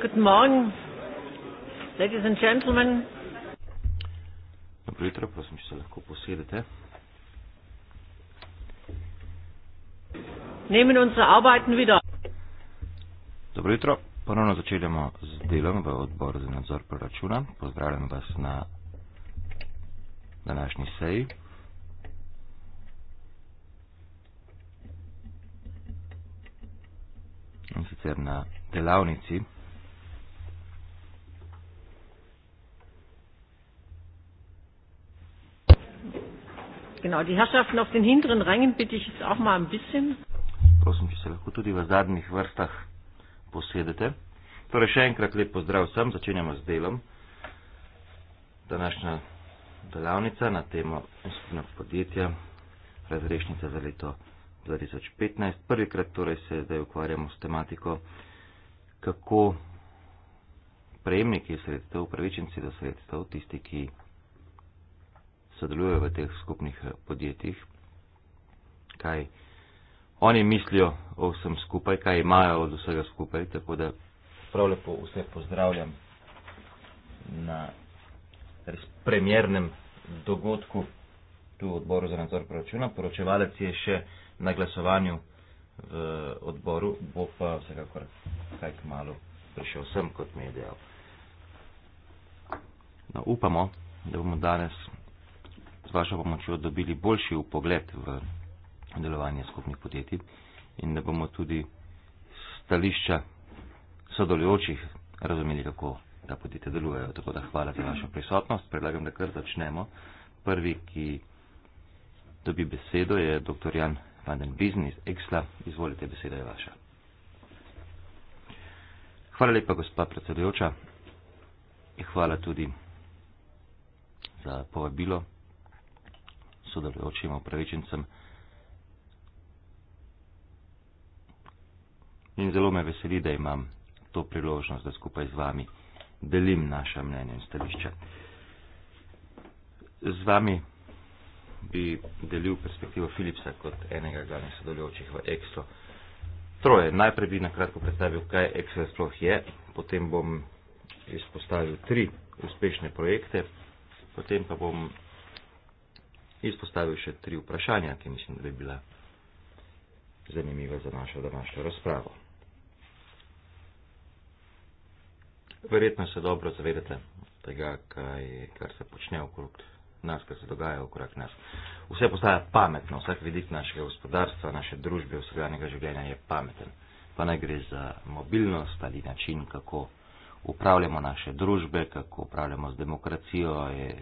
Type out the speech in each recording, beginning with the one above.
Guten Morgen, ladies and gentlemen. Dobro jutro, prosim, če se lahko posedete. Nehmen unsere Arbeiten wieder. Dobro jutro, ponovno začeljamo z delom v odboru za nadzor proračuna. Pozdravljam vas na današnji seji. In sicer na delavnici, Genau, die Herrschaften auf den hinteren Rängen bitte ich jetzt auch mal ein bisschen. Prosim, če se lahko tudi v zadnjih vrstah posedete. Torej, še enkrat lep pozdrav vsem, začenjamo z delom. Današnja delavnica na temo skupna podjetja, razrešnica za leto 2015. Prvikrat torej se zdaj ukvarjamo s tematiko, kako prejemniki sredstev, upravičenci do sredstev, tisti, ki sodelujejo v teh skupnih eh, podjetjih, kaj oni mislijo o vsem skupaj, kaj imajo od vsega skupaj. Tako da prav lepo vse pozdravljam na res premjernem dogodku tu v odboru za nadzor proračuna. Poročevalec je še na glasovanju v eh, odboru, bo pa vsekakor kaj k malu prišel sem, kot mi je dejal. No, upamo, da bomo danes z vašo pomočjo dobili boljši upogled v delovanje skupnih podjetij in da bomo tudi stališča sodelujočih razumeli, kako ta podjetja delujejo. Tako da hvala za vašo prisotnost. Predlagam, da kar začnemo. Prvi, ki dobi besedo, je dr. Jan van den Biznis, Eksla. Izvolite, beseda je vaša. Hvala lepa, gospa predsedujoča. Hvala tudi za povabilo sodelujočim upravičencem. In zelo me veseli, da imam to priložnost, da skupaj z vami delim naša mnenja in stališča. Z vami bi delil perspektivo Philipsa kot enega glavnih sodelujočih v EXO. Troje. Najprej bi na kratko predstavil, kaj EXO sploh je, potem bom izpostavil tri uspešne projekte, potem pa bom izpostavil še tri vprašanja, ki mislim, da bi bila zanimiva za našo današnjo razpravo. Verjetno se dobro zavedate tega, kaj, kar se počne okrog nas, kar se dogaja okrog nas. Vse postaja pametno, vsak vidik našega gospodarstva, naše družbe, vsakdanjega življenja je pameten. Pa naj gre za mobilnost ali način, kako upravljamo naše družbe, kako upravljamo z demokracijo,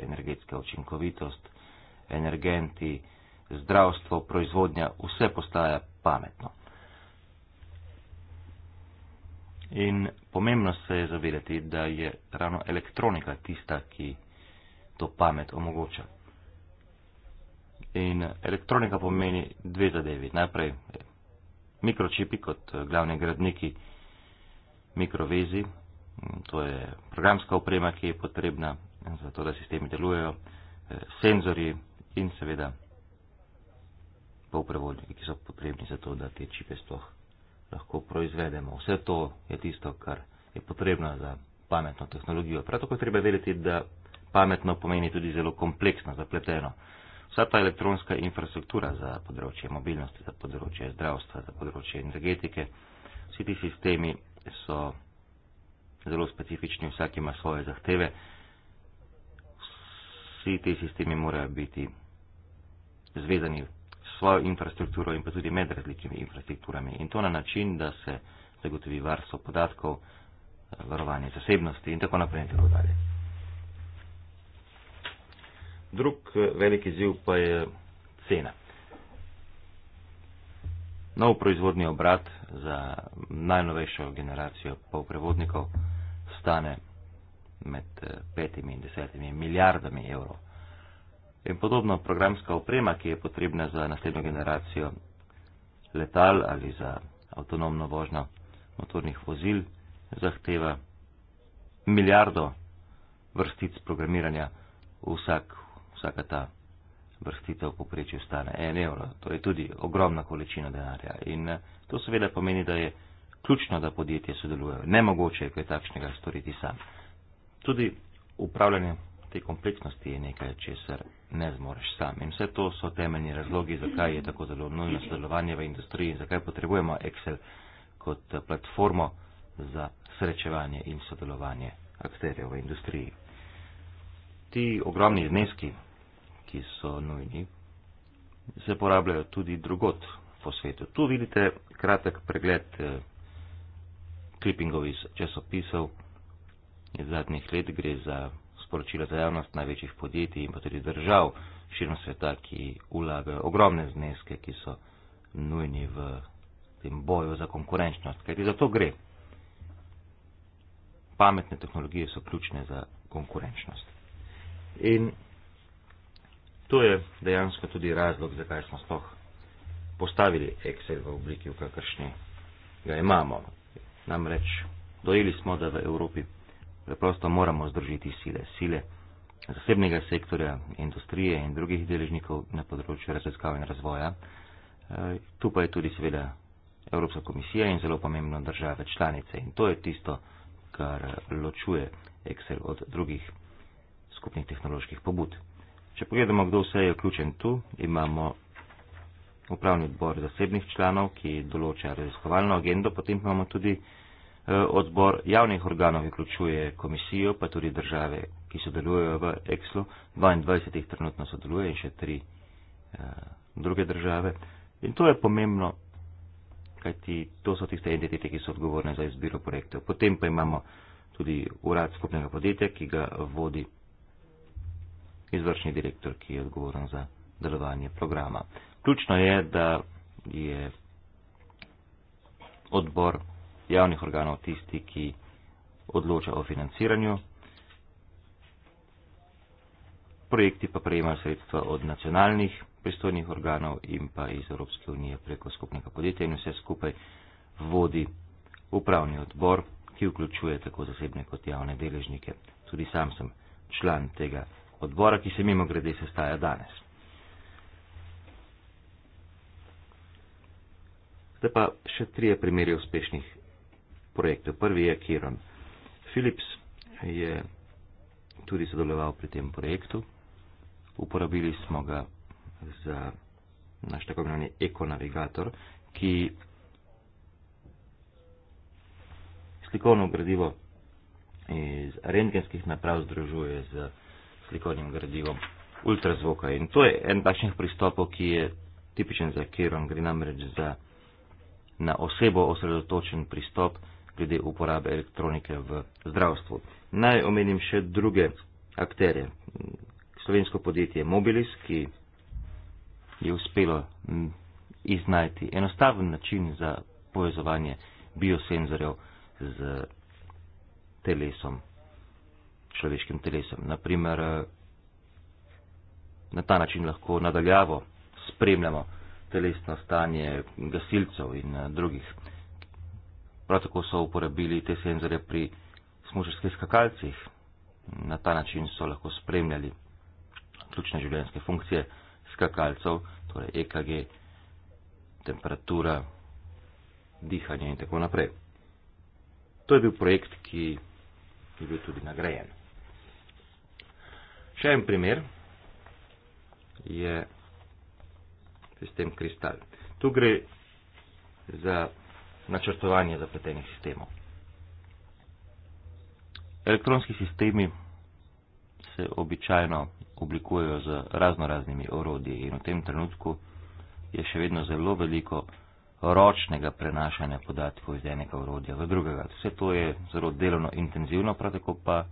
energetska učinkovitost energenti, zdravstvo, proizvodnja, vse postaja pametno. In pomembno se je zavedati, da je ravno elektronika tista, ki to pamet omogoča. In elektronika pomeni dve zadevi. Najprej eh, mikročipi kot eh, glavni gradniki mikrovezi, mm, to je programska oprema, ki je potrebna za to, da sistemi delujejo, eh, senzori, in seveda polprevodniki, ki so potrebni za to, da te čipe sploh lahko proizvedemo. Vse to je tisto, kar je potrebno za pametno tehnologijo. Prav tako je treba vedeti, da pametno pomeni tudi zelo kompleksno, zapleteno. Vsa ta elektronska infrastruktura za področje mobilnosti, za področje zdravstva, za področje energetike, vsi ti sistemi so zelo specifični, vsak ima svoje zahteve vsi ti sistemi morajo biti zvezani s svojo infrastrukturo in pa tudi med različnimi infrastrukturami. In to na način, da se zagotovi varstvo podatkov, varovanje zasebnosti in tako naprej in tako dalje. Drug eh, veliki ziv pa je cena. Nov proizvodni obrat za najnovejšo generacijo polprevodnikov stane med eh, petimi in desetimi milijardami evrov. In podobno programska oprema, ki je potrebna za naslednjo generacijo letal ali za avtonomno vožnjo motornih vozil, zahteva milijardo vrstic programiranja. Vsak, vsaka ta vrstitev poprečju stane en evro. To je tudi ogromna količina denarja. In eh, to seveda pomeni, da je ključno, da podjetje sodelujejo. Nemogoče je kaj takšnega storiti sami. Tudi upravljanje te kompleksnosti je nekaj, česar ne zmoreš sam. In vse to so temeljni razlogi, zakaj je tako zelo nujno sodelovanje v industriji in zakaj potrebujemo Excel kot eh, platformo za srečevanje in sodelovanje akterjev v industriji. Ti ogromni zneski, ki so nujni, se porabljajo tudi drugot po svetu. Tu vidite kratek pregled eh, klipingov iz časopisov zadnjih let gre za sporočila za javnost največjih podjetij in pa tudi držav širom sveta, ki vlagajo ogromne zneske, ki so nujni v tem boju za konkurenčnost. Kajti za to gre. Pametne tehnologije so ključne za konkurenčnost. In to je dejansko tudi razlog, zakaj smo sploh postavili Excel v obliki, v kakršni ga imamo. Namreč dojeli smo, da v Evropi Preprosto moramo združiti sile. Sile zasebnega sektorja, industrije in drugih deležnikov na področju raziskav in razvoja. Eh, tu pa je tudi seveda Evropska komisija in zelo pomembno države članice. In to je tisto, kar eh, ločuje Excel od drugih skupnih tehnoloških pobud. Če pogledamo, kdo vse je vključen tu, imamo upravni odbor zasebnih članov, ki določa raziskovalno agendo, potem imamo tudi Eh, odbor javnih organov, ki vključuje komisijo, pa tudi države, ki sodelujejo v EXLO, 22 jih trenutno sodeluje in še tri eh, druge države. In to je pomembno, kajti to so tiste entitete, ki so odgovorne za izbiro projektov. Potem pa imamo tudi urad skupnega podjetja, ki ga vodi izvršni direktor, ki je odgovoren za delovanje programa. Ključno je, da je odbor javnih organov tisti, ki odloča o financiranju. Projekti pa prejemajo sredstva od nacionalnih pristojnih organov in pa iz Evropske unije preko skupnega podjetja in vse skupaj vodi upravni odbor, ki vključuje tako zasebne kot javne deležnike. Tudi sam sem član tega odbora, ki se mimo grede sestaja danes. Zdaj pa še trije primeri uspešnih projektov. Prvi je Kiron. Philips je tudi sodeloval pri tem projektu. Uporabili smo ga za naš tako imenovani ekonavigator, ki slikovno gradivo iz rentgenskih naprav združuje z slikovnim gradivom ultrazvoka. In to je en takšnih pristopov, ki je tipičen za Kiron, gre namreč za na osebo osredotočen pristop glede uporabe elektronike v zdravstvu. Naj omenim še druge akterje. Slovensko podjetje Mobilis, ki je uspelo iznajti enostaven način za povezovanje biosenzorjev z telesom, človeškim telesom. Naprimer, na ta način lahko nadaljavo spremljamo telesno stanje gasilcev in eh, drugih Prav tako so uporabili te senzore pri smučarskih skakalcih. Na ta način so lahko spremljali ključne življenjske funkcije skakalcev, torej EKG, temperatura, dihanje in tako naprej. To je bil projekt, ki je bil tudi nagrajen. Še en primer je sistem kristal. Tu gre za načrtovanje zapletenih sistemov. Elektronski sistemi se običajno oblikujejo z raznoraznimi orodji in v tem trenutku je še vedno zelo veliko ročnega prenašanja podatkov iz enega orodja v drugega. Vse to je zelo delovno intenzivno, prav tako pa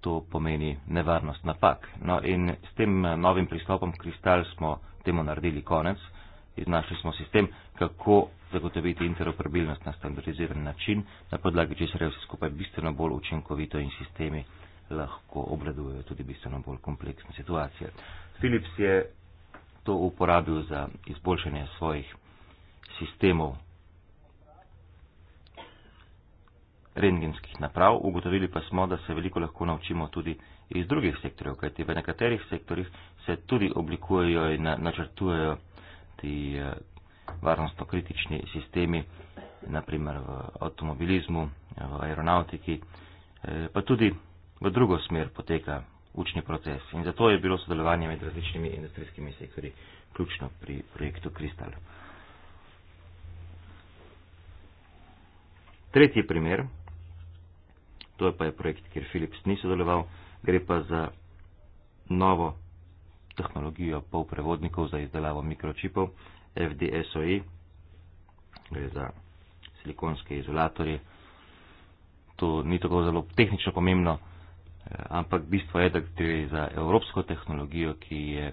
to pomeni nevarnost napak. No in s tem novim pristopom kristal smo temu naredili konec iznašli smo sistem, kako zagotoviti interoperabilnost na standardiziran način, na podlagi česar je vse skupaj bistveno bolj učinkovito in sistemi lahko obvladujejo tudi bistveno bolj kompleksne situacije. Philips je to uporabil za izboljšanje svojih sistemov rengenskih naprav, ugotovili pa smo, da se veliko lahko naučimo tudi iz drugih sektorjev, kajti v nekaterih sektorjih se tudi oblikujejo in načrtujejo ti eh, varnostno kritični sistemi, naprimer v avtomobilizmu, v aeronautiki, eh, pa tudi v drugo smer poteka učni proces. In zato je bilo sodelovanje med različnimi industrijskimi sektori ključno pri projektu Kristal. Tretji primer, to je pa je projekt, kjer Philips ni sodeloval, gre pa za novo tehnologijo polprevodnikov za izdelavo mikročipov FDSOE, gre za silikonske izolatorje. To ni tako zelo tehnično pomembno, eh, ampak bistvo je, da gre za evropsko tehnologijo, ki je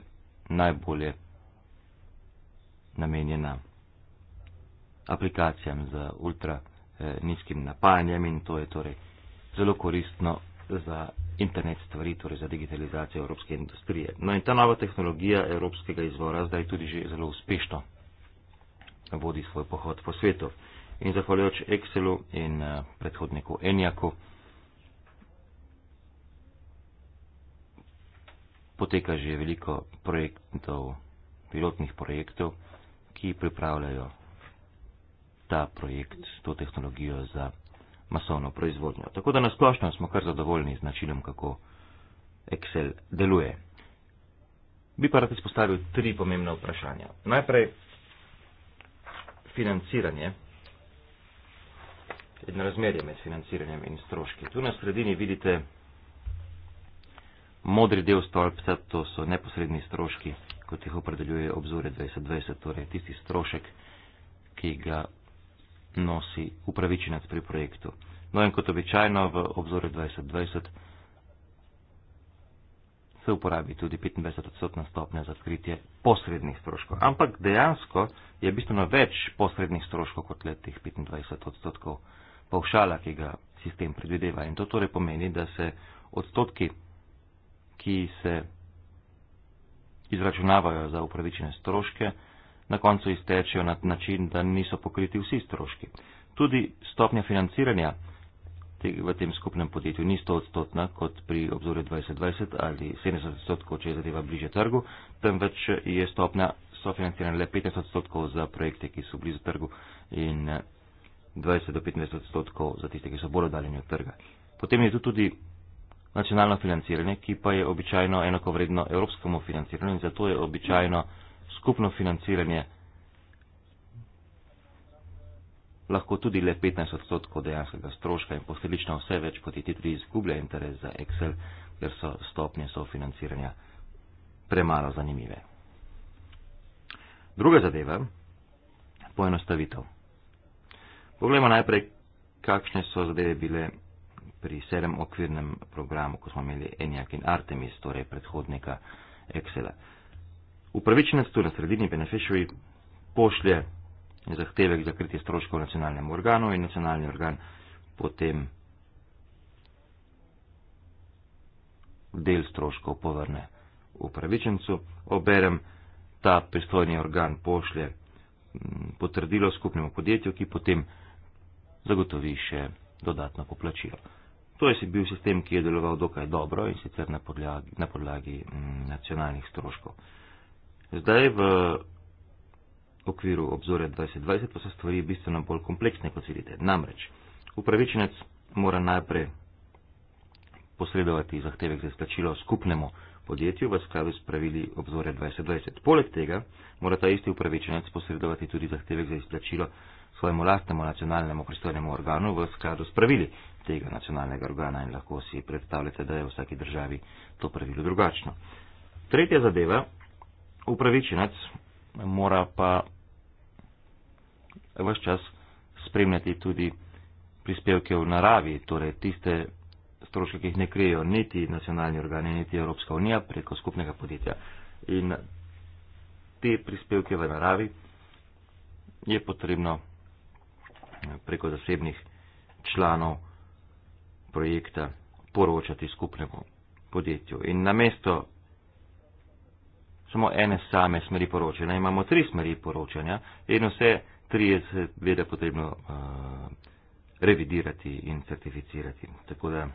najbolje namenjena aplikacijam za ultra eh, nizkim napajanjem in to je torej zelo koristno za internet stvari, torej za digitalizacijo evropske industrije. No in ta nova tehnologija evropskega izvora zdaj tudi že zelo uspešno vodi svoj pohod po svetu. In zahvaljujoč Excelu in eh, predhodniku Enjaku poteka že veliko projektov, pilotnih projektov, ki pripravljajo ta projekt, to tehnologijo za masovno proizvodnjo. Tako da nasplošno smo kar zadovoljni z načinom, kako Excel deluje. Bi pa rad izpostavil tri pomembna vprašanja. Najprej financiranje. Jedno razmerje med financiranjem in stroški. Tu na sredini vidite modri del stolpca, to so neposredni stroški, kot jih opredeljuje obzore 2020, torej tisti strošek, ki ga nosi upravičenec pri projektu. No in kot običajno v obzorju 2020 se uporabi tudi 25-odstotna stopnja za skritje posrednih stroškov. Ampak dejansko je bistveno več posrednih stroškov kot letih 25 odstotkov povšala, ki ga sistem predvideva. In to torej pomeni, da se odstotki, ki se izračunavajo za upravičene stroške, na koncu iztečejo na način, da niso pokriti vsi stroški. Tudi stopnja financiranja v tem skupnem podjetju ni 100 odstotna kot pri obzorju 2020 ali 70 odstotkov, če je zadeva bliže trgu, temveč je stopnja sofinanciranja le 15 odstotkov za projekte, ki so blizu trgu in 20 do 15 odstotkov za tiste, ki so bolj oddaljeni od trga. Potem je tu tudi nacionalno financiranje, ki pa je običajno enakovredno evropskemu financiranju in zato je običajno. Ja skupno financiranje lahko tudi le 15 odstotkov dejanskega stroška in posledično vse več podjetij tudi izgublja interes za Excel, ker so stopnje sofinanciranja premalo zanimive. Druga zadeva, poenostavitev. Poglejmo najprej, kakšne so zadeve bile pri sedem okvirnem programu, ko smo imeli Enjak in Artemis, torej predhodnika Excela. Upravičenstvo na sredini Benefešovi pošlje zahtevek za kritje stroškov nacionalnemu organu in nacionalni organ potem del stroškov povrne upravičencu. Oberem ta pristojni organ pošlje mm, potrdilo skupnemu podjetju, ki potem zagotovi še dodatno poplačilo. To je si bil sistem, ki je deloval dokaj dobro in sicer na podlagi, na podlagi mm, nacionalnih stroškov. Zdaj v okviru obzorja 2020 pa so stvari bistveno bolj kompleksne, kot vidite. Namreč, upravičenec mora najprej posredovati zahtevek za izplačilo skupnemu podjetju v skladu s pravili obzorja 2020. Poleg tega mora ta isti upravičenec posredovati tudi zahtevek za izplačilo svojemu lastnemu nacionalnemu pristojnemu organu v skladu s pravili tega nacionalnega organa in lahko si predstavljate, da je v vsaki državi to pravilo drugačno. Tretja zadeva upravičenec mora pa vse čas spremljati tudi prispevke v naravi, torej tiste stroške, ki jih ne krijejo niti nacionalni organi, niti Evropska unija preko skupnega podjetja. In te prispevke v naravi je potrebno preko zasebnih članov projekta poročati skupnemu podjetju. In namesto samo ene same smeri poročanja. Imamo tri smeri poročanja in vse tri je seveda potrebno uh, revidirati in certificirati. Tako da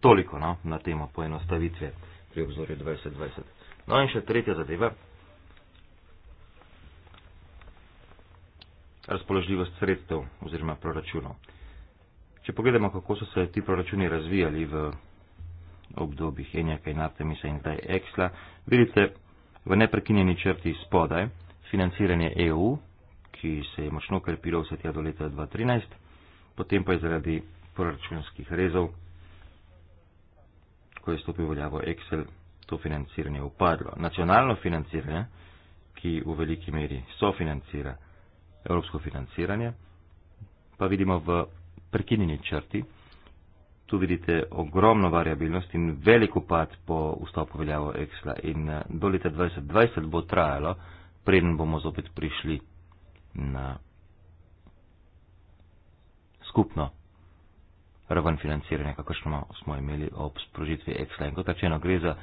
toliko no, na temo poenostavitve pri obzorju 2020. No in še tretja zadeva. Razpoložljivost sredstev oziroma proračunov. Če pogledamo, kako so se ti proračuni razvijali v obdobjih Enjaka in Artemisa in kdaj Eksla, vidite, V neprekinjeni črti spodaj financiranje EU, ki se je močno krepilo vse tja do leta 2013, potem pa je zaradi proračunskih rezov, ko je stopil veljavo Excel, to financiranje upadlo. Nacionalno financiranje, ki v veliki meri sofinancira evropsko financiranje, pa vidimo v prekinjeni črti tu vidite ogromno variabilnost in veliko pad po vstopu veljavo Excela. In eh, do leta 2020 bo trajalo, preden bomo zopet prišli na skupno raven financiranja, kakršno smo imeli ob sprožitvi Excela. In kot rečeno, gre za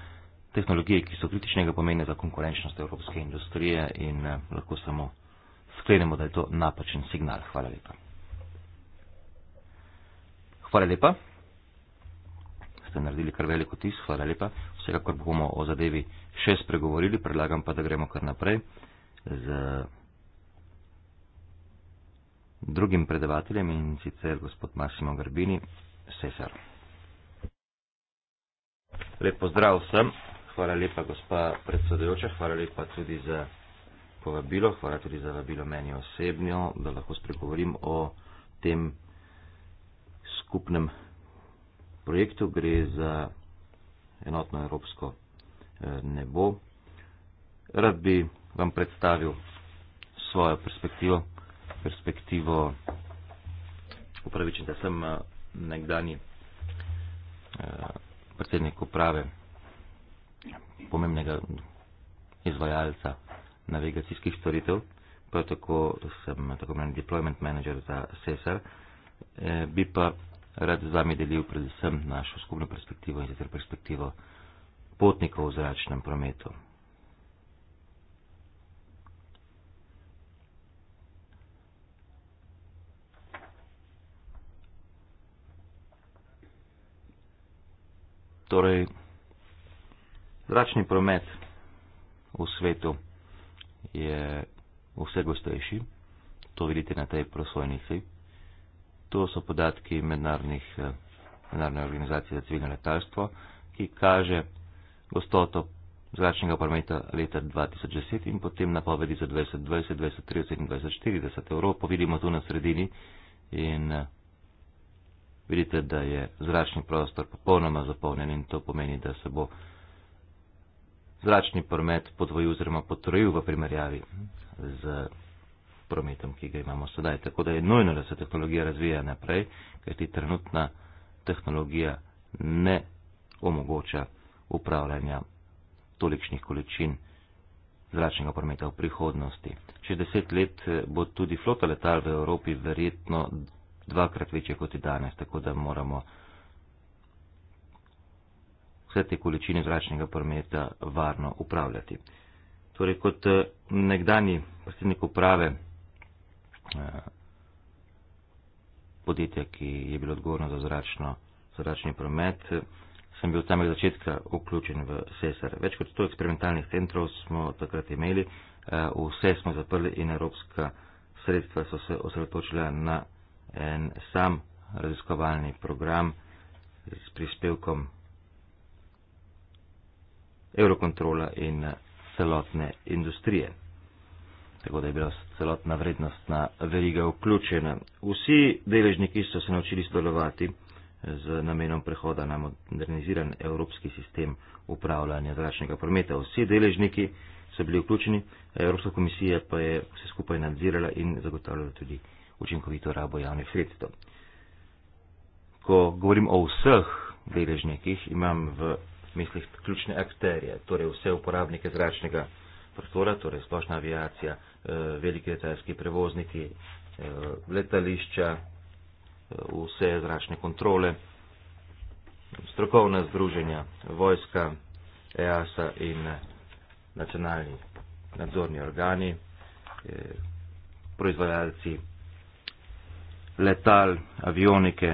tehnologije, ki so kritičnega pomena za konkurenčnost evropske industrije in eh, lahko samo sklenemo, da je to napačen signal. Hvala lepa. Hvala lepa ste naredili kar veliko tis, hvala lepa. Vsekakor bomo o zadevi še spregovorili, predlagam pa, da gremo kar naprej z drugim predavateljem in sicer gospod Massimo Garbini, Sesar. Lep pozdrav vsem, hvala lepa gospa predsedujoča, hvala lepa tudi za povabilo, hvala tudi za vabilo meni osebno, da lahko spregovorim o tem skupnem projektu gre za enotno evropsko eh, nebo. Rad bi vam predstavil svojo perspektivo, perspektivo upravičen, da sem eh, nekdani eh, predsednik uprave pomembnega izvajalca navigacijskih storitev, prav tako sem tako imenovan deployment manager za SESR, bi pa rad z vami delil predvsem našo skupno perspektivo in sicer perspektivo potnikov v zračnem prometu. Torej, zračni promet v svetu je vse gostejši, to vidite na tej prosojnici, To so podatki eh, mednarodne organizacije za civilno letalstvo, ki kaže gostoto zračnega prometa leta 2010 in potem napovedi za 2020, 2030 in 2040. Evropo vidimo tu na sredini in eh, vidite, da je zračni prostor popolnoma zapolnjen in to pomeni, da se bo zračni promet podvojil oziroma potrojil v primerjavi z prometom, ki ga imamo sedaj. Tako da je nujno, da se tehnologija razvija naprej, ker ti trenutna tehnologija ne omogoča upravljanja tolikšnih količin zračnega prometa v prihodnosti. Čez deset let eh, bo tudi flota letal v Evropi verjetno dvakrat večja kot je danes, tako da moramo vse te količine zračnega prometa varno upravljati. Torej, kot eh, nekdani predsednik uprave Eh, podjetja, ki je bilo odgovorno za zračno, zračni promet, sem bil tam od začetka vključen v SESAR. Več kot 100 eksperimentalnih centrov smo takrat imeli, eh, vse smo zaprli in evropska sredstva so se osredotočila na en sam raziskovalni program s prispevkom Eurokontrola in celotne industrije tako da je bila celotna vrednost na veriga vključena. Vsi deležniki so se naučili sodelovati z namenom prehoda na moderniziran evropski sistem upravljanja zračnega prometa. Vsi deležniki so bili vključeni, Evropska komisija pa je vse skupaj nadzirala in zagotavljala tudi učinkovito rabo javnih sredstev. Ko govorim o vseh deležnikih, imam v mislih ključne akterje, torej vse uporabnike zračnega prostora, torej splošna aviacija, Eh, veliki letalski prevozniki, eh, letališča, eh, vse zračne kontrole, strokovna združenja, vojska, EASA in nacionalni nadzorni organi, proizvajalci letal, avionike,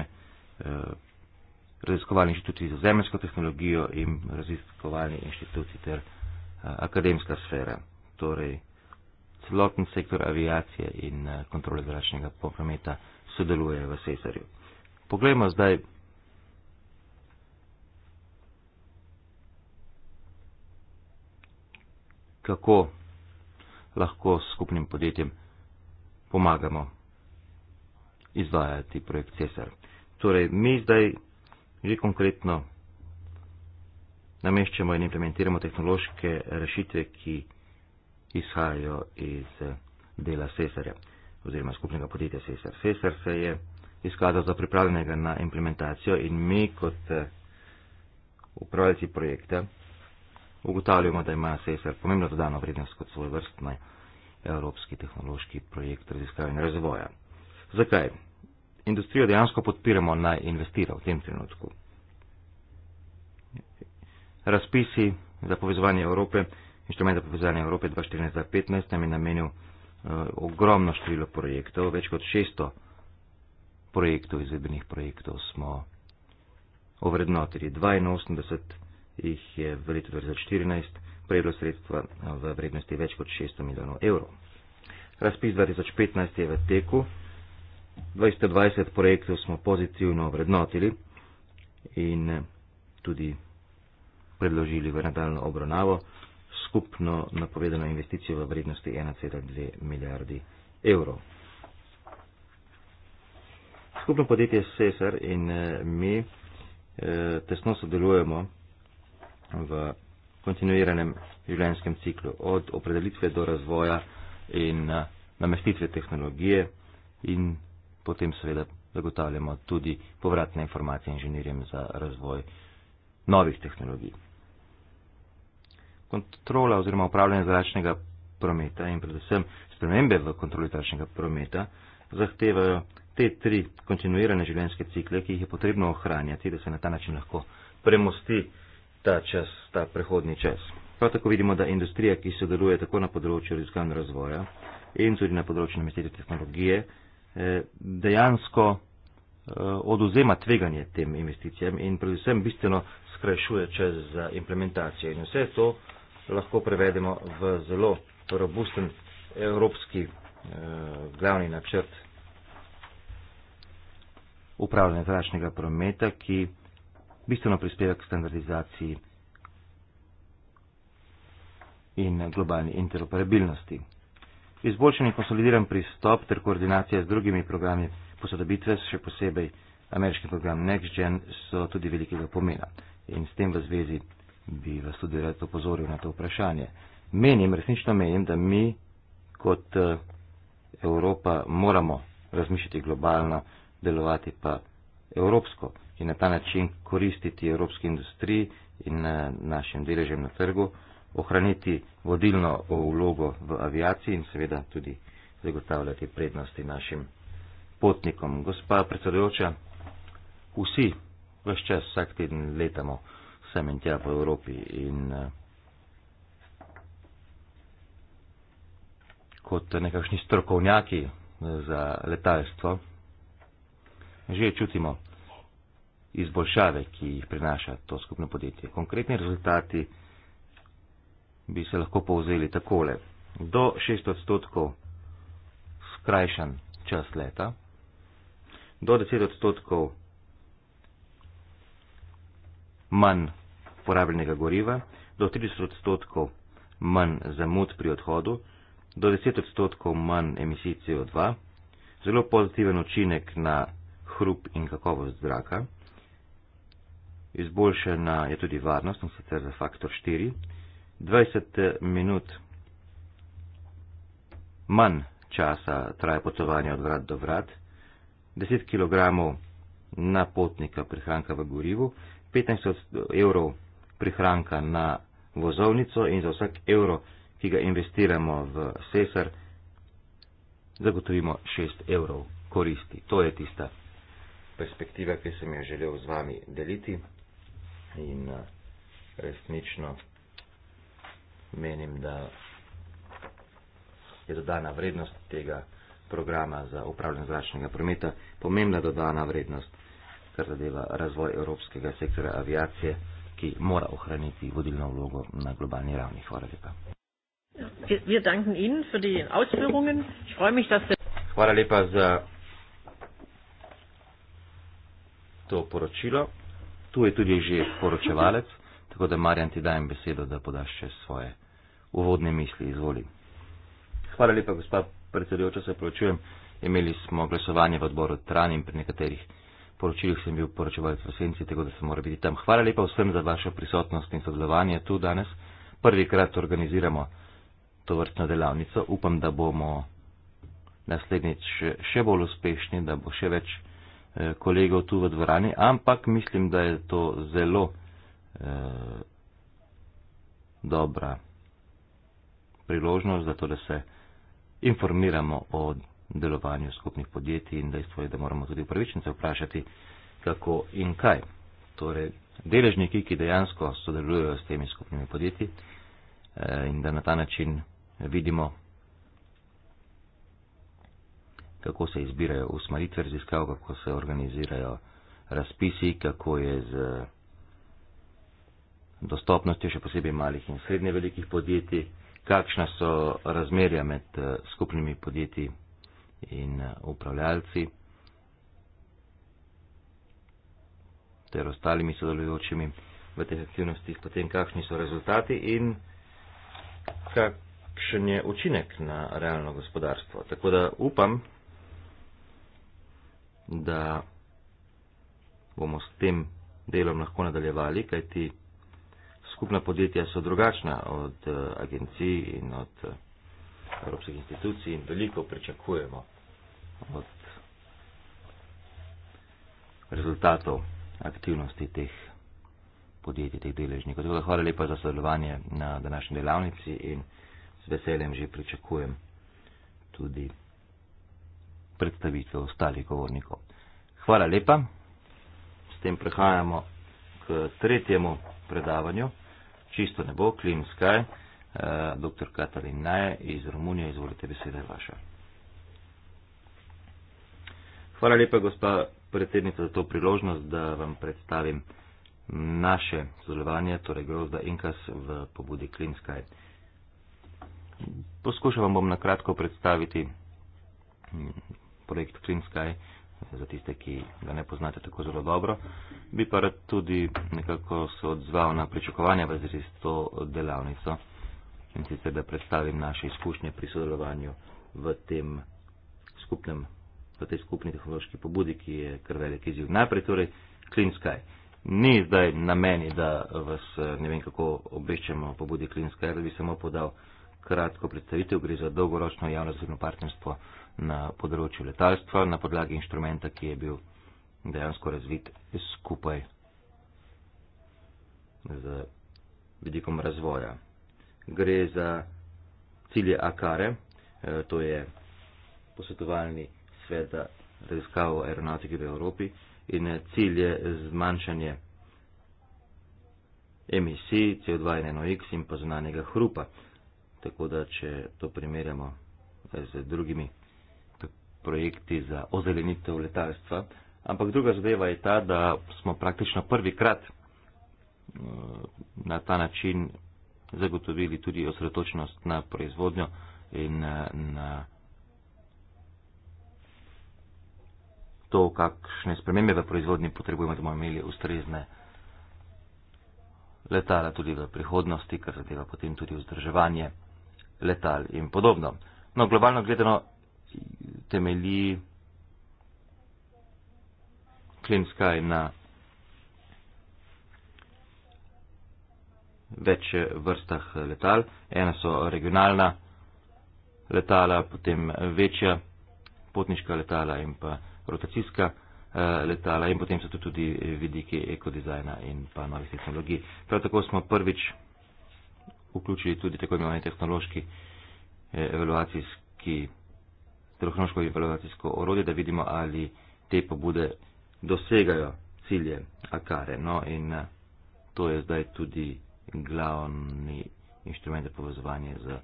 raziskovalni inštituti za zemljsko tehnologijo in raziskovalni inštituti ter akademska sfera. Torej, celoten sektor aviacije in eh, kontrole zračnega prometa sodeluje v Cesarju. Poglejmo zdaj. kako lahko skupnim podjetjem pomagamo izvajati projekt CESAR. Torej, mi zdaj že konkretno nameščamo in implementiramo tehnološke rešitve, ki izhajajo iz eh, dela Cesarja oziroma skupnega podjetja Cesar. Cesar se je izkazal za pripravljenega na implementacijo in mi kot eh, upravljalci projekta ugotavljamo, da ima Cesar pomembno dodano vrednost kot svoj vrstni evropski tehnološki projekt raziskave in razvoja. Zakaj? Industrijo dejansko podpiramo naj investira v tem trenutku. Razpisi za povezovanje Evrope Inštrumenta povezanja Evrope 2014-2015 nam je namenil uh, ogromno število projektov, več kot 600 projektov, izvedbenih projektov smo ovrednotili. 82 jih je v letu 2014 prejelo sredstva eh, v vrednosti več kot 600 milijonov evrov. Razpis 2015 je v teku, 220 projektov smo pozitivno ovrednotili in eh, tudi predložili v nadaljno obravnavo skupno napovedano investicijo v vrednosti 1,2 milijardi evrov. Skupno podjetje SESAR in eh, mi eh, tesno sodelujemo v kontinuiranem življenjskem ciklu od opredelitve do razvoja in eh, namestitve tehnologije in potem seveda zagotavljamo tudi povratne informacije inženirjem za razvoj novih tehnologij kontrola oziroma upravljanje zračnega prometa in predvsem spremembe v kontroli zračnega prometa zahtevajo te tri kontinuirane življenjske cikle, ki jih je potrebno ohranjati, da se na ta način lahko premosti ta čas, ta prehodni čas. Prav tako vidimo, da industrija, ki sodeluje tako na področju raziskovanja razvoja in tudi na področju namestitve tehnologije, eh, dejansko eh, oduzema tveganje tem investicijam in predvsem bistveno skrajšuje čas za implementacijo. In vse to lahko prevedemo v zelo robusten evropski eh, glavni načrt upravljanja zračnega prometa, ki bistveno prispeva k standardizaciji in globalni interoperabilnosti. Izboljšanje konsolidiran pristop ter koordinacija z drugimi programi posodobitve, še posebej ameriški program NextGen, so tudi velikega pomena. In s tem v zvezi bi vas tudi rad opozoril na to vprašanje. Menim, resnično menim, da mi kot eh, Evropa moramo razmišljati globalno, delovati pa evropsko in na ta način koristiti evropski industriji in eh, našem deležem na trgu, ohraniti vodilno vlogo v aviaciji in seveda tudi zagotavljati prednosti našim potnikom. Gospa predsedujoča, vsi, vse čas, vsak teden letamo sem in tja po Evropi. In eh, kot nekakšni strokovnjaki eh, za letalstvo, že čutimo izboljšave, ki jih prinaša to skupno podjetje. Konkretni rezultati bi se lahko povzeli takole. Do 6 odstotkov skrajšan čas leta, do 10 odstotkov manj porabljenega goriva, do 30 odstotkov manj zamud pri odhodu, do 10 odstotkov manj emisij CO2, zelo pozitiven učinek na hrup in kakovost zraka, izboljšana je tudi varnost, in sicer za faktor 4, 20 minut manj časa traja potovanje od vrat do vrat, 10 kg na potnika prihranka v gorivu, 15 evrov prihranka na vozovnico in za vsak evro, ki ga investiramo v sesar, zagotovimo 6 evrov koristi. To je tista perspektiva, ki sem jo želel z vami deliti in eh, resnično menim, da je dodana vrednost tega programa za upravljanje zračnega prometa pomembna dodana vrednost kar zadeva razvoj evropskega sektora aviacije, ki mora ohraniti vodilno vlogo na globalni ravni. Hvala lepa. Hvala lepa za to poročilo. Tu je tudi že poročevalec, tako da Marjan ti dajem besedo, da podaš še svoje uvodne misli. Izvoli. Hvala lepa, gospod predsedujoča, se poročujem. Imeli smo glasovanje v odboru Tran in pri nekaterih poročilih sem bil poročevalec v senci, tako da sem moral biti tam. Hvala lepa vsem za vašo prisotnost in sodelovanje tu danes. Prvi krat organiziramo to vrstno delavnico. Upam, da bomo naslednjič še bolj uspešni, da bo še več eh, kolegov tu v dvorani, ampak mislim, da je to zelo eh, dobra priložnost za to, da se informiramo o delovanju skupnih podjetij in dejstvo je, da moramo tudi upravičence vprašati, kako in kaj. Torej, deležniki, ki dejansko sodelujejo s temi skupnimi podjetji eh, in da na ta način vidimo, kako se izbirajo usmeritve raziskav, kako se organizirajo razpisi, kako je z dostopnostjo še posebej malih in srednje velikih podjetij, kakšna so razmerja med eh, skupnimi podjetji in eh, upravljalci ter ostalimi sodelujočimi v teh aktivnostih, potem kakšni so rezultati in kakšen je učinek na realno gospodarstvo. Tako da upam, da bomo s tem delom lahko nadaljevali, kajti skupna podjetja so drugačna od eh, agencij in od. Eh, evropskih institucij in veliko pričakujemo od rezultatov aktivnosti teh podjetij, teh deležnikov. Tako da hvala lepa za sodelovanje na današnji delavnici in z veseljem že pričakujem tudi predstavitev ostalih govornikov. Hvala lepa. S tem prehajamo k tretjemu predavanju. Čisto nebo, Clean Sky. Eh, dr. Katalin Naje iz Romunije. Izvolite, beseda je vaša. Hvala lepa, gospa predsednica, za to priložnost, da vam predstavim naše sodelovanje, torej grozda Inkas v pobudi Clean Sky. Poskušal vam bom na kratko predstaviti hm, projekt Clean Sky, za tiste, ki ga ne poznate tako zelo dobro. Bi pa rad tudi nekako se odzval na pričakovanja v zvezi s to delavnico in sicer da predstavim naše izkušnje pri sodelovanju v tem skupnem, v tej skupni tehnološki pobudi, ki je kar velik izziv. Najprej torej Clean Sky. Ni zdaj na meni, da vas ne vem kako obveščamo o pobudi Clean Sky, da bi samo podal kratko predstavitev. Gre za dolgoročno javno zgodno partnerstvo na področju letalstva na podlagi inštrumenta, ki je bil dejansko razvit skupaj z vidikom razvoja gre za cilje akare, eh, to je posvetovalni svet za raziskavo aeronautike v Evropi in eh, cilje zmanjšanje emisij CO2 in NOx in pa zunanjega hrupa. Tako da, če to primerjamo eh, z drugimi projekti za ozelenitev letalstva. Ampak druga zadeva je ta, da smo praktično prvi krat na ta način zagotovili tudi osredotočnost na proizvodnjo in eh, na to, kakšne spremembe v proizvodnji potrebujemo, da bomo imeli ustrezne letala tudi v prihodnosti, kar zadeva potem tudi vzdrževanje letal in podobno. No, globalno gledano temelji klinska in na. Uh, več eh, vrstah eh, letal. Ena so regionalna letala, potem eh, večja potniška letala in pa rotacijska letala in potem so tu tudi vidiki ekodizajna in pa novih tehnologij. Prav tako smo prvič vključili tudi tako imenovani tehnološki evaluacijski, tehnološko evaluacijsko orodje, da vidimo, ali te pobude dosegajo cilje Akare. No, in to je zdaj tudi glavni inštrument za povezovanje z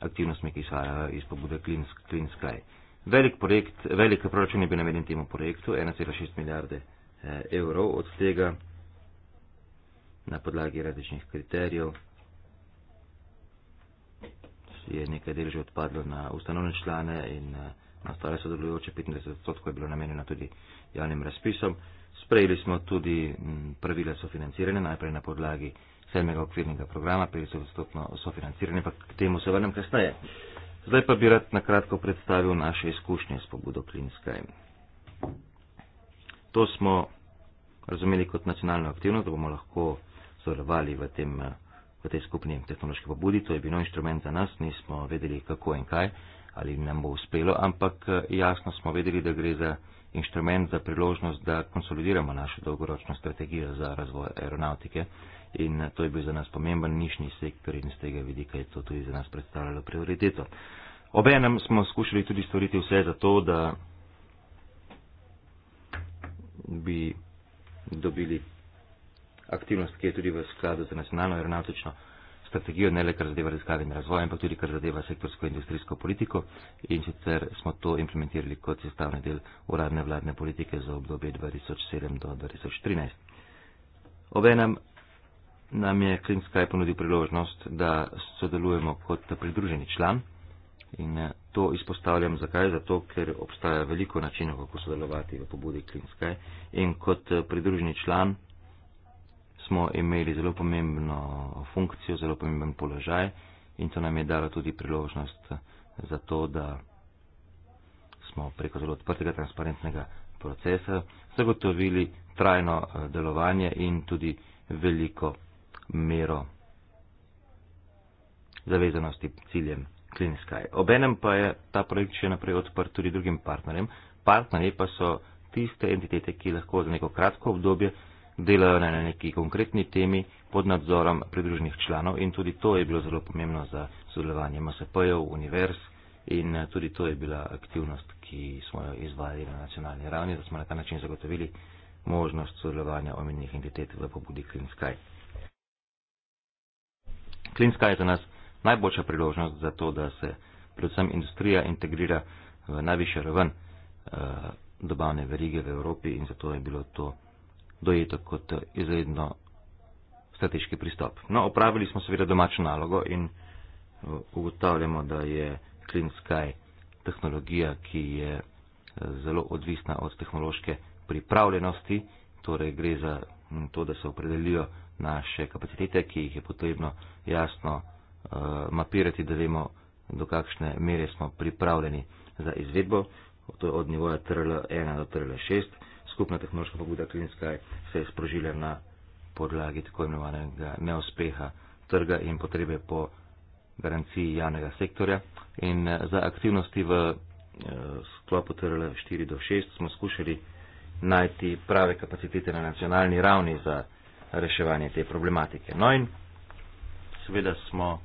aktivnostmi, ki izhajajo iz pobude Clean, Clean Sky. Velik, projekt, velik proračun je bil namenjen temu projektu, 1,6 milijarde eh, evrov, od tega na podlagi različnih kriterijev je nekaj del že odpadlo na ustanovne člane in eh, na ostale sodelujoče, 25% je bilo namenjeno tudi javnim razpisom. Sprejeli smo tudi mm, pravila sofinanciranja, najprej na podlagi sedmega okvirnega programa, prej so vstopno sofinanciranje, pa k temu se vrnem kasneje. Zdaj pa bi rad na kratko predstavil naše izkušnje s pobudo Klinskaj. To smo razumeli kot nacionalno aktivnost, da bomo lahko sodelovali v, tem, v tej skupni tehnološki pobudi. To je bil inštrument za nas, nismo vedeli kako in kaj, ali nam bo uspelo, ampak jasno smo vedeli, da gre za inštrument za priložnost, da konsolidiramo našo dolgoročno strategijo za razvoj aeronautike in eh, to je bil za nas pomemben nišni sektor in z tega vidika je to tudi za nas predstavljalo prioriteto. Obenem smo skušali tudi storiti vse za to, da bi dobili aktivnost, ki je tudi v skladu z nacionalno aeronautično strategijo, ne le kar zadeva raziskave in razvoj, ampak tudi kar zadeva sektorsko industrijsko politiko in sicer smo to implementirali kot sestavni del uradne vladne politike za obdobje 2007 do 2013. Obenem nam je Klinskaj ponudil priložnost, da sodelujemo kot pridruženi član in eh, to izpostavljam zakaj, zato ker obstaja veliko načinov, kako sodelovati v pobudi Klinskaj in kot eh, pridruženi član smo imeli zelo pomembno funkcijo, zelo pomemben položaj in to nam je dalo tudi priložnost za to, da smo preko zelo odprtega, transparentnega procesa zagotovili trajno eh, delovanje in tudi veliko mero zavezanosti ciljem Klinskaj. Obenem pa je ta projekt še naprej odprt tudi drugim partnerjem. Partnerji pa so tiste entitete, ki lahko za neko kratko obdobje delajo na neki konkretni temi pod nadzorom pridružnih članov in tudi to je bilo zelo pomembno za sodelovanje MSP-jev, univerz in eh, tudi to je bila aktivnost, ki smo jo izvajali na nacionalni ravni, da smo na ta način zagotovili možnost sodelovanja omenjenih entitet v pobudi Clean Sky. Clean Sky je za nas najboljša priložnost za to, da se predvsem industrija integrira v najvišjo raven eh, dobavne verige v Evropi in zato je bilo to dojeto kot izredno strateški pristop. No, opravili smo seveda domačo nalogo in uh, ugotavljamo, da je Clean Sky tehnologija, ki je uh, zelo odvisna od tehnološke pripravljenosti, torej gre za mm, to, da se opredelijo naše kapacitete, ki jih je potrebno jasno uh, mapirati, da vemo, do kakšne mere smo pripravljeni za izvedbo, to je od nivoja TRL 1 do TRL 6 skupna tehnološka pobuda Klinskaj se je sprožila na podlagi tako imenovanega neuspeha trga in potrebe po garanciji javnega sektorja. In eh, za aktivnosti v eh, sklopu TRL 4 do 6 smo skušali najti prave kapacitete na nacionalni ravni za reševanje te problematike. No in seveda smo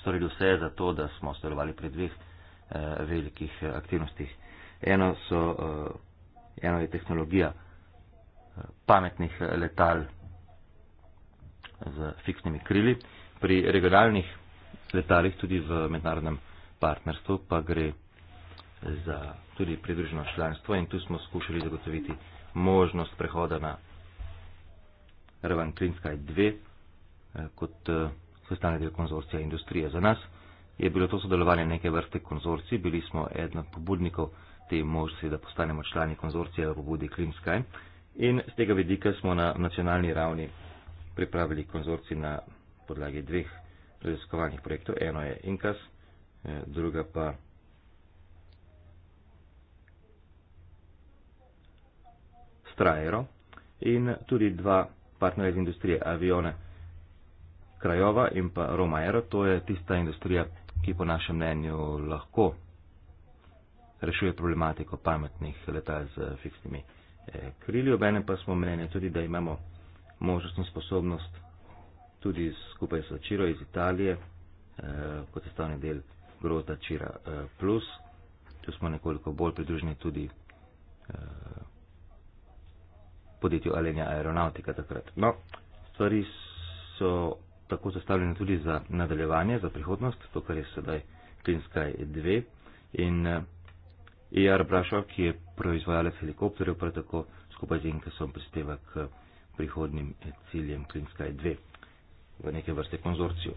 storili vse za to, da smo sodelovali pri dveh eh, velikih aktivnostih. Eno so Eno je tehnologija eh, pametnih eh, letal z fiksnimi krili. Pri regionalnih letalih tudi v mednarodnem partnerstvu pa gre za tudi pridruženo članstvo in tu smo skušali zagotoviti možnost prehoda na raven Klinskaj 2 eh, kot sestavni del konzorcija industrije. Za nas je bilo to sodelovanje neke vrste konzorci, bili smo eden od pobudnikov te možnosti, da postanemo člani konzorcija v pobudi Klimskaj. In z tega vidika smo na nacionalni ravni pripravili konzorci na podlagi dveh raziskovalnih projektov. Eno je INKAS, eh, druga pa Strajero in tudi dva partnerja iz industrije Avione Krajova in pa Romaero. To je tista industrija, ki po našem mnenju lahko rešuje problematiko pametnih letal z eh, fiksnimi eh, krili. Obenem pa smo mnenje tudi, da imamo možnost in sposobnost tudi skupaj s Čiro iz Italije, eh, kot je stavni del Grota Čira Plus. Tu smo nekoliko bolj pridruženi tudi podjetju Alenja Aeronautika takrat. No, stvari so tako zastavljene tudi za nadaljevanje, za prihodnost, to, kar je sedaj Clean Sky 2. In uh, in e Arbrašov, ki je proizvajalec helikopterjev, prav tako skupaj z Inkasom prispeva k prihodnim ciljem Klinskaj 2 v neke vrste konzorciju.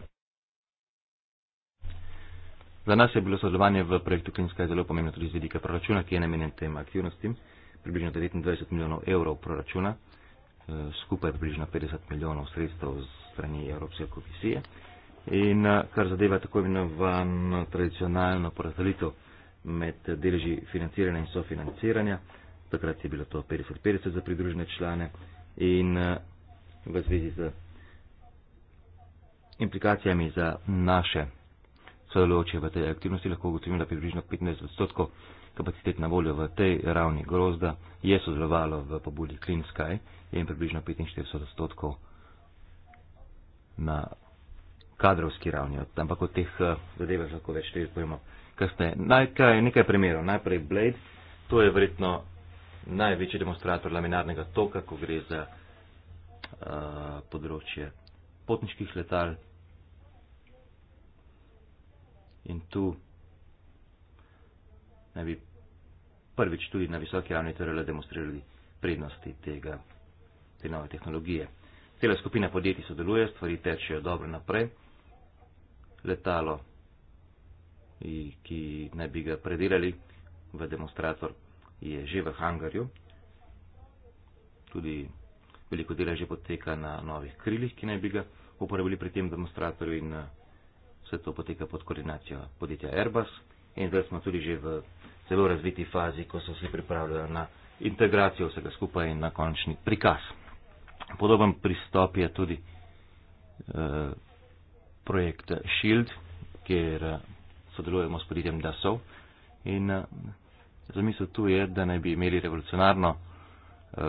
Za nas je bilo sodelovanje v projektu Klinskaj zelo pomembno tudi z vidika proračuna, ki je namenjen tem aktivnostim, približno 29 milijonov evrov proračuna, eh, skupaj približno 50 milijonov sredstev z strani Evropske komisije. In eh, kar zadeva tako imenovan tradicionalno porazdelitev med deleži financiranja in sofinanciranja. Takrat je bilo to 50-50 za pridružene člane in eh, v zvezi z implikacijami za naše sodelujoče v tej aktivnosti lahko ugotovimo, da približno 15 odstotkov kapacitet na voljo v tej ravni grozda je sodelovalo v pobudi Clean Sky in približno 45 odstotkov na kadrovski ravni. Ampak o teh eh, zadevah lahko več tudi pojmo kasneje. Najkaj, nekaj primerov. Najprej Blade, to je verjetno največji demonstrator laminarnega toka, ko gre za uh, področje potniških letal. In tu naj bi prvič tudi na visoki ravni torej demonstrirali prednosti tega, te nove tehnologije. Cela skupina podjetij sodeluje, stvari tečejo dobro naprej. Letalo ki naj bi ga predelali v demonstrator, je že v hangarju. Tudi veliko dela že poteka na novih krilih, ki naj bi ga uporabili pri tem demonstratorju in eh, vse to poteka pod koordinacijo podjetja Airbus. In zdaj smo tudi že v zelo razviti fazi, ko so se pripravljali na integracijo vsega skupaj in na končni prikaz. Podoben pristop je tudi eh, projekt Shield, kjer sodelujemo s podjetjem Dasov. In eh, zamisel tu je, da naj bi imeli revolucionarno eh,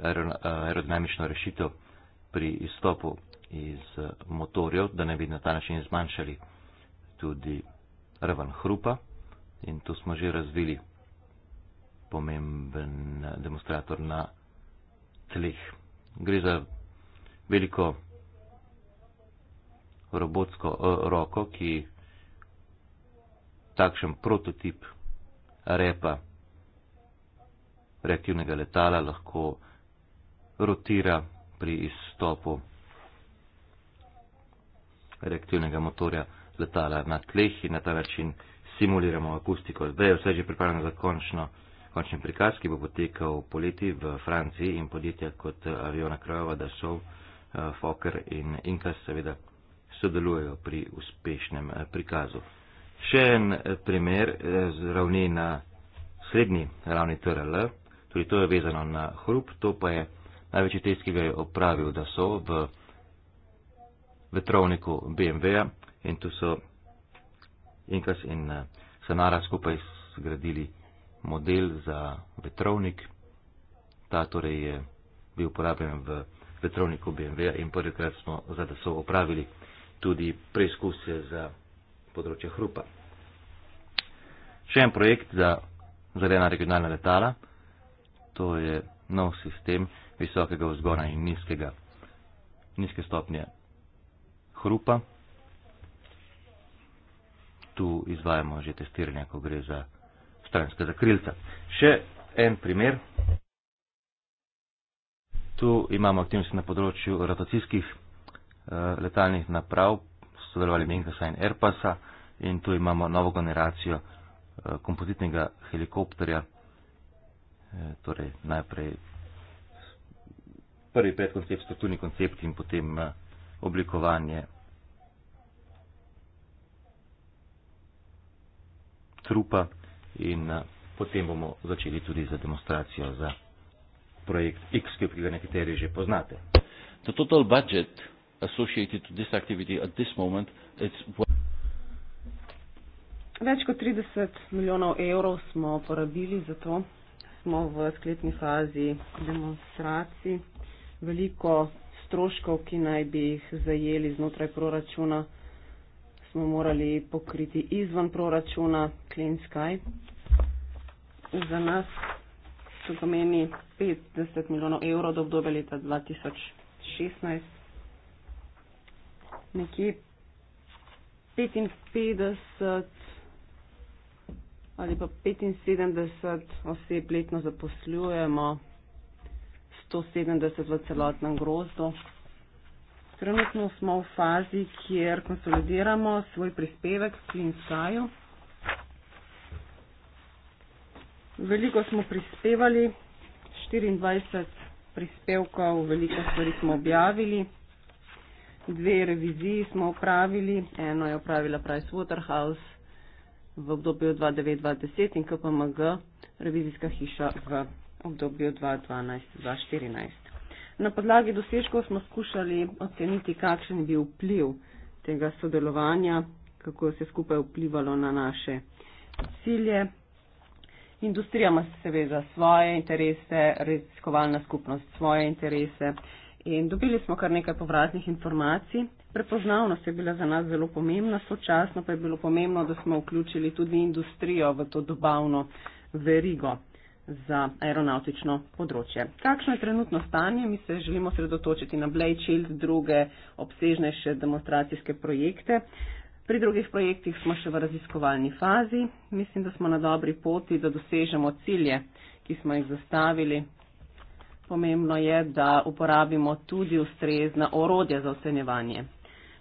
eh, aerodinamično rešitev pri izstopu iz motorjev, da naj bi na ta način zmanjšali tudi raven hrupa. In tu smo že razvili pomemben demonstrator na tleh. Gre za veliko robotsko roko, ki takšen prototip repa, reaktivnega letala lahko rotira pri izstopu reaktivnega motorja letala na tleh in na ta način simuliramo akustiko. Zdaj je vse že pripravljeno za končno, končni prikaz, ki bo potekal poleti v Franciji in podjetja kot eh, Aviona Krajova, Dassault, eh, Fokker in Inkas seveda sodelujejo pri uspešnem eh, prikazu. Še en eh, primer eh, z ravni na srednji ravni TRL, tudi to je vezano na hrup, to pa je največji test, ki ga je opravil, da so v vetrovniku BMW-ja in tu so Inkas in eh, Sanara skupaj zgradili model za vetrovnik. Ta torej je bil uporabljen v vetrovniku BMW-ja in prvi krat smo za da so opravili tudi preizkuse za področje hrupa. Še en projekt za zelena regionalna letala, to je nov sistem visokega vzgona in nizkega, nizke stopnje hrupa. Tu izvajamo že testiranje, ko gre za stranska zakrilca. Še en primer. Tu imamo aktivnosti na področju rotacijskih uh, letalnih naprav, sodelovali Minkasa in Airpasa in tu imamo novo generacijo Eh, kompozitnega helikopterja, eh, torej najprej prvi predkoncept, strukturni koncept in potem eh, oblikovanje trupa in potem bomo začeli tudi za demonstracijo za projekt X, ki ga nekateri že poznate. The total budget associated to this activity at this moment is Več kot 30 milijonov evrov smo porabili za to. Smo v sklepni fazi demonstracij. Veliko stroškov, ki naj bi jih zajeli znotraj proračuna, smo morali pokriti izvan proračuna Clean Sky. Za nas to pomeni 50 milijonov evrov do obdobja leta 2016. Nekje 55 ali pa 75 oseb letno zaposlujemo, 170 v celotnem grozdu. Trenutno smo v fazi, kjer konsolidiramo svoj prispevek s Klinskaju. Veliko smo prispevali, 24 prispevkov, veliko stvari smo objavili. Dve reviziji smo upravili, eno je upravila Price Waterhouse, v obdobju 2009-2010 in KPMG, revizijska hiša v obdobju 2012-2014. Na podlagi dosežkov smo skušali oceniti, kakšen je bil vpliv tega sodelovanja, kako se skupaj vplivalo na naše cilje. Industrija ima seveda svoje interese, raziskovalna skupnost svoje interese in dobili smo kar nekaj povratnih informacij. Prepoznavnost je bila za nas zelo pomembna, sočasno pa je bilo pomembno, da smo vključili tudi industrijo v to dobavno verigo za aeronautično področje. Kakšno je trenutno stanje? Mi se želimo sredotočiti na Blade Shield, druge obsežnejše demonstracijske projekte. Pri drugih projektih smo še v raziskovalni fazi. Mislim, da smo na dobri poti, da dosežemo cilje, ki smo jih zastavili. Pomembno je, da uporabimo tudi ustrezna orodja za ocenjevanje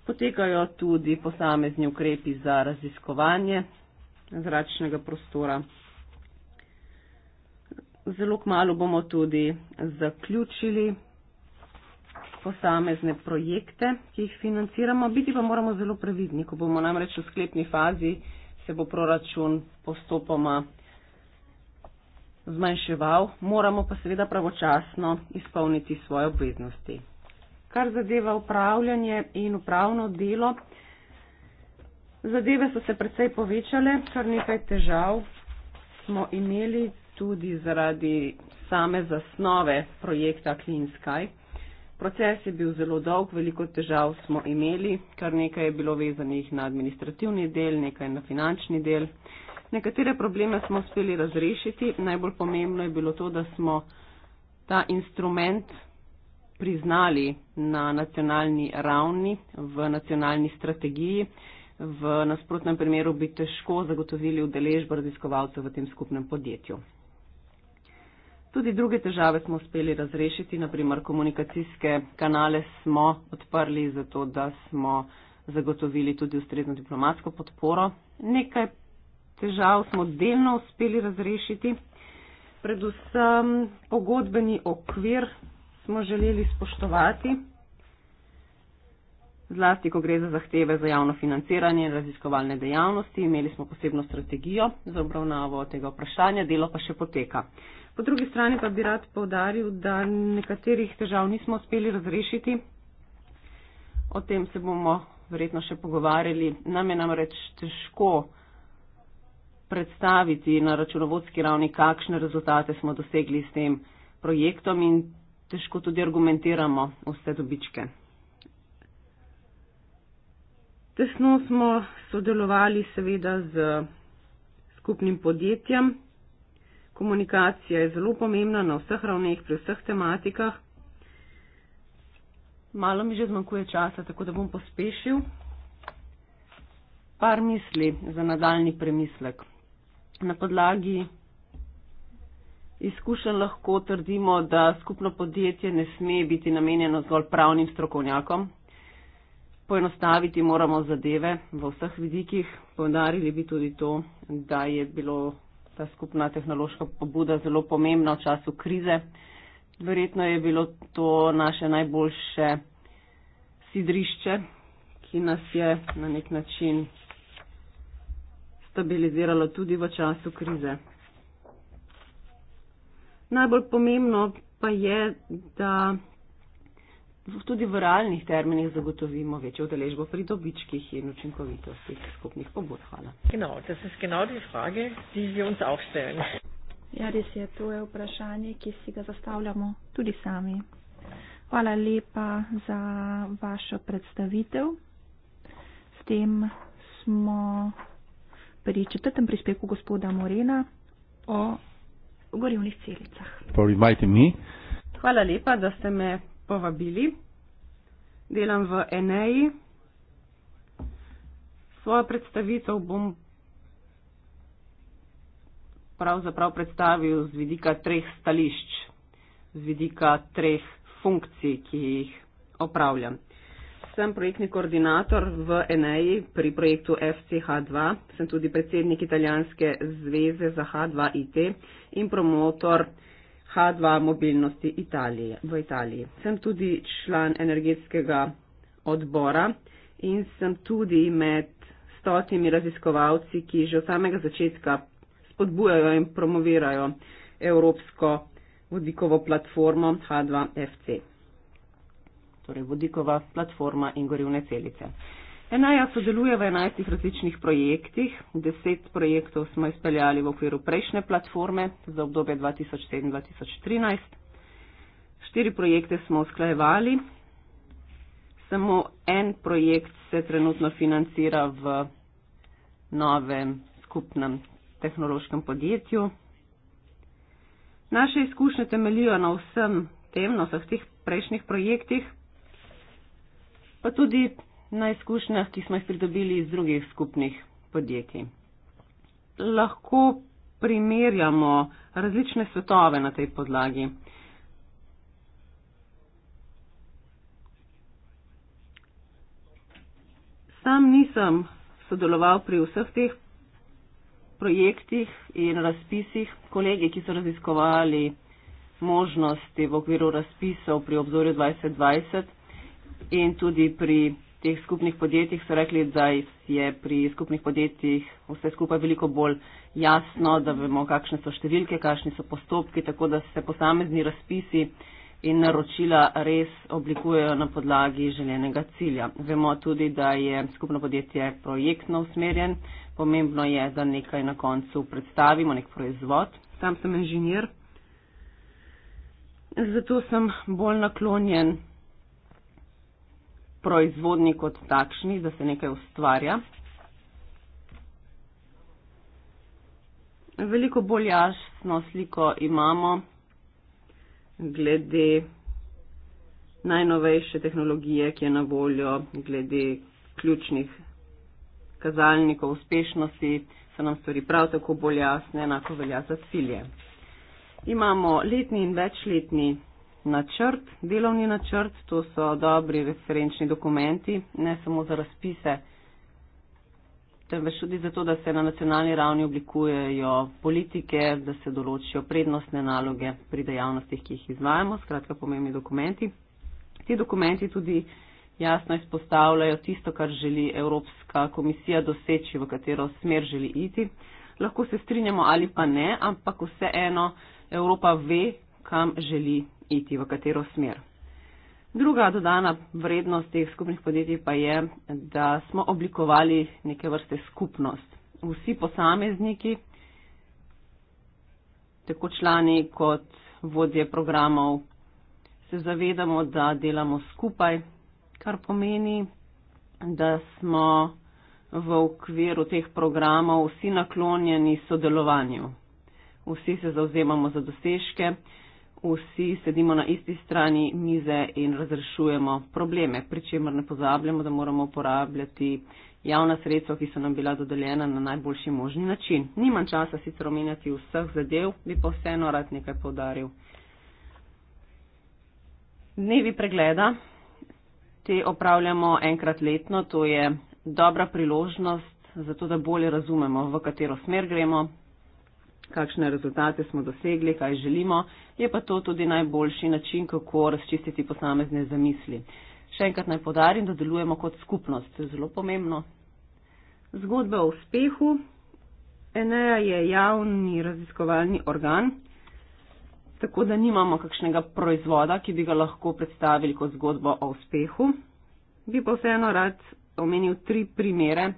potekajo tudi posamezni ukrepi za raziskovanje zračnega prostora. Zelo kmalo bomo tudi zaključili posamezne projekte, ki jih financiramo. Biti pa moramo zelo previdni, ko bomo namreč v sklepni fazi, se bo proračun postopoma zmanjševal, moramo pa seveda pravočasno izpolniti svoje obveznosti kar zadeva upravljanje in upravno delo. Zadeve so se precej povečale, kar nekaj težav smo imeli tudi zaradi same zasnove projekta Clean Sky. Proces je bil zelo dolg, veliko težav smo imeli, kar nekaj je bilo vezanih na administrativni del, nekaj na finančni del. Nekatere probleme smo uspeli razrešiti. Najbolj pomembno je bilo to, da smo ta instrument priznali na nacionalni ravni, v nacionalni strategiji. V nasprotnem primeru bi težko zagotovili udeležbo raziskovalcev v tem skupnem podjetju. Tudi druge težave smo uspeli razrešiti, naprimer komunikacijske kanale smo odprli, zato da smo zagotovili tudi ustrezno diplomatsko podporo. Nekaj težav smo delno uspeli razrešiti, predvsem pogodbeni okvir smo želeli spoštovati, zlasti, ko gre za zahteve za javno financiranje in raziskovalne dejavnosti. Imeli smo posebno strategijo za obravnavo tega vprašanja, delo pa še poteka. Po drugi strani pa bi rad povdaril, da nekaterih težav nismo uspeli razrešiti. O tem se bomo verjetno še pogovarjali. Nam je namreč težko predstaviti na računovodski ravni, kakšne rezultate smo dosegli s tem projektom in težko tudi argumentiramo vse dobičke. Tesno smo sodelovali seveda z skupnim podjetjem. Komunikacija je zelo pomembna na vseh ravneh, pri vseh tematikah. Malo mi že zmanjkuje časa, tako da bom pospešil. Par misli za nadaljni premislek. Na podlagi izkušenj lahko trdimo, da skupno podjetje ne sme biti namenjeno zgolj pravnim strokovnjakom. Poenostaviti moramo zadeve v vseh vidikih. Povdarili bi tudi to, da je bilo ta skupna tehnološka pobuda zelo pomembna v času krize. Verjetno je bilo to naše najboljše sidrišče, ki nas je na nek način stabiliziralo tudi v času krize najbolj pomembno pa je, da tudi v realnih terminih zagotovimo večjo deležbo pri dobičkih in učinkovitosti skupnih pobud. Hvala. Genau, das ist genau die Frage, die wir uns auch stellen. Ja, res je, to je vprašanje, ki si ga zastavljamo tudi sami. Hvala lepa za vašo predstavitev. S tem smo pri četrtem prispevku gospoda Morena o v gorivnih celicah. Hvala lepa, da ste me povabili. Delam v Eneji. Svojo predstavitev bom pravzaprav predstavil z vidika treh stališč, z vidika treh funkcij, ki jih opravljam sem projektni koordinator v Eneji pri projektu FCH2, sem tudi predsednik Italijanske zveze za H2IT in promotor H2 mobilnosti Italije, v Italiji. Sem tudi član energetskega odbora in sem tudi med stotimi raziskovalci, ki že od samega začetka spodbujajo in promovirajo evropsko vodikovo platformo H2FC torej vodikova platforma in gorivne celice. Enaja sodeluje v enajstih različnih projektih. Deset projektov smo izpeljali v okviru prejšnje platforme za obdobje 2007-2013. Štiri projekte smo usklajevali. Samo en projekt se trenutno financira v novem skupnem tehnološkem podjetju. Naše izkušnje temeljijo na vsem tem, na vseh teh prejšnjih projektih, pa tudi na izkušnjah, ki smo jih pridobili iz drugih skupnih podjetij. Lahko primerjamo različne svetove na tej podlagi. Sam nisem sodeloval pri vseh teh projektih in razpisih. Kolegi, ki so raziskovali možnosti v okviru razpisov pri obzorju 2020, in tudi pri teh skupnih podjetjih so rekli, da je pri skupnih podjetjih vse skupaj veliko bolj jasno, da vemo, kakšne so številke, kakšni so postopki, tako da se posamezni razpisi in naročila res oblikujejo na podlagi željenega cilja. Vemo tudi, da je skupno podjetje projektno usmerjen, pomembno je, da nekaj na koncu predstavimo, nek proizvod. Sam sem inženir, zato sem bolj naklonjen proizvodni kot takšni, da se nekaj ustvarja. Veliko bolj jasno sliko imamo glede najnovejše tehnologije, ki je na voljo, glede ključnih kazalnikov uspešnosti, so nam stvari prav tako bolj jasne, enako velja za cilje. Imamo letni in večletni načrt, delovni načrt, to so dobri referenčni dokumenti, ne samo za razpise, temveč tudi zato, da se na nacionalni ravni oblikujejo politike, da se določijo prednostne naloge pri dejavnostih, ki jih izvajamo, skratka pomembni dokumenti. Ti dokumenti tudi jasno izpostavljajo tisto, kar želi Evropska komisija doseči, v katero smer želi iti. Lahko se strinjamo ali pa ne, ampak vseeno Evropa ve, kam želi iti, v katero smer. Druga dodana vrednost teh skupnih podjetij pa je, da smo oblikovali neke vrste skupnost. Vsi posamezniki, tako člani kot vodje programov, se zavedamo, da delamo skupaj, kar pomeni, da smo v okviru teh programov vsi naklonjeni sodelovanju. Vsi se zauzemamo za dosežke vsi sedimo na isti strani mize in razrešujemo probleme, pri čemer ne pozabljamo, da moramo uporabljati javna sredstva, ki so nam bila dodeljena na najboljši možni način. Nimam časa sicer omenjati vseh zadev, bi pa vseeno rad nekaj podaril. Dnevi pregleda, te opravljamo enkrat letno, to je dobra priložnost, zato da bolje razumemo, v katero smer gremo, kakšne rezultate smo dosegli, kaj želimo, je pa to tudi najboljši način, kako razčistiti posamezne zamisli. Še enkrat naj podarim, da delujemo kot skupnost, to je zelo pomembno. Zgodba o uspehu. Enea je javni raziskovalni organ, tako da nimamo kakšnega proizvoda, ki bi ga lahko predstavili kot zgodbo o uspehu. Bi pa vseeno rad omenil tri primere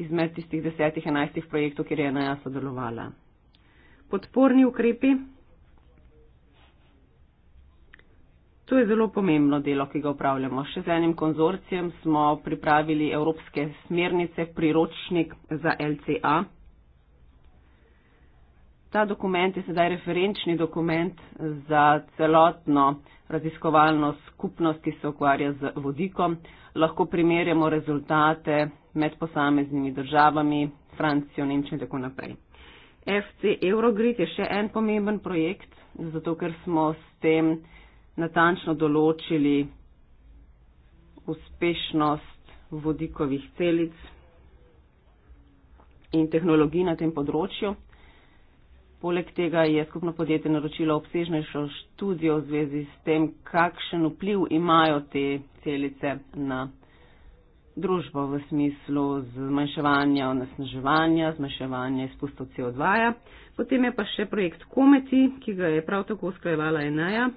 izmed tistih desetih, enajstih projektov, kjer je Enea sodelovala podporni ukrepi. To je zelo pomembno delo, ki ga upravljamo. Še z enim konzorcijem smo pripravili evropske smernice, priročnik za LCA. Ta dokument je sedaj referenčni dokument za celotno raziskovalno skupnost, ki se ukvarja z vodikom. Lahko primerjamo rezultate med posameznimi državami, Francijo, Nemčijo in tako naprej. FC Eurogrid je še en pomemben projekt, zato ker smo s tem natančno določili uspešnost vodikovih celic in tehnologij na tem področju. Poleg tega je skupno podjetje naročilo obsežnejšo študijo v zvezi s tem, kakšen vpliv imajo te celice na družbo v smislu zmanjševanja onesnaževanja, zmanjševanja izpustov CO2. -ja. Potem je pa še projekt Kometi, ki ga je prav tako usklajevala Enaja.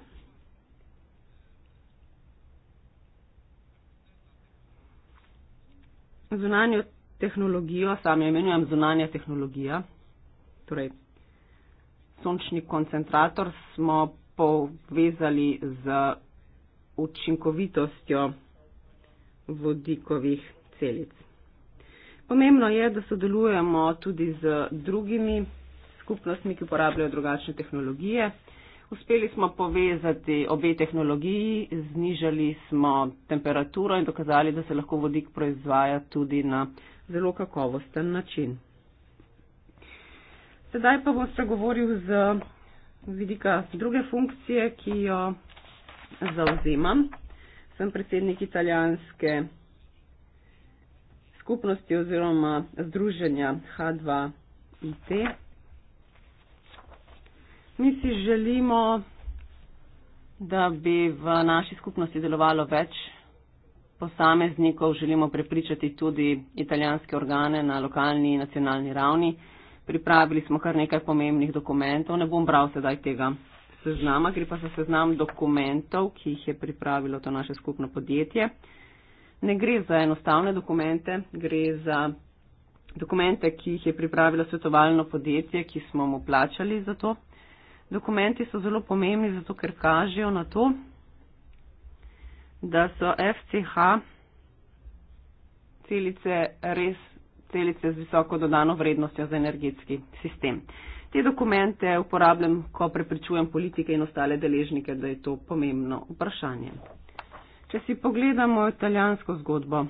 Zunanjo tehnologijo, sam jo imenujem zunanja tehnologija, torej sončni koncentrator smo povezali z učinkovitostjo vodikovih celic. Pomembno je, da sodelujemo tudi z drugimi skupnostmi, ki uporabljajo drugačne tehnologije. Uspeli smo povezati obe tehnologiji, znižali smo temperaturo in dokazali, da se lahko vodik proizvaja tudi na zelo kakovosten način. Sedaj pa bom spregovoril z vidika druge funkcije, ki jo zauzemam sem predsednik italijanske skupnosti oziroma združenja H2IT. Mi si želimo, da bi v naši skupnosti delovalo več posameznikov, želimo prepričati tudi italijanske organe na lokalni in nacionalni ravni. Pripravili smo kar nekaj pomembnih dokumentov, ne bom bral sedaj tega seznama, gre pa za seznam dokumentov, ki jih je pripravilo to naše skupno podjetje. Ne gre za enostavne dokumente, gre za dokumente, ki jih je pripravilo svetovalno podjetje, ki smo mu plačali za to. Dokumenti so zelo pomembni, zato ker kažejo na to, da so FCH celice res celice z visoko dodano vrednostjo za energetski sistem te dokumente uporabljam, ko prepričujem politike in ostale deležnike, da je to pomembno vprašanje. Če si pogledamo italijansko zgodbo,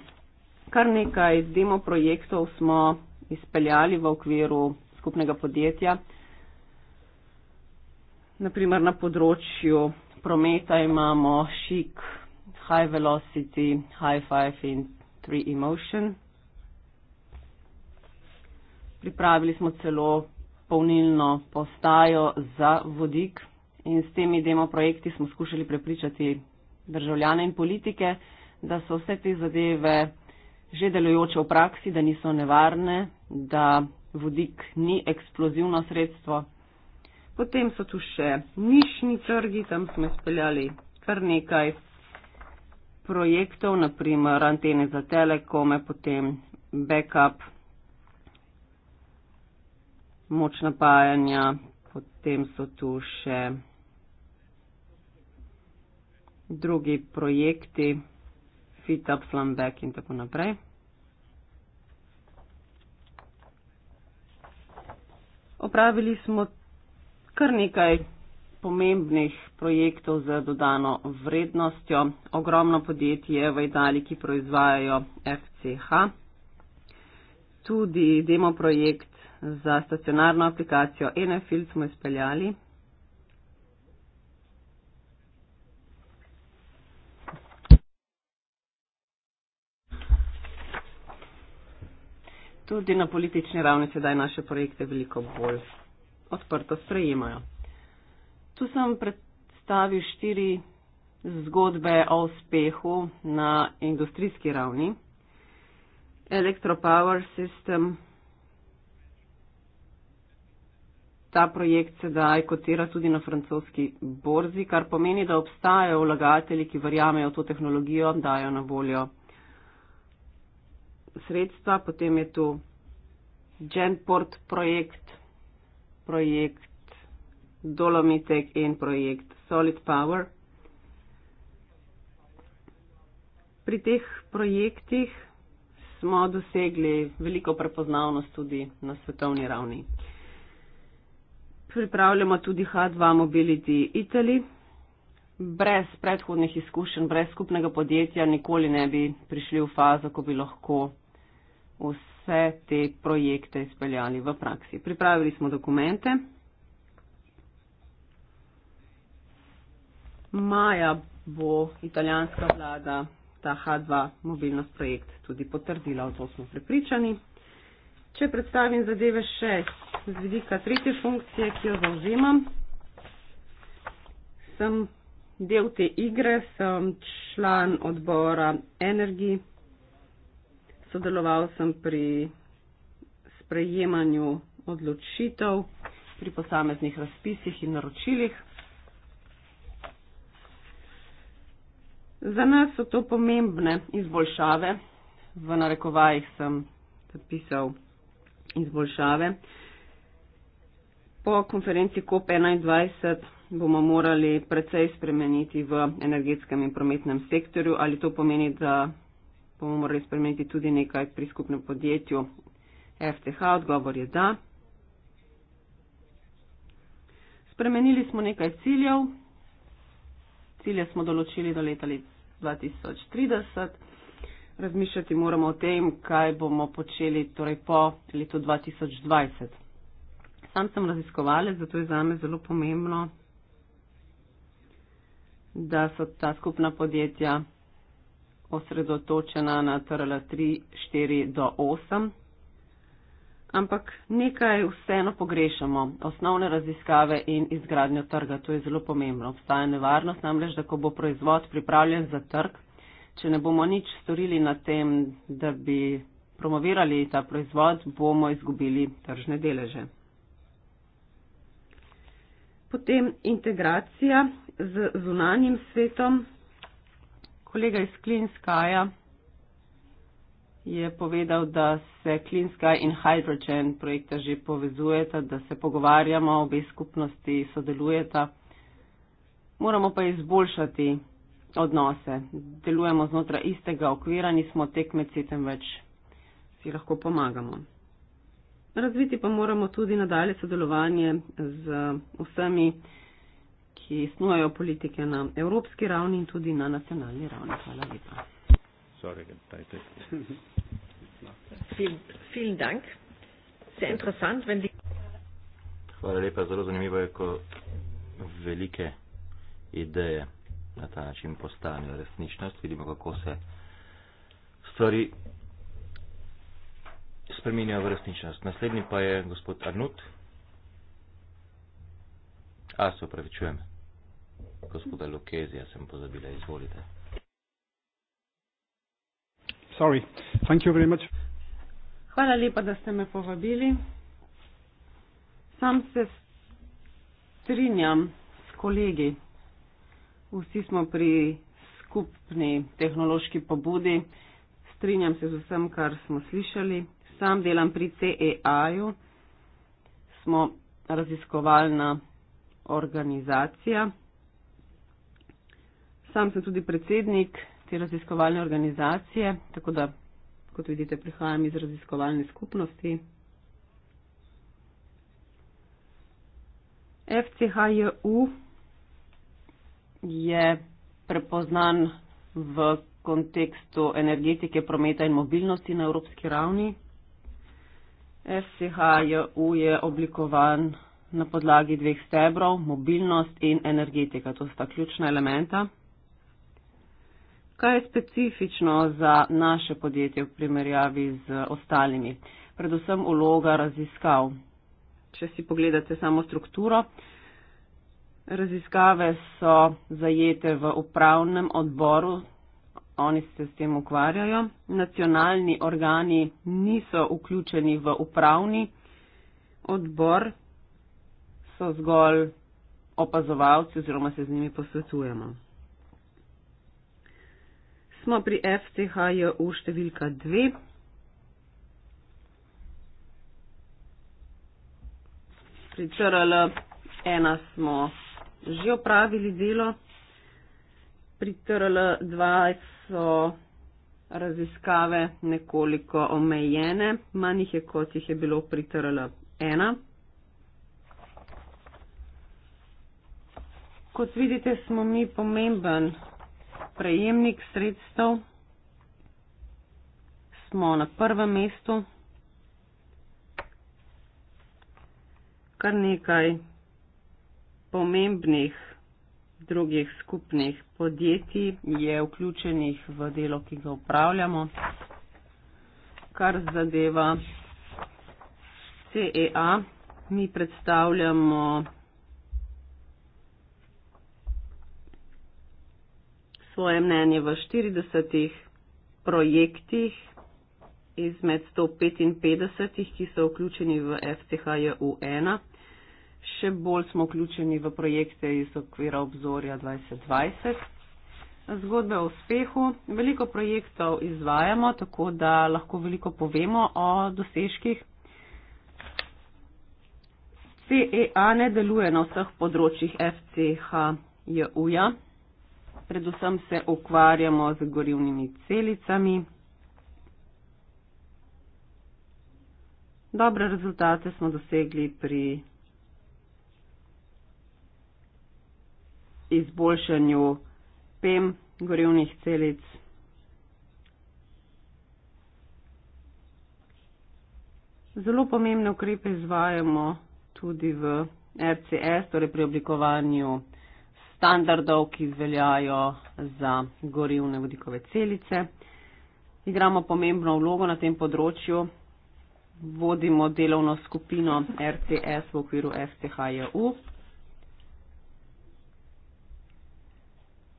kar nekaj demo projektov smo izpeljali v okviru skupnega podjetja, naprimer na področju prometa imamo Chic, High Velocity, High Five in Three Emotion. Pripravili smo celo polnilno postajo za vodik in s temi demo projekti smo skušali prepričati državljane in politike, da so vse te zadeve že delujoče v praksi, da niso nevarne, da vodik ni eksplozivno sredstvo. Potem so tu še nišni trgi, tam smo izpeljali kar nekaj projektov, naprimer antene za telekome, potem backup moč napajanja, potem so tu še drugi projekti, fit up, flambek in tako naprej. Opravili smo kar nekaj pomembnih projektov z dodano vrednostjo. Ogromno podjetje v Italiji, ki proizvajajo FCH. Tudi demo projekt za stacionarno aplikacijo Enefield smo izpeljali. Tudi na politični ravni sedaj naše projekte veliko bolj odprto sprejemajo. Tu sem predstavil štiri zgodbe o uspehu na industrijski ravni. Electropower System Ta projekt sedaj kotira tudi na francoski borzi, kar pomeni, da obstajajo vlagatelji, ki verjamejo v to tehnologijo, dajo na voljo sredstva. Potem je tu Genport projekt, projekt Dolomitek in projekt Solid Power. Pri teh projektih smo dosegli veliko prepoznavnost tudi na svetovni ravni pripravljamo tudi H2 Mobility Italy. Brez predhodnih izkušenj, brez skupnega podjetja nikoli ne bi prišli v fazo, ko bi lahko vse te projekte izpeljali v praksi. Pripravili smo dokumente. Maja bo italijanska vlada ta H2 mobilnost projekt tudi potrdila, o to smo prepričani. Če predstavim zadeve še z vidika tretje funkcije, ki jo zauzemam, sem del te igre, sem član odbora Energi, sodeloval sem pri sprejemanju odločitev, pri posameznih razpisih in naročilih. Za nas so to pomembne izboljšave, v narekovajih sem zapisal. Da izboljšave. Po konferenci COP21 bomo morali precej spremeniti v energetskem in prometnem sektorju, ali to pomeni, da bomo morali spremeniti tudi nekaj pri skupnem podjetju FTH. Odgovor je da. Spremenili smo nekaj ciljev. Cilje smo določili do leta 2030 razmišljati moramo o tem, kaj bomo počeli torej po letu 2020. Sam sem raziskovalec, zato je zame zelo pomembno, da so ta skupna podjetja osredotočena na TRL 3, 4 do 8. Ampak nekaj vseeno pogrešamo, osnovne raziskave in izgradnjo trga, to je zelo pomembno. Obstaja nevarnost namreč, da ko bo proizvod pripravljen za trg, če ne bomo nič storili na tem, da bi promovirali ta proizvod, bomo izgubili tržne deleže. Potem integracija z zunanjim svetom. Kolega iz Klinskaja je povedal, da se Klinska in Hydrogen projekta že povezujeta, da se pogovarjamo, obe skupnosti sodelujeta. Moramo pa izboljšati odnose. Delujemo znotraj istega okvira, nismo tekmeci, temveč si lahko pomagamo. Razviti pa moramo tudi nadalje sodelovanje z vsemi, ki snujejo politike na evropski ravni in tudi na nacionalni ravni. Hvala lepa. Hvala lepa, zelo zanimivo je, ko velike ideje na ta način postanejo resničnost, vidimo kako se stvari spremenijo v resničnost. Naslednji pa je gospod Arnut. A se upravičujem, gospoda Lokezija sem pozabila, izvolite. Sorry. Thank you very much. Hvala lepa, da ste me povabili. Sam se strinjam s kolegi, Vsi smo pri skupni tehnološki pobudi. Strinjam se z vsem, kar smo slišali. Sam delam pri CEA-ju. Smo raziskovalna organizacija. Sam sem tudi predsednik te raziskovalne organizacije, tako da, kot vidite, prihajam iz raziskovalne skupnosti. FCHJU je prepoznan v kontekstu energetike, prometa in mobilnosti na evropski ravni. SCHJU je oblikovan na podlagi dveh stebrov, mobilnost in energetika. To sta ključna elementa. Kaj je specifično za naše podjetje v primerjavi z ostalimi? Predvsem uloga raziskav. Če si pogledate samo strukturo, Raziskave so zajete v upravnem odboru, oni se s tem ukvarjajo. Nacionalni organi niso vključeni v upravni odbor, so zgolj opazovalci oziroma se z njimi posvetujemo. Smo pri FCHJU številka 2. Pri CRL 1 smo že opravili delo, pri TRL-2 so raziskave nekoliko omejene, manj jih je kot jih je bilo pri TRL-1. Kot vidite, smo mi pomemben prejemnik sredstev, smo na prvem mestu. Kar nekaj pomembnih drugih skupnih podjetij je vključenih v delo, ki ga upravljamo, kar zadeva CEA. Mi predstavljamo svoje mnenje v 40 projektih izmed 155, ki so vključeni v FCHJU 1 še bolj smo vključeni v projekte iz okvira obzorja 2020. Zgodbe o uspehu. Veliko projektov izvajamo, tako da lahko veliko povemo o dosežkih. CEA ne deluje na vseh področjih FCHJU-ja. Predvsem se ukvarjamo z gorivnimi celicami. Dobre rezultate smo dosegli pri izboljšanju PEM gorivnih celic. Zelo pomembne ukrepe izvajamo tudi v RCS, torej pri oblikovanju standardov, ki veljajo za gorivne vodikove celice. Igramo pomembno vlogo na tem področju, vodimo delovno skupino RCS v okviru FCHJU.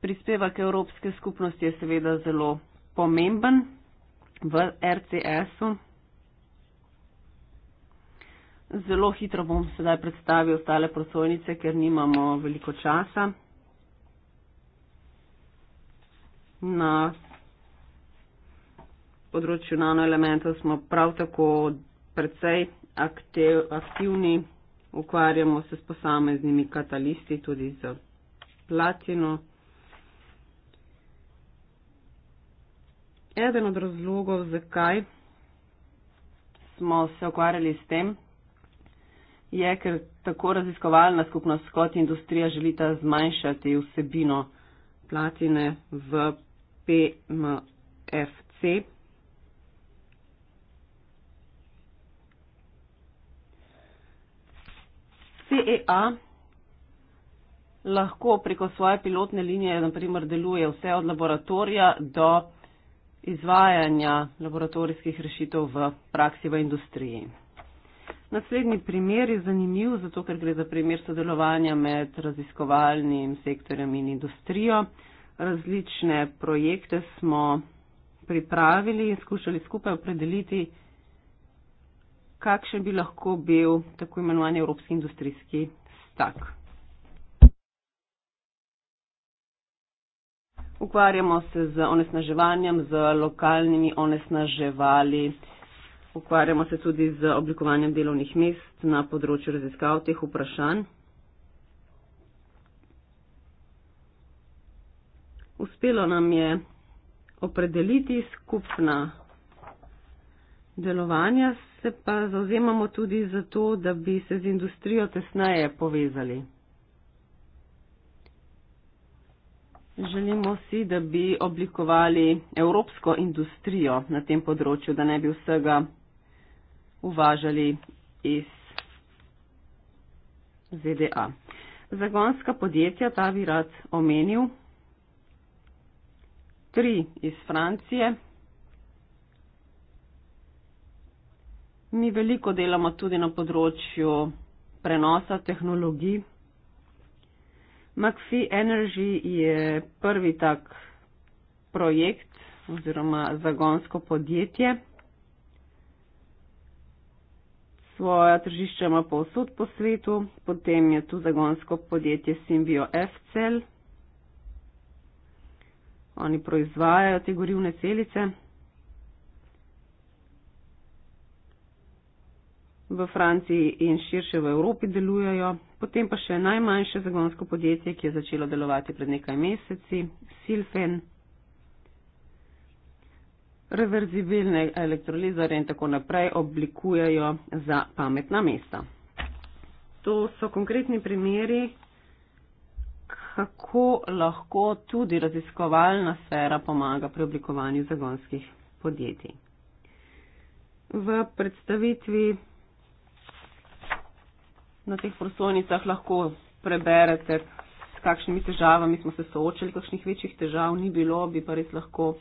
prispevek Evropske skupnosti je seveda zelo pomemben v RCS-u. Zelo hitro bom sedaj predstavil ostale prosojnice, ker nimamo veliko časa. Na področju nanoelementov smo prav tako precej aktiv, aktivni, ukvarjamo se s posameznimi katalisti, tudi z platino. eden od razlogov, zakaj smo se ukvarjali s tem, je, ker tako raziskovalna skupnost kot industrija želita zmanjšati vsebino platine v PMFC. CEA lahko preko svoje pilotne linije, naprimer, deluje vse od laboratorija do izvajanja laboratorijskih rešitev v praksi v industriji. Naslednji primer je zanimiv, zato ker gre za primer sodelovanja med raziskovalnim sektorjem in industrijo. Različne projekte smo pripravili in skušali skupaj opredeliti, kakšen bi lahko bil tako imenovani evropski industrijski stak. ukvarjamo se z onesnaževanjem, z lokalnimi onesnaževali, ukvarjamo se tudi z oblikovanjem delovnih mest na področju raziskav teh vprašanj. Uspelo nam je opredeliti skupna delovanja, se pa zauzemamo tudi za to, da bi se z industrijo tesneje povezali. Želimo si, da bi oblikovali evropsko industrijo na tem področju, da ne bi vsega uvažali iz ZDA. Zagonska podjetja, ta bi rad omenil, tri iz Francije. Mi veliko delamo tudi na področju prenosa tehnologij McFee Energy je prvi tak projekt oziroma zagonsko podjetje. Svoja tržišča ima povsod po svetu, potem je tu zagonsko podjetje Symbio F-Cell. Oni proizvajajo te gorivne celice. v Franciji in širše v Evropi delujejo, potem pa še najmanjše zagonsko podjetje, ki je začelo delovati pred nekaj meseci, Silfen, reverzibilne elektrolizore in tako naprej oblikujejo za pametna mesta. To so konkretni primeri, kako lahko tudi raziskovalna sfera pomaga pri oblikovanju zagonskih podjetij. V predstavitvi na teh prosojnicah lahko preberete, s kakšnimi težavami smo se soočili, kakšnih večjih težav ni bilo, bi pa res lahko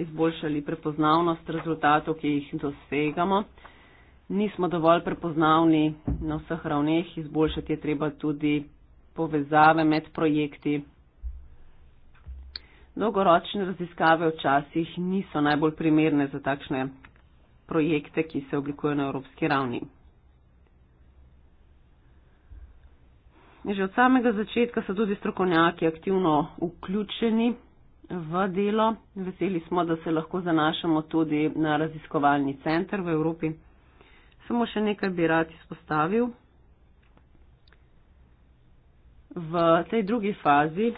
izboljšali prepoznavnost rezultatov, ki jih dosegamo. Nismo dovolj prepoznavni na vseh ravneh, izboljšati je treba tudi povezave med projekti. Dolgoročne raziskave včasih niso najbolj primerne za takšne projekte, ki se oblikujejo na evropski ravni. Že od samega začetka so tudi strokovnjaki aktivno vključeni v delo. Veseli smo, da se lahko zanašamo tudi na raziskovalni center v Evropi. Samo še nekaj bi rad izpostavil. V tej drugi fazi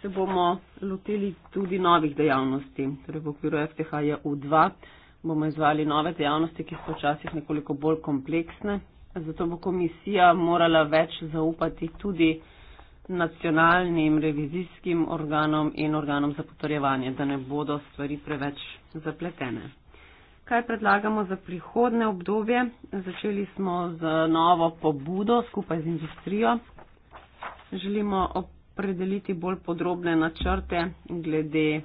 se bomo lotili tudi novih dejavnosti. Torej v okviru FTHJU2 bomo izvali nove dejavnosti, ki so včasih nekoliko bolj kompleksne, Zato bo komisija morala več zaupati tudi nacionalnim revizijskim organom in organom za potrjevanje, da ne bodo stvari preveč zapletene. Kaj predlagamo za prihodne obdobje? Začeli smo z novo pobudo skupaj z industrijo. Želimo opredeliti bolj podrobne načrte glede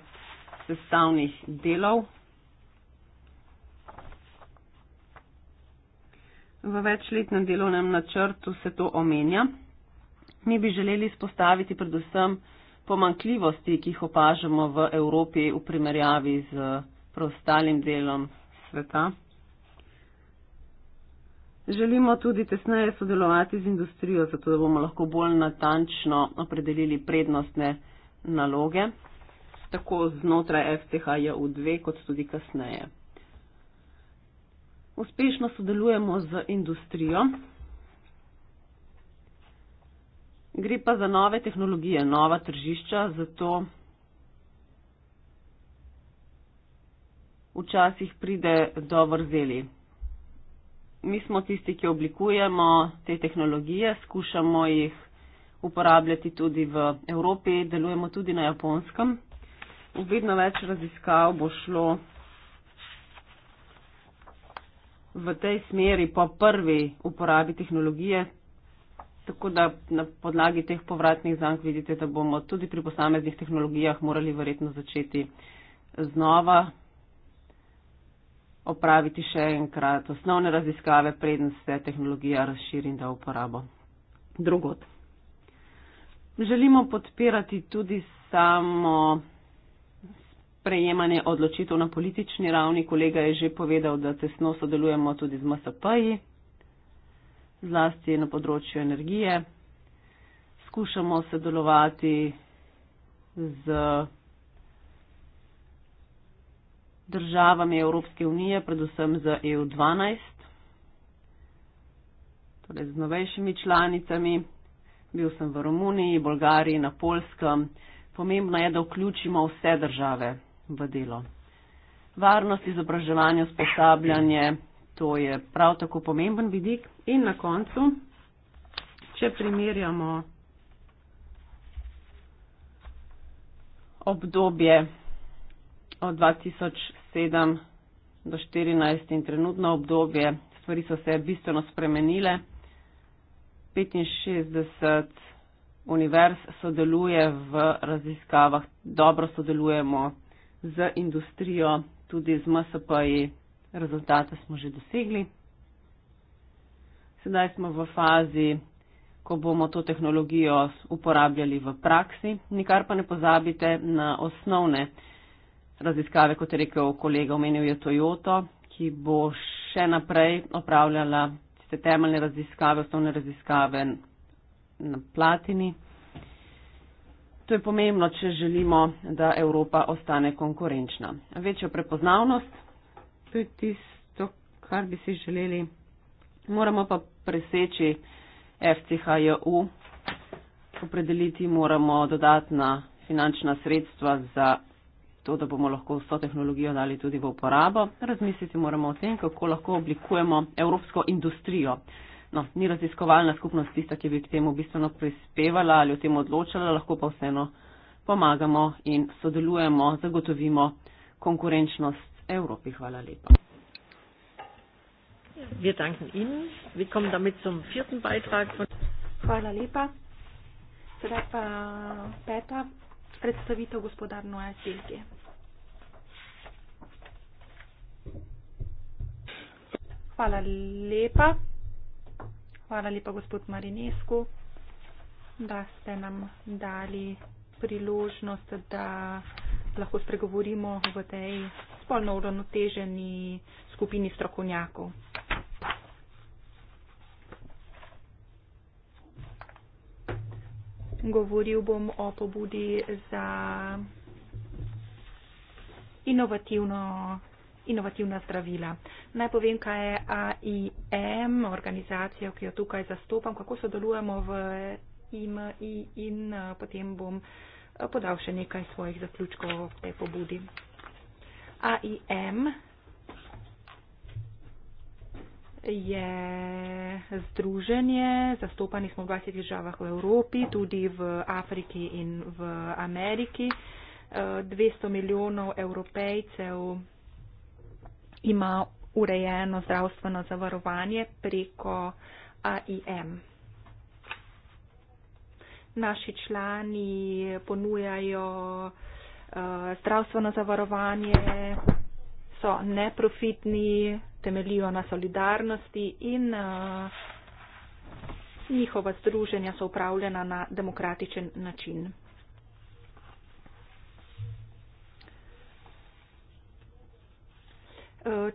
sestavnih delov v večletnem delovnem načrtu se to omenja. Mi bi želeli spostaviti predvsem pomankljivosti, ki jih opažamo v Evropi v primerjavi z preostalim delom sveta. Želimo tudi tesneje sodelovati z industrijo, zato da bomo lahko bolj natančno opredelili prednostne naloge, tako znotraj FCHJ-2 kot tudi kasneje uspešno sodelujemo z industrijo. Gre pa za nove tehnologije, nova tržišča, zato včasih pride do vrzeli. Mi smo tisti, ki oblikujemo te tehnologije, skušamo jih uporabljati tudi v Evropi, delujemo tudi na japonskem. V vedno več raziskav bo šlo v tej smeri po prvi uporabi tehnologije. Tako da na podlagi teh povratnih zank vidite, da bomo tudi pri posameznih tehnologijah morali verjetno začeti znova opraviti še enkrat osnovne raziskave, preden se tehnologija razširi in da uporabo drugot. Želimo podpirati tudi samo sprejemanje odločitev na politični ravni. Kolega je že povedal, da tesno sodelujemo tudi z MSP-ji, zlasti na področju energije. Skušamo sodelovati z državami Evropske unije, predvsem z EU12, torej z novejšimi članicami. Bil sem v Romuniji, Bolgariji, na Polskem. Pomembno je, da vključimo vse države v delo. Varnost, izobraževanje, usposabljanje, to je prav tako pomemben vidik. In na koncu, če primerjamo obdobje od 2007 do 2014 in trenutno obdobje, stvari so se bistveno spremenile. 65 univerz sodeluje v raziskavah, dobro sodelujemo z industrijo, tudi z MSP-ji. Rezultate smo že dosegli. Sedaj smo v fazi, ko bomo to tehnologijo uporabljali v praksi. Nikar pa ne pozabite na osnovne raziskave, kot je rekel kolega, omenil je Toyoto, ki bo še naprej opravljala te temeljne raziskave, osnovne raziskave na platini. To je pomembno, če želimo, da Evropa ostane konkurenčna. Večjo prepoznavnost, to je tisto, kar bi si želeli. Moramo pa preseči FCHJU, opredeliti moramo dodatna finančna sredstva za to, da bomo lahko vso tehnologijo dali tudi v uporabo. Razmisliti moramo o tem, kako lahko oblikujemo evropsko industrijo no, ni raziskovalna skupnost tista, ki bi k temu bistveno prispevala ali o tem odločala, lahko pa vseeno pomagamo in sodelujemo, zagotovimo konkurenčnost Evropi. Hvala lepa. Hvala lepa. Sedaj pa peta predstavitev gospodar Noja Selge. Hvala lepa. Hvala lepa, gospod Marinesku, da ste nam dali priložnost, da lahko spregovorimo v tej spolno uravnoteženi skupini strokovnjakov. Govoril bom o pobudi za inovativno inovativna zdravila. Naj povem, kaj je AIM, organizacija, ki jo tukaj zastopam, kako sodelujemo v IMI in eh, potem bom eh, podal še nekaj svojih zaključkov o tej pobudi. AIM je združenje, zastopani smo v 20 državah v Evropi, tudi v Afriki in v Ameriki. 200 eh, milijonov evropejcev ima urejeno zdravstveno zavarovanje preko AIM. Naši člani ponujajo uh, zdravstveno zavarovanje, so neprofitni, temelijo na solidarnosti in uh, njihova združenja so upravljena na demokratičen način.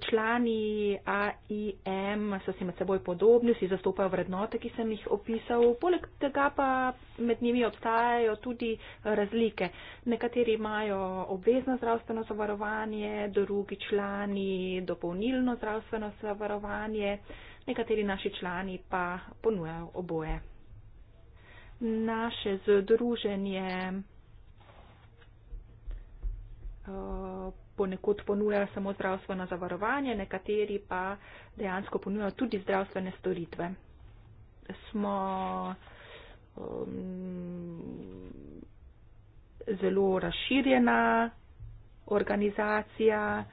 člani AIM so si med seboj podobni, vsi zastopajo vrednote, ki sem jih opisal, poleg tega pa med njimi obstajajo tudi razlike. Nekateri imajo obvezno zdravstveno zavarovanje, drugi člani dopolnilno zdravstveno zavarovanje, nekateri naši člani pa ponujajo oboje. Naše združenje. Uh, ponekud ponujajo samo zdravstveno zavarovanje, nekateri pa dejansko ponujajo tudi zdravstvene storitve. Smo um, zelo razširjena organizacija,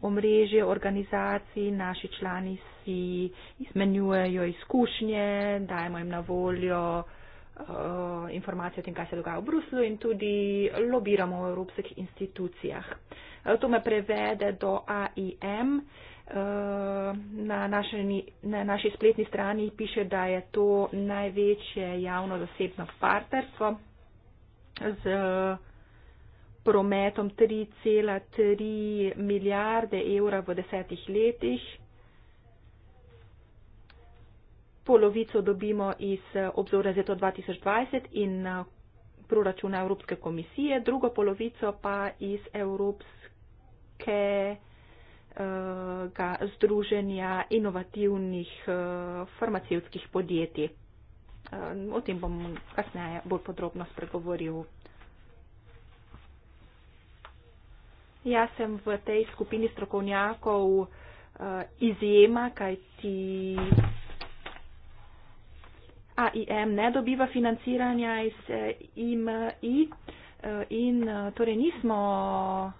omrežje organizacij, naši člani si izmenjujejo izkušnje, dajemo jim na voljo Eh, informacije o tem, kaj se dogaja v Bruslu in tudi lobiramo v evropskih institucijah. Eh, to me prevede do AIM. Eh, na naši, na naši spletni strani piše, da je to največje javno-zasebno partnerstvo z prometom 3,3 milijarde evra v desetih letih polovico dobimo iz eh, obzora za leto 2020 in eh, proračuna Evropske komisije, drugo polovico pa iz Evropske eh, združenja inovativnih farmacevskih podjetij. O tem bom kasneje bolj podrobno spregovoril. Jaz sem v tej skupini strokovnjakov izjema, kaj ti AIM ne dobiva financiranja iz IMI eh, eh, in eh, torej nismo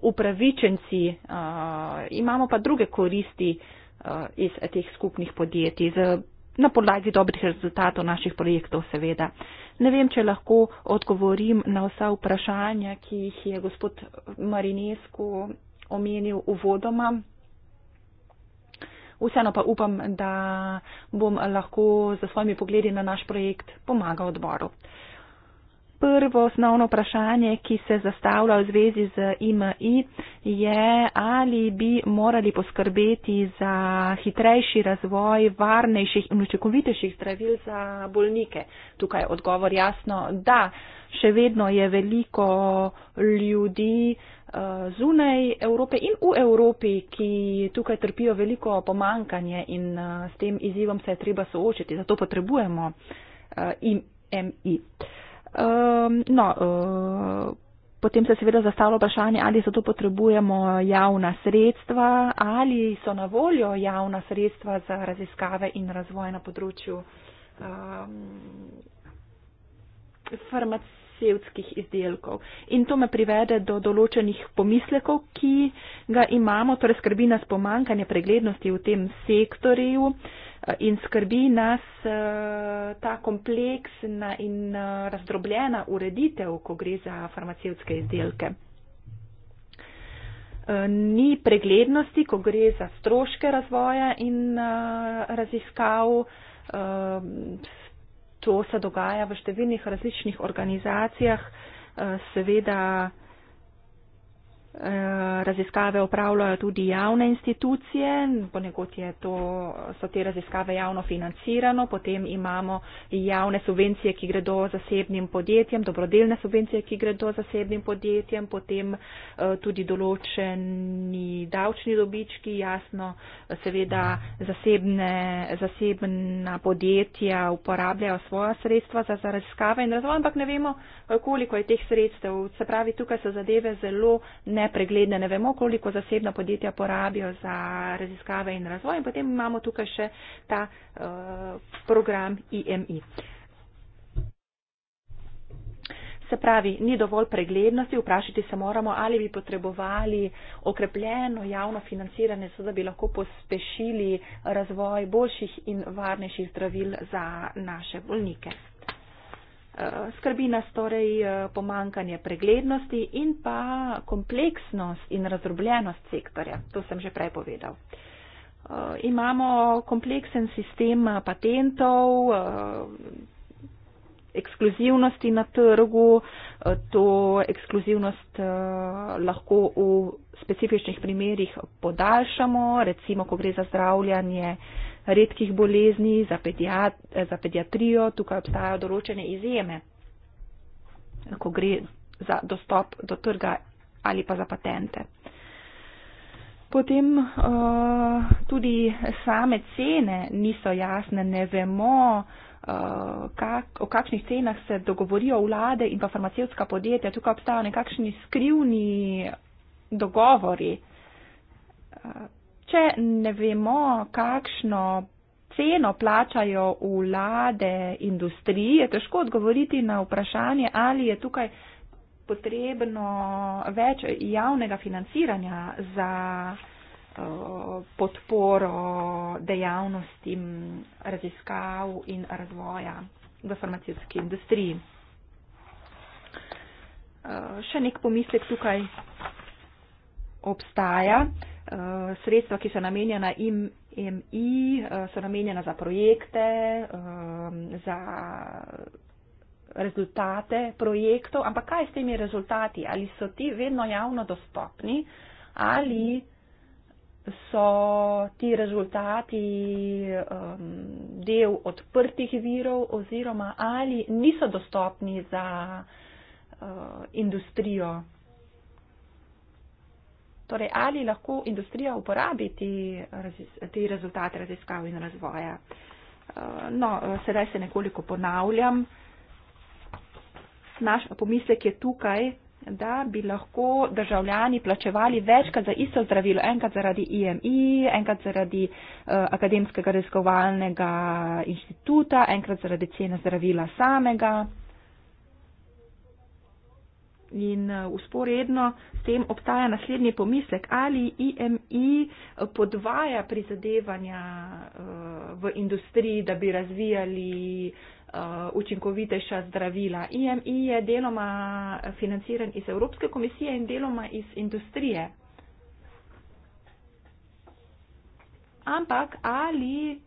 upravičenci, imamo pa druge koristi iz teh skupnih podjetij na podlagi dobrih rezultatov naših projektov seveda. Ne vem, če lahko odgovorim na vsa vprašanja, ki jih je gospod Marinesku omenil uvodoma vseeno pa upam, da bom lahko za svojimi pogledi na naš projekt pomagal odboru. Prvo osnovno vprašanje, ki se zastavlja v zvezi z IMI, je, ali bi morali poskrbeti za hitrejši razvoj varnejših in učinkovitejših zdravil za bolnike. Tukaj je odgovor jasno, da še vedno je veliko ljudi, uh, zunaj Evrope in v Evropi, ki tukaj trpijo veliko pomankanje in uh, s tem izzivom se je treba soočiti. Zato potrebujemo uh, eh, IMI. Um, ehm, no, uh, Potem se seveda zastavlja vprašanje, ali za to potrebujemo javna sredstva, ali so na voljo javna sredstva za raziskave in razvoj na področju um, farmac, farmacevtskih izdelkov. In to me privede do določenih pomislekov, ki ga imamo, torej skrbi nas pomankanje preglednosti v tem sektorju eh, in skrbi nas eh, ta kompleksna in eh, razdrobljena ureditev, ko gre za farmacevtske izdelke. Ni preglednosti, ko gre za stroške razvoja in raziskav to se dogaja v številnih različnih organizacijah, eh, seveda Eh, raziskave upravljajo tudi javne institucije, ponekod je to, so te raziskave javno financirano, potem imamo javne subvencije, ki gredo zasebnim podjetjem, dobrodelne subvencije, ki gredo zasebnim podjetjem, potem eh, tudi določeni davčni dobički, jasno, seveda zasebne, zasebna podjetja uporabljajo svoja sredstva za, za raziskave in razvoj, ampak ne vemo, koliko je teh sredstev. Se pravi, tukaj so zadeve zelo ne nepregledne, ne vemo, koliko zasebna podjetja porabijo za raziskave in razvoj in potem imamo tukaj še ta uh, program IMI. Se pravi, ni dovolj preglednosti, vprašati se moramo, ali bi potrebovali okrepljeno javno financiranje, so da bi lahko pospešili razvoj boljših in varnejših zdravil za naše bolnike. Eh, skrbi nas torej eh, pomankanje preglednosti in pa kompleksnost in razdrobljenost sektorja. To sem že prej povedal. Eh, imamo kompleksen sistem patentov, ekskluzivnosti na trgu. To ekskluzivnost lahko v specifičnih primerjih podaljšamo, recimo, ko gre za zdravljanje redkih bolezni, za, pediat, za pediatrijo, tukaj obstajajo določene izjeme, ko gre za dostop do trga ali pa za patente. Potem eh, tudi same cene niso jasne, ne vemo, eh, kak, o kakšnih cenah se dogovorijo vlade in pa farmacevska podjetja. Tukaj obstajajo nekakšni skrivni dogovori. Eh, Če ne vemo, kakšno ceno plačajo vlade industriji, je težko odgovoriti na vprašanje, ali je tukaj potrebno več javnega financiranja za podporo dejavnostim raziskav in razvoja v farmacijski industriji. Še nek pomislek tukaj obstaja. Eh, sredstva, ki so namenjena IMI, e, eh, so namenjena za projekte, eh, za rezultate projektov, ampak kaj s temi rezultati? Ali so ti vedno javno dostopni ali so ti rezultati del odprtih virov oziroma ali niso dostopni za industrijo? Torej, ali lahko industrija uporabi te, te rezultate raziskav in razvoja? Eh, no, eh, sedaj se nekoliko ponavljam. Naš pomislek je tukaj, da bi lahko državljani plačevali večkrat za isto zdravilo, enkrat zaradi IMI, enkrat zaradi eh, akademskega raziskovalnega inštituta, enkrat zaradi cene zdravila samega. In usporedno eh, s tem obstaja naslednji pomislek, ali IMI eh, podvaja prizadevanja eh, v industriji, da bi razvijali učinkovitejša zdravila. IMI je deloma financiran iz Evropske komisije in deloma iz industrije. Ampak ali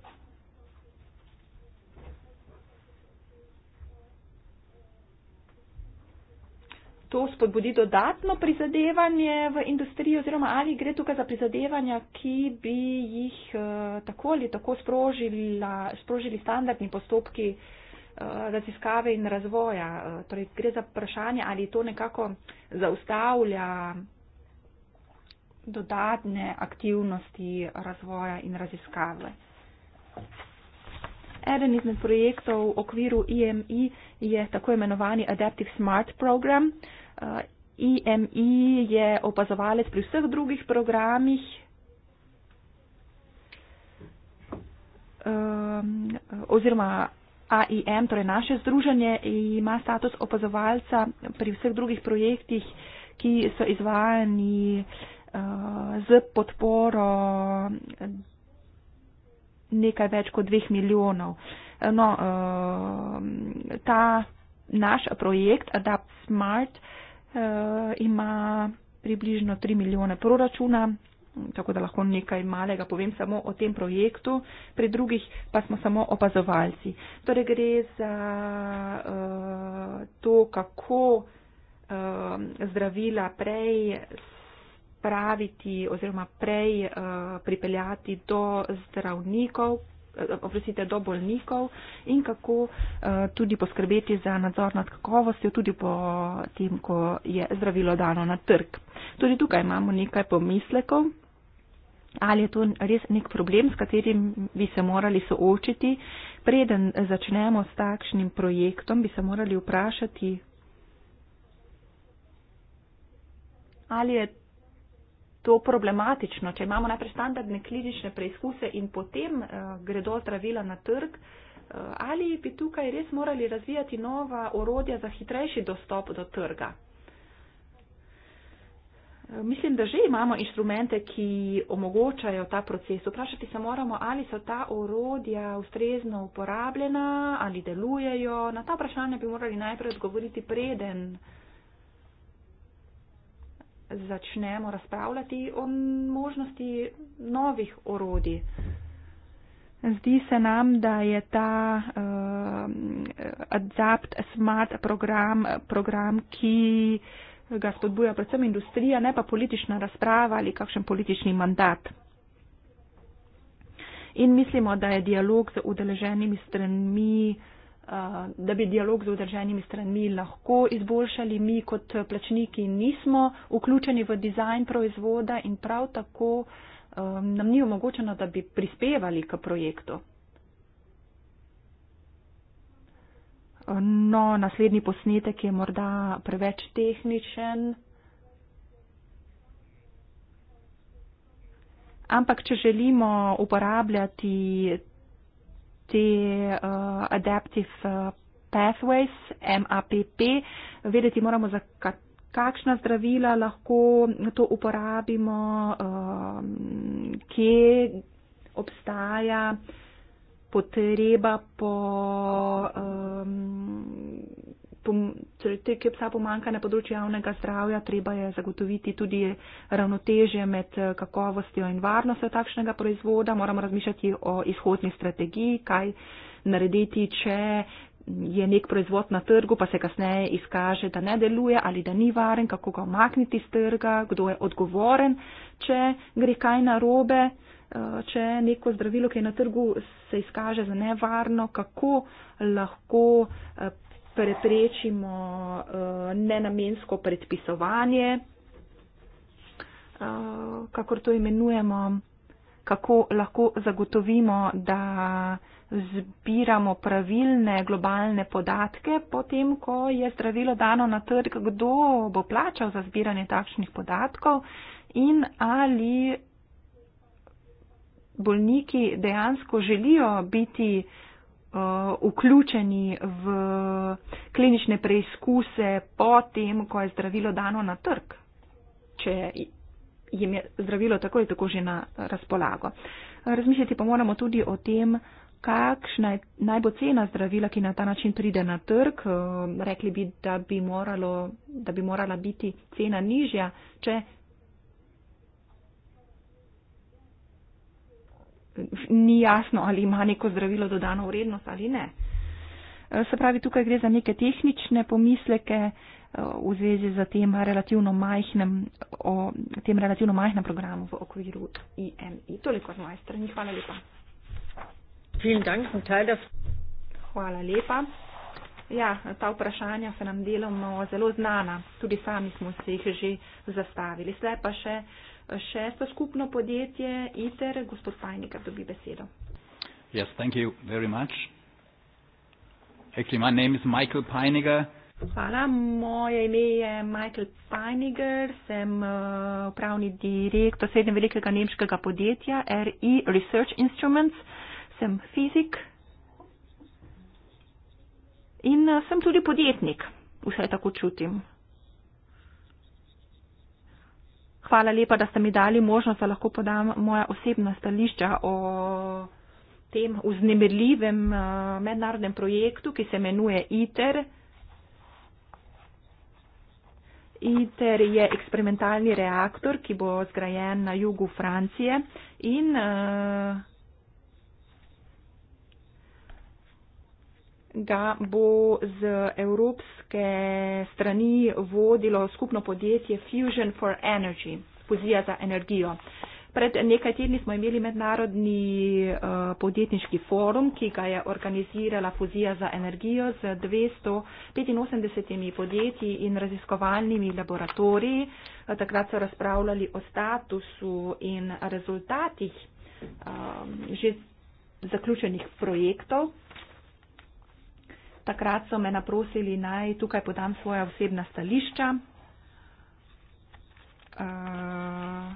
to spodbudi dodatno prizadevanje v industriji oziroma ali gre tukaj za prizadevanja, ki bi jih uh, tako ali tako sprožila, sprožili standardni postopki eh, raziskave in razvoja. Eh, torej, gre za vprašanje, ali to nekako zaustavlja dodatne aktivnosti razvoja in raziskave. Eden izmed projektov v okviru IMI je tako imenovani Adaptive Smart Program. Uh, IMI eh, je opazovalec pri vseh drugih programih. Oziroma AIM, torej naše združenje, ima status opazovalca pri vseh drugih projektih, ki so izvajani z eh, podporo nekaj več kot dveh milijonov. Eh, no, ta naš projekt Adapt Smart Eh, ima približno 3 milijone proračuna, tako da lahko nekaj malega povem samo o tem projektu, pri drugih pa smo samo opazovalci. Torej gre za uh, to, kako uh, zdravila prej spraviti oziroma prej uh, pripeljati do zdravnikov, oprostite, do bolnikov in kako eh, tudi poskrbeti za nadzor nad kakovostjo, tudi po tem, ko je zdravilo dano na trg. Tudi tukaj imamo nekaj pomislekov. Ali je to res nek problem, s katerim bi se morali soočiti? Preden začnemo s takšnim projektom, bi se morali vprašati, ali je to problematično. Če imamo najprej standardne klinične preizkuse in potem uh, gredo zdravila na trg, uh, ali bi tukaj res morali razvijati nova orodja za hitrejši dostop do trga? Eh, mislim, da že imamo inštrumente, ki omogočajo ta proces. Vprašati se moramo, ali so ta orodja ustrezno uporabljena, ali delujejo. Na ta vprašanja bi morali najprej odgovoriti preden uh, začnemo razpravljati o možnosti novih orodij. Zdi se nam, da je ta uh, Adapt Smart program, program, ki ga spodbuja predvsem industrija, ne pa politična razprava ali kakšen politični mandat. In mislimo, da je dialog z udeleženimi stranmi uh, Eh, da bi dialog z udrženimi stranmi lahko izboljšali. Mi kot plačniki nismo vključeni v dizajn proizvoda in prav tako eh, nam ni omogočeno, da bi prispevali k projektu. No, naslednji posnetek je morda preveč tehničen. Ampak, če želimo uporabljati the uh, adaptive uh, pathways, MAPP, vedeti moramo, za kakšna zdravila lahko to uporabimo, uh, kje obstaja potreba po. Um, Torej te, kjer psa pomanka na področju javnega zdravja, treba je zagotoviti tudi ravnotežje med kakovostjo in varnostjo takšnega proizvoda. Moramo razmišljati o izhodni strategiji, kaj narediti, če je nek proizvod na trgu, pa se kasneje izkaže, da ne deluje ali da ni varen, kako ga omakniti z trga, kdo je odgovoren, če gre kaj narobe, če neko zdravilo, ki je na trgu, se izkaže za nevarno, kako lahko preprečimo uh, nenamensko predpisovanje, uh, eh, kako to imenujemo, kako lahko zagotovimo, da zbiramo pravilne globalne podatke, potem, ko je zdravilo dano na trg, kdo bo plačal za zbiranje takšnih podatkov in ali bolniki dejansko želijo biti uh, Uh, vključeni v klinične preizkuse po tem, ko je zdravilo dano na trg, če jim je zdravilo tako in tako že na razpolago. Razmišljati pa moramo tudi o tem, kakšna je najbocena zdravila, ki na ta način pride na trg. Uh, rekli bi, da bi, moralo, da bi morala biti cena nižja, če ni jasno, ali ima neko zdravilo dodano vrednost ali ne. E, se pravi, tukaj gre za neke tehnične pomisleke e, v zvezi z tem relativno majhnem, o, tem relativno majhnem programu v okviru IMI. Toliko z moje strani. Hvala lepa. Hvala lepa. Ja, ta vprašanja so nam deloma zelo znana. Tudi sami smo se jih že zastavili. Sve pa še šesto skupno podjetje ITER. Gospod Pajnika dobi besedo. Yes, thank you very much. Actually, my name is Michael Pajniger. Hvala, moje ime je Michael Pajniger, sem uh, eh, pravni direktor srednje velikega nemškega podjetja RE Research Instruments, sem fizik in uh, sem tudi podjetnik, vse tako čutim. hvala lepa, da ste mi dali možnost, da lahko podam moja osebna stališča o tem uznemirljivem eh, mednarodnem projektu, ki se imenuje ITER. ITER je eksperimentalni reaktor, ki bo zgrajen na jugu Francije in uh, ga bo z evropske strani vodilo skupno podjetje Fusion for Energy, fuzija za energijo. Pred nekaj tedni smo imeli mednarodni uh, podjetniški forum, ki ga je organizirala fuzija za energijo z 285 podjetji in raziskovalnimi laboratoriji. Eh, takrat so razpravljali o statusu in rezultatih um, že zaključenih projektov. Takrat so me naprosili naj tukaj podam svoja osebna stališča. Eh,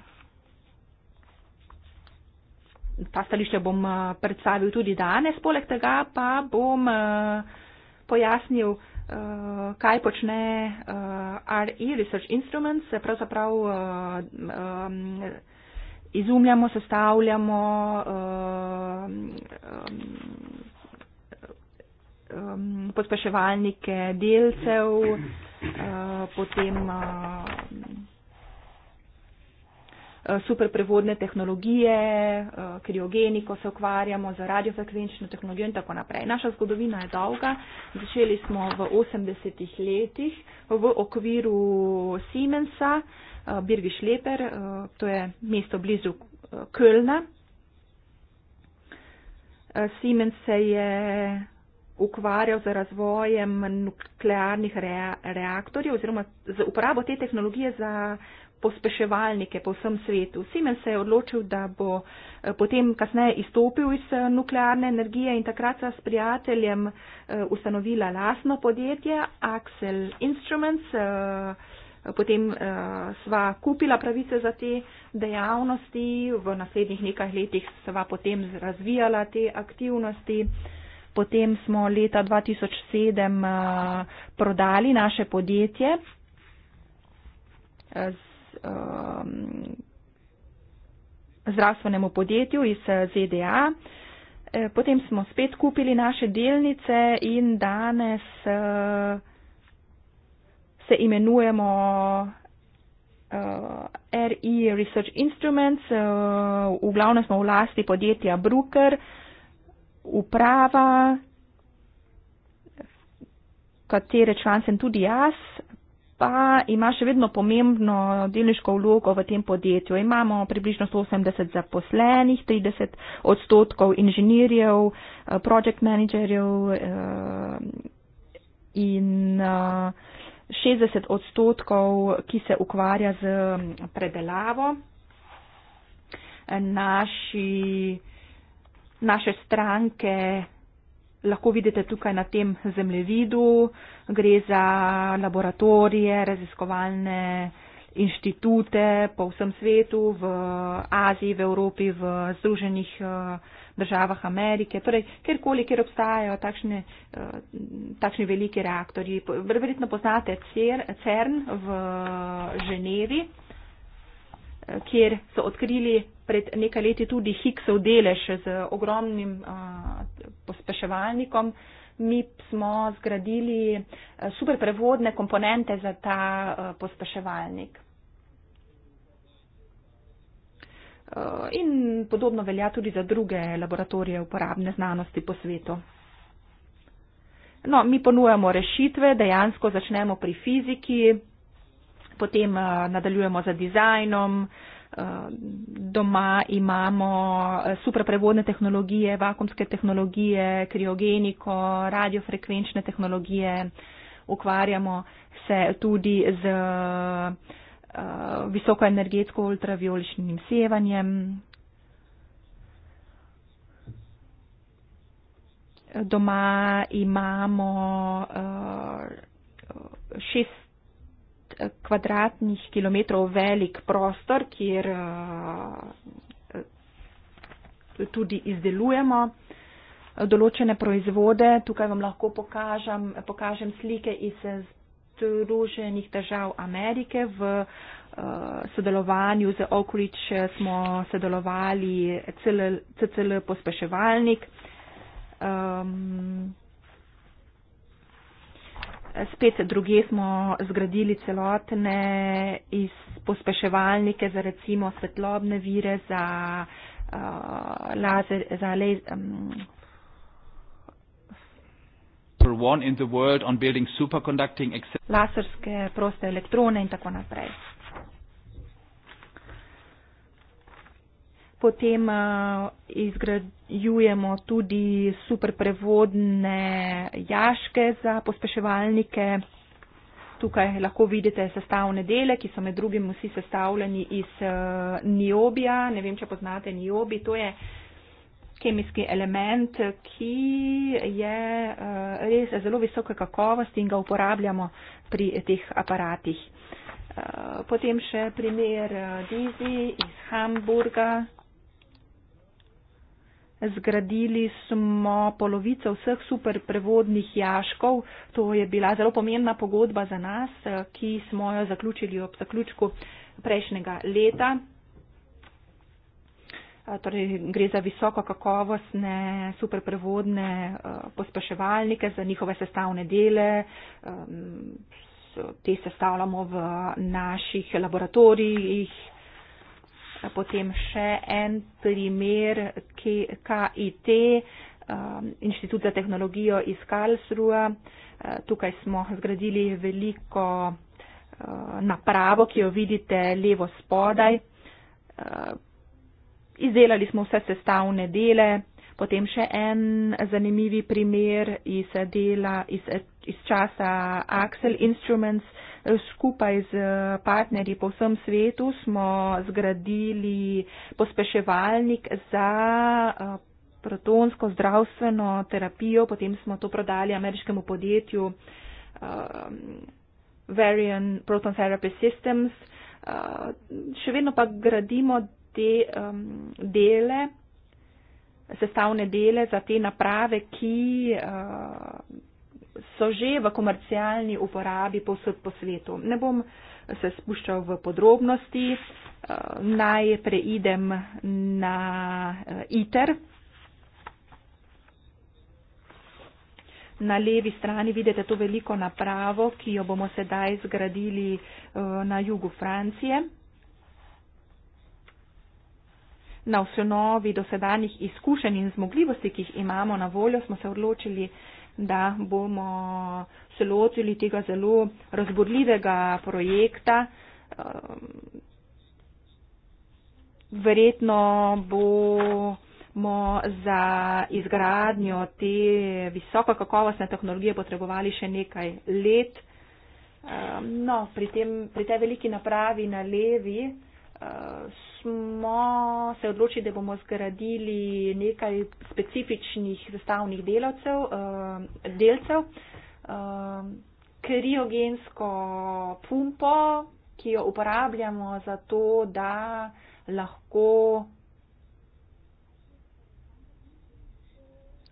ta stališča bom eh, predstavil tudi danes, poleg tega pa bom eh, pojasnil, kaj počne RE Research Instruments, se pravzaprav izumljamo, sestavljamo um, pospeševalnike delcev, uh, potem uh, uh superprevodne tehnologije, uh, kriogeniko se ukvarjamo z radiofrekvenčno tehnologijo in tako naprej. Naša zgodovina je dolga. Začeli smo v 80-ih letih v okviru Siemensa, uh, Birgiš Leper, uh, to je mesto blizu uh, Kölna. Uh, Siemens se je ukvarjal z razvojem nuklearnih reaktorjev oziroma z uporabo te tehnologije za pospeševalnike po vsem svetu. Simen se je odločil, da bo eh, potem kasneje izstopil iz eh, nuklearne energije in takrat sta s prijateljem eh, ustanovila lasno podjetje Axel Instruments. Potem sva kupila pravice za te dejavnosti, v naslednjih nekaj letih sva potem razvijala te aktivnosti. Potem smo leta 2007 eh, prodali naše podjetje ehm, zdravstvenemu podjetju iz eh, ZDA. Eh, potem smo spet kupili naše delnice in danes se imenujemo RE Research Instruments. V glavnem smo v lasti podjetja Brooker uprava, katere član sem tudi jaz, pa ima še vedno pomembno delniško vlogo v tem podjetju. Imamo približno 180 zaposlenih, 30 odstotkov inženirjev, eh, project managerjev eh, in 60 eh, odstotkov, ki se ukvarja z mm, predelavo. Naši naše stranke lahko vidite tukaj na tem zemljevidu. Gre za laboratorije, raziskovalne inštitute po vsem svetu, v Aziji, v Evropi, v Združenih eh, državah Amerike, torej kjerkoli, kjer obstajajo takšne, eh, takšni veliki reaktorji. Verjetno poznate CERN v eh, Ženevi, kjer so odkrili pred nekaj leti tudi Higgsov delež z ogromnim pospeševalnikom. Mi smo zgradili superprevodne komponente za ta pospeševalnik. In podobno velja tudi za druge laboratorije uporabne znanosti po svetu. No, mi ponujamo rešitve, dejansko začnemo pri fiziki, potem nadaljujemo za dizajnom, Eh, doma imamo eh, super prevodne tehnologije, vakumske tehnologije, kriogeniko, radiofrekvenčne tehnologije, ukvarjamo se tudi z eh, visokoenergetsko ultravioličnim sevanjem. Doma imamo uh, šest kvadratnih kilometrov velik prostor, kjer eh, tudi izdelujemo eh, določene proizvode. Tukaj vam lahko pokažem, pokažem slike iz Združenih držav Amerike. V eh, sodelovanju z Okrič smo sodelovali CCL pospeševalnik. Um, spet druge smo zgradili celotne iz pospeševalnike za recimo svetlobne vire, za uh, laser, za laser. Um, one in the world on building superconducting laserske proste elektrone in tako naprej. Potem uh, izgrajujemo tudi superprevodne jaške za pospeševalnike. Tukaj lahko vidite sestavne dele, ki so med drugim vsi sestavljeni iz uh, niobija. Ne vem, če poznate niobi. To je kemijski element, ki je uh, res zelo visoke kakovosti in ga uporabljamo pri teh aparatih. Uh, potem še primer uh, Dizi iz Hamburga. Zgradili smo polovico vseh superprevodnih jaškov. To je bila zelo pomembna pogodba za nas, eh, ki smo jo zaključili ob zaključku prejšnjega leta. Eh, torej, gre za visoko kakovostne superprevodne eh, pospeševalnike, za njihove sestavne dele. Te sestavljamo v naših laboratorijih, Potem še en primer KIT, um, Inštitut za tehnologijo iz Karlsruhe. Uh, tukaj smo zgradili veliko uh, napravo, ki jo vidite levo spodaj. Uh, izdelali smo vse sestavne dele. Potem še en zanimivi primer iz dela iz, iz časa Axel Instruments, skupaj z partnerji po vsem svetu smo zgradili pospeševalnik za eh, protonsko zdravstveno terapijo, potem smo to prodali ameriškemu podjetju eh, Varian Proton Therapy Systems. Eh, še vedno pa gradimo te dele, sestavne dele za te naprave, ki so že v komercialni uporabi posod po svetu. Ne bom se spuščal v podrobnosti, eh, naj preidem na eh, ITER. Na levi strani vidite to veliko napravo, ki jo bomo sedaj zgradili eh, na jugu Francije. Na osnovi dosedanjih izkušenj in zmogljivosti, ki jih imamo na voljo, smo se odločili, da bomo se ločili tega zelo razborljivega projekta. Ehm, verjetno bomo za izgradnjo te visoko kakovostne tehnologije potrebovali še nekaj let. Ehm, no, pri, tem, pri tej veliki napravi na levi ehm, smo se odločili, da bomo zgradili nekaj specifičnih zastavnih delavcev, eh, delcev, eh, kriogensko pumpo, ki jo uporabljamo za to, da lahko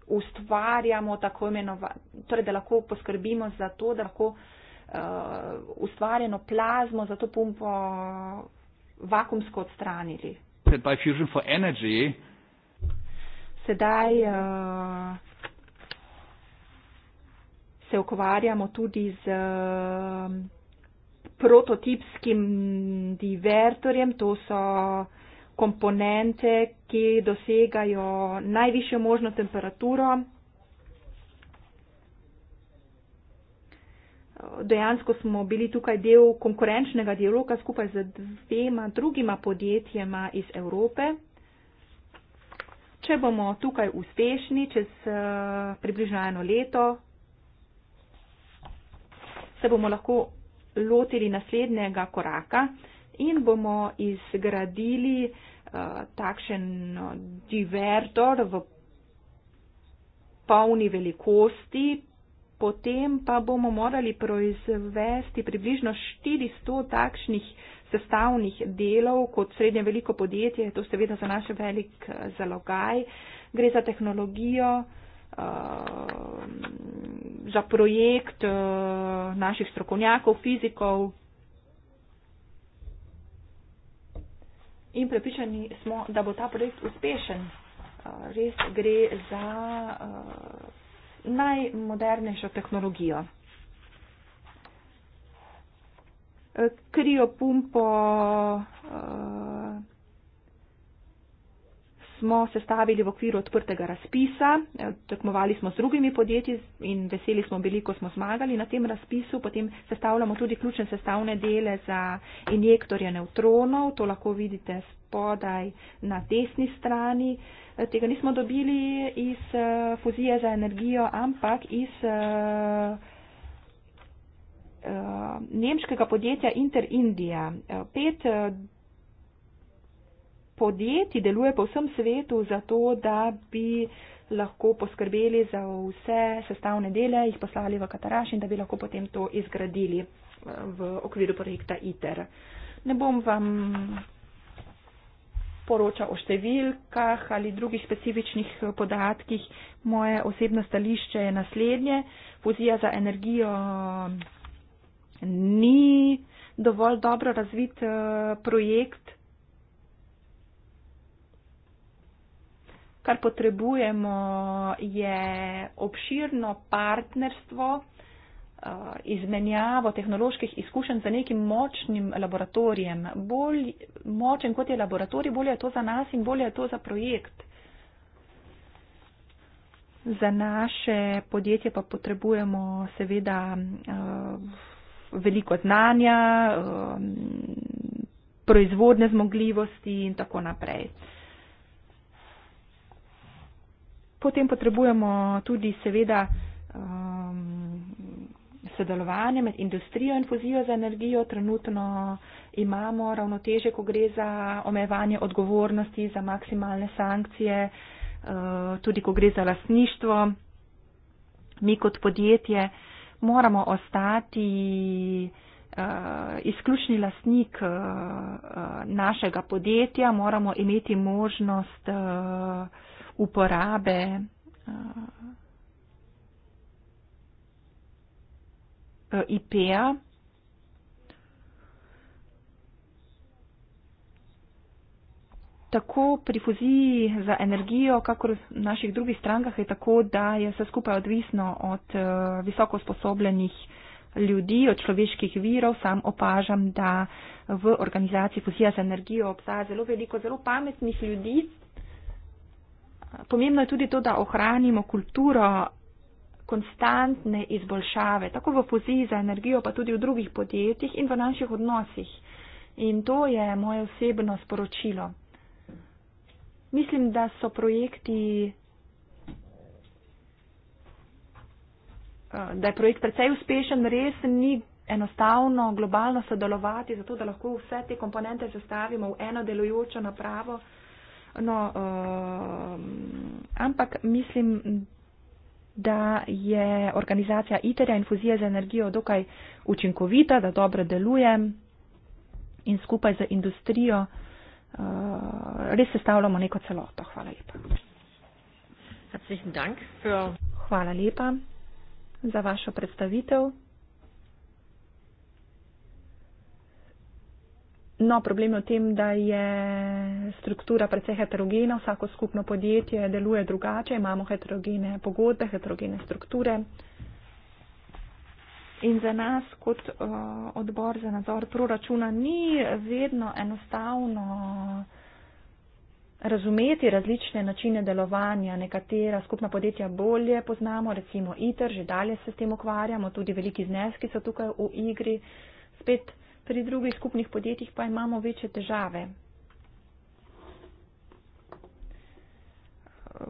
ustvarjamo tako imenovano, torej da lahko poskrbimo za to, da lahko uh, ustvarjeno plazmo za to pumpo vakumsko odstranili. Energy, Sedaj uh, se ukvarjamo tudi z uh, prototipskim divertorjem. To so komponente, ki dosegajo najvišjo možno temperaturo. dejansko smo bili tukaj del konkurenčnega dialoga skupaj z dvema drugima podjetjema iz Evrope. Če bomo tukaj uspešni čez eh, približno eno leto, se bomo lahko lotili naslednjega koraka in bomo izgradili eh, takšen no, divertor v polni velikosti, potem pa bomo morali proizvesti približno 400 takšnih sestavnih delov kot srednje veliko podjetje. To seveda za naš velik eh, zalogaj. Gre za tehnologijo, eh, za projekt eh, naših strokovnjakov, fizikov. In prepričani smo, da bo ta projekt uspešen. Res gre za najmodernejšo tehnologijo. Kriopumpo eh, smo sestavili v okviru odprtega razpisa, eh, tekmovali smo z drugimi podjetji in veseli smo bili, ko smo zmagali na tem razpisu. Potem sestavljamo tudi ključne sestavne dele za injektorje neutronov, to lahko vidite spodaj na desni strani. Eh, tega nismo dobili iz eh, fuzije za energijo, ampak iz nemškega podjetja Inter India. Pet podjetij deluje po vsem svetu za to, da bi lahko poskrbeli za vse sestavne dele, jih poslali v Kataraš in da bi lahko potem to izgradili eh, v okviru projekta ITER. Ne bom vam poročal o številkah ali drugih specifičnih eh, podatkih. Moje osebno stališče je naslednje. Fuzija za energijo eh, ni dovolj dobro razvit projekt, kar potrebujemo, je obširno partnerstvo, eh, izmenjavo tehnoloških izkušenj za nekim močnim laboratorijem. Bolj močen kot je laboratorij, bolje je to za nas in bolje je to za projekt. Za naše podjetje pa potrebujemo seveda eh, veliko znanja, eh, proizvodne zmogljivosti in tako naprej. Potem potrebujemo tudi seveda um, sodelovanje med industrijo in fuzijo za energijo. Trenutno imamo ravnoteže, ko gre za omejevanje odgovornosti, za maksimalne sankcije, uh, tudi ko gre za lasništvo. Mi kot podjetje moramo ostati uh, izključni lasnik uh, uh, našega podjetja, moramo imeti možnost. Uh, uporabe uh, eh, IP-a. Tako pri fuziji za energijo, kakor v naših drugih strankah, je tako, da je vse skupaj odvisno od uh, visoko sposobljenih ljudi, od človeških virov. Sam opažam, da v organizaciji fuzija za energijo obstaja zelo veliko zelo pametnih ljudi, Pomembno je tudi to, da ohranimo kulturo konstantne izboljšave, tako v fuziji za energijo, pa tudi v drugih podjetjih in v naših odnosih. In to je moje osebno sporočilo. Mislim, da so projekti, eh, da je projekt precej uspešen, res ni enostavno globalno sodelovati, zato da lahko vse te komponente zastavimo v eno delujočo napravo. No, uh, ampak mislim, da je organizacija ITER-ja infuzije za energijo dokaj učinkovita, da dobro deluje in skupaj z industrijo uh, res sestavljamo neko celoto. Hvala lepa. Hvala lepa za vašo predstavitev. No, problem je v tem, da je struktura precej heterogena, vsako skupno podjetje deluje drugače, imamo heterogene pogodbe, heterogene strukture. In za nas kot uh, odbor za nadzor proračuna ni vedno enostavno razumeti različne načine delovanja. Nekatera skupna podjetja bolje poznamo, recimo ITER, že dalje se s tem ukvarjamo, tudi veliki zneski so tukaj v igri. Spet pri drugih skupnih podjetjih pa imamo večje težave.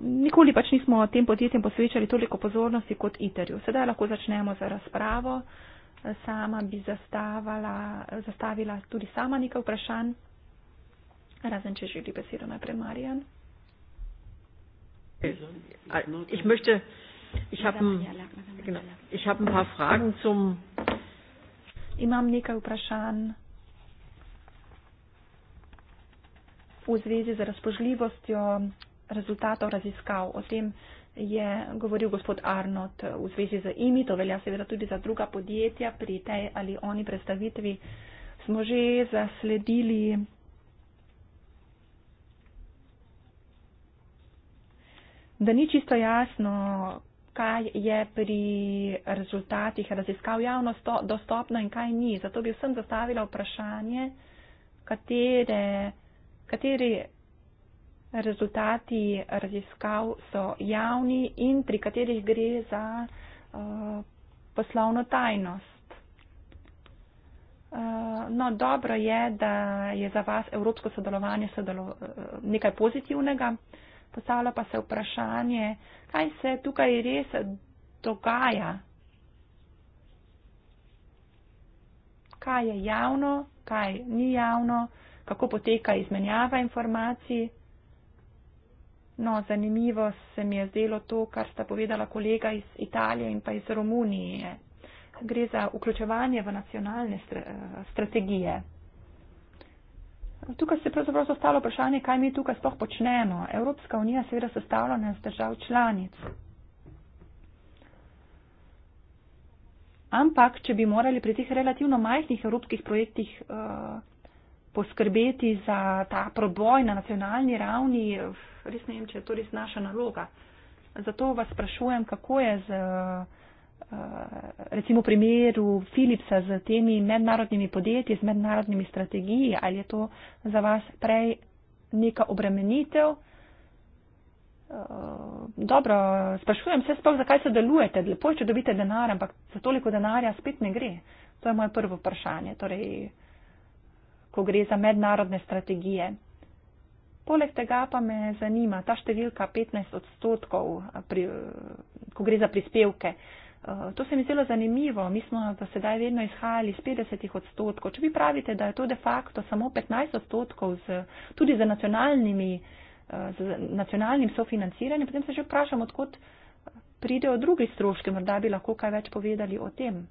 Nikoli pač nismo tem podjetjem posvečali toliko pozornosti kot ITER-ju. Sedaj lahko začnemo za razpravo. Sama bi zastavila tudi sama nekaj vprašanj, razen če želi besedo najprej Marjan. Ich möchte, ich habe genau, hab ein paar Fragen zum imam nekaj vprašanj v zvezi z razpožljivostjo rezultatov raziskav. O tem je govoril gospod Arnold v zvezi z imi, to velja seveda tudi za druga podjetja pri tej ali oni predstavitvi. Smo že zasledili da ni čisto jasno, kaj je pri rezultatih raziskav javnost dostopno in kaj ni. Zato bi vsem zastavila vprašanje, katere, kateri rezultati raziskav so javni in pri katerih gre za uh, poslovno tajnost. Eh, no, dobro je, da je za vas evropsko sodelovanje sodelo, eh, nekaj pozitivnega. Uh, postavlja pa se vprašanje, kaj se tukaj res dogaja. Kaj je javno, kaj ni javno, kako poteka izmenjava informacij. No, zanimivo se mi je zdelo to, kar sta povedala kolega iz Italije in pa iz Romunije. Gre za vključevanje v nacionalne strategije. Tukaj se pravzaprav zastavlja vprašanje, kaj mi tukaj sploh počnemo. Evropska unija seveda sestavlja nas držav članic. Ampak, če bi morali pri teh relativno majhnih evropskih projektih uh, poskrbeti za ta proboj na nacionalni ravni, eh, res ne vem, če je to res naša naloga. Zato vas sprašujem, kako je z. Uh, recimo primeru Philipsa z temi mednarodnimi podjetji, z mednarodnimi strategiji, ali je to za vas prej neka obremenitev? Eh, dobro, sprašujem se sploh, zakaj sodelujete, lepo je, če dobite denar, ampak za toliko denarja spet ne gre. To je moje prvo vprašanje, torej, ko gre za mednarodne strategije. Poleg tega pa me zanima ta številka 15 odstotkov, pri, ko gre za prispevke. Uh, Eh, to se mi zdelo zanimivo. Mi smo do sedaj vedno izhajali iz 50 odstotkov. Če vi pravite, da je to de facto samo 15 odstotkov z, tudi z, eh, z nacionalnim sofinanciranjem, potem se že vprašam, odkot pridejo drugi stroški. Morda bi lahko kaj več povedali o tem.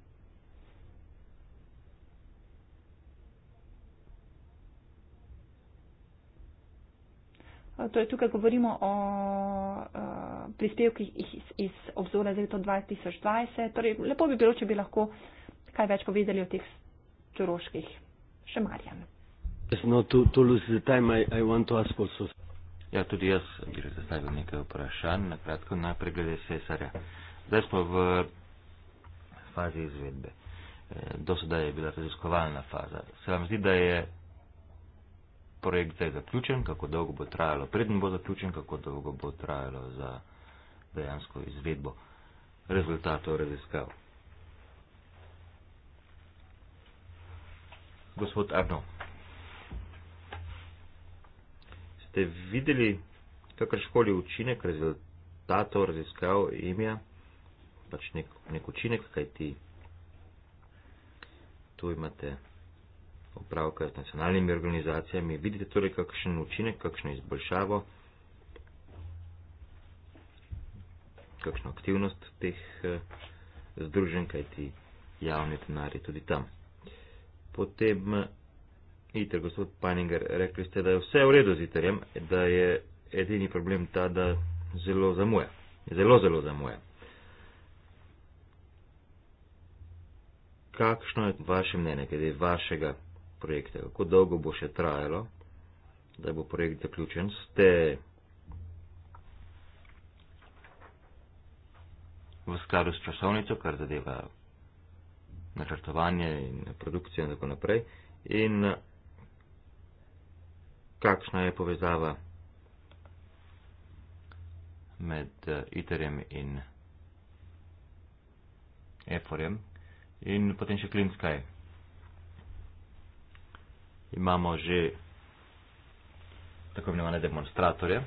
Eh, torej, tukaj govorimo o a, eh, prispevkih iz, iz obzora za leto 2020. Torej, lepo bi bilo, če bi lahko kaj več povedali o teh čoroških. Še Marjan. No, ja, tudi jaz bi rad zastavil nekaj vprašanj, na kratko najprej glede cesarja. Zdaj smo v fazi izvedbe. Eh, do sedaj je bila raziskovalna faza. Se vam zdi, da je projekt zdaj zaključen, kako dolgo bo trajalo, preden bo zaključen, kako dolgo bo trajalo za dejansko izvedbo rezultatov raziskav. Gospod Arno, ste videli kakrškoli učinek rezultatov raziskav e imija, pač nek, nek učinek, kaj ti tu imate? opravka z nacionalnimi organizacijami. Vidite torej kakšen učinek, kakšno izboljšavo, kakšno aktivnost teh eh, združen, kajti javni denari tudi tam. Potem, vidite, eh, gospod Paninger, rekli ste, da je vse v redu z Iterjem, da je edini problem ta, da zelo zamuja. Zelo, zelo zamuja. Kakšno je vaše mnenje, glede vašega projekte, kako dolgo bo še trajalo, da bo projekt zaključen. Ste v skladu s časovnico, kar zadeva načrtovanje in produkcijo in tako naprej. In kakšna je povezava med eh, ITER-jem in EFOR-jem in potem še Klimskaj imamo že tako imenovane demonstratorje.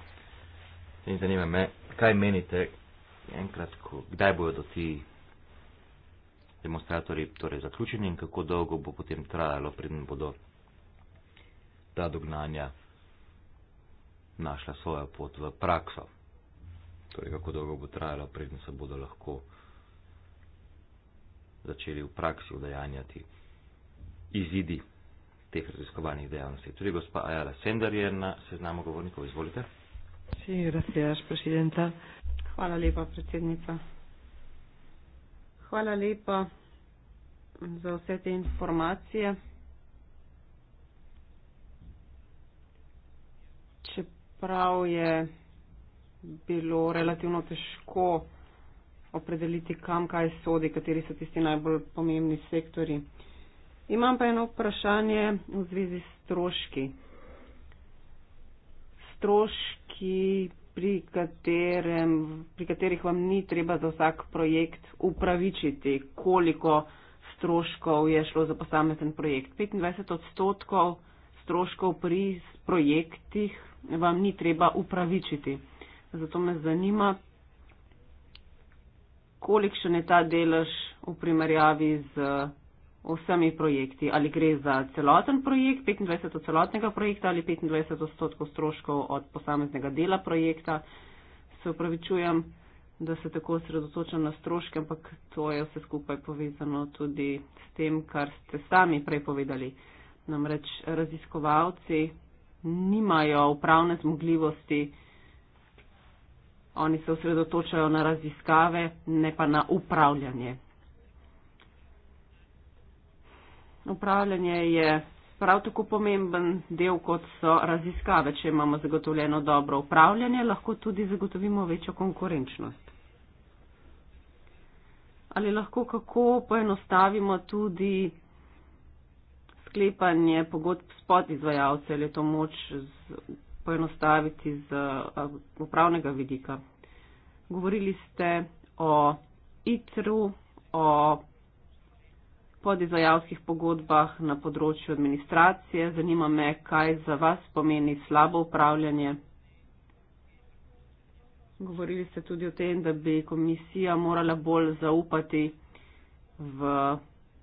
In zanima me, kaj menite, enkrat, ko, kdaj bodo do ti demonstratori torej, zaključeni in kako dolgo bo potem trajalo, preden bodo ta dognanja našla svojo pot v prakso. Torej, kako dolgo bo trajalo, preden se bodo lahko začeli v praksi udejanjati izidi teh raziskovalnih dejavnosti. Tudi gospa Ajala Sender je na seznamu govornikov. Izvolite. Sí, gracias, presidenta. Hvala lepa, predsednica. Hvala lepa za vse te informacije. Čeprav je bilo relativno težko opredeliti, kam kaj sodi, kateri so tisti najbolj pomembni sektori. Imam pa eno vprašanje v zvezi s stroški. Stroški, pri, katerem, pri katerih vam ni treba za vsak projekt upravičiti, koliko stroškov je šlo za posamezen projekt. 25 odstotkov stroškov pri projektih vam ni treba upravičiti. Zato me zanima, kolikšen je ta delež v primerjavi z vsemi projekti. Ali gre za celoten projekt, 25 od celotnega projekta ali 25 odstotkov stroškov od posameznega dela projekta. Se upravičujem, da se tako sredotočam na stroške, ampak to je vse skupaj povezano tudi s tem, kar ste sami prej povedali. Namreč raziskovalci nimajo upravne zmogljivosti, oni se osredotočajo na raziskave, ne pa na upravljanje. upravljanje je prav tako pomemben del, kot so raziskave. Če imamo zagotovljeno dobro upravljanje, lahko tudi zagotovimo večjo konkurenčnost. Ali lahko kako poenostavimo tudi sklepanje pogodb s podizvajalci, ali je to moč z, poenostaviti z upravnega vidika? Govorili ste o ITRU, o podizajalskih pogodbah na področju administracije. Zanima me, kaj za vas pomeni slabo upravljanje. Govorili ste tudi o tem, da bi komisija morala bolj zaupati v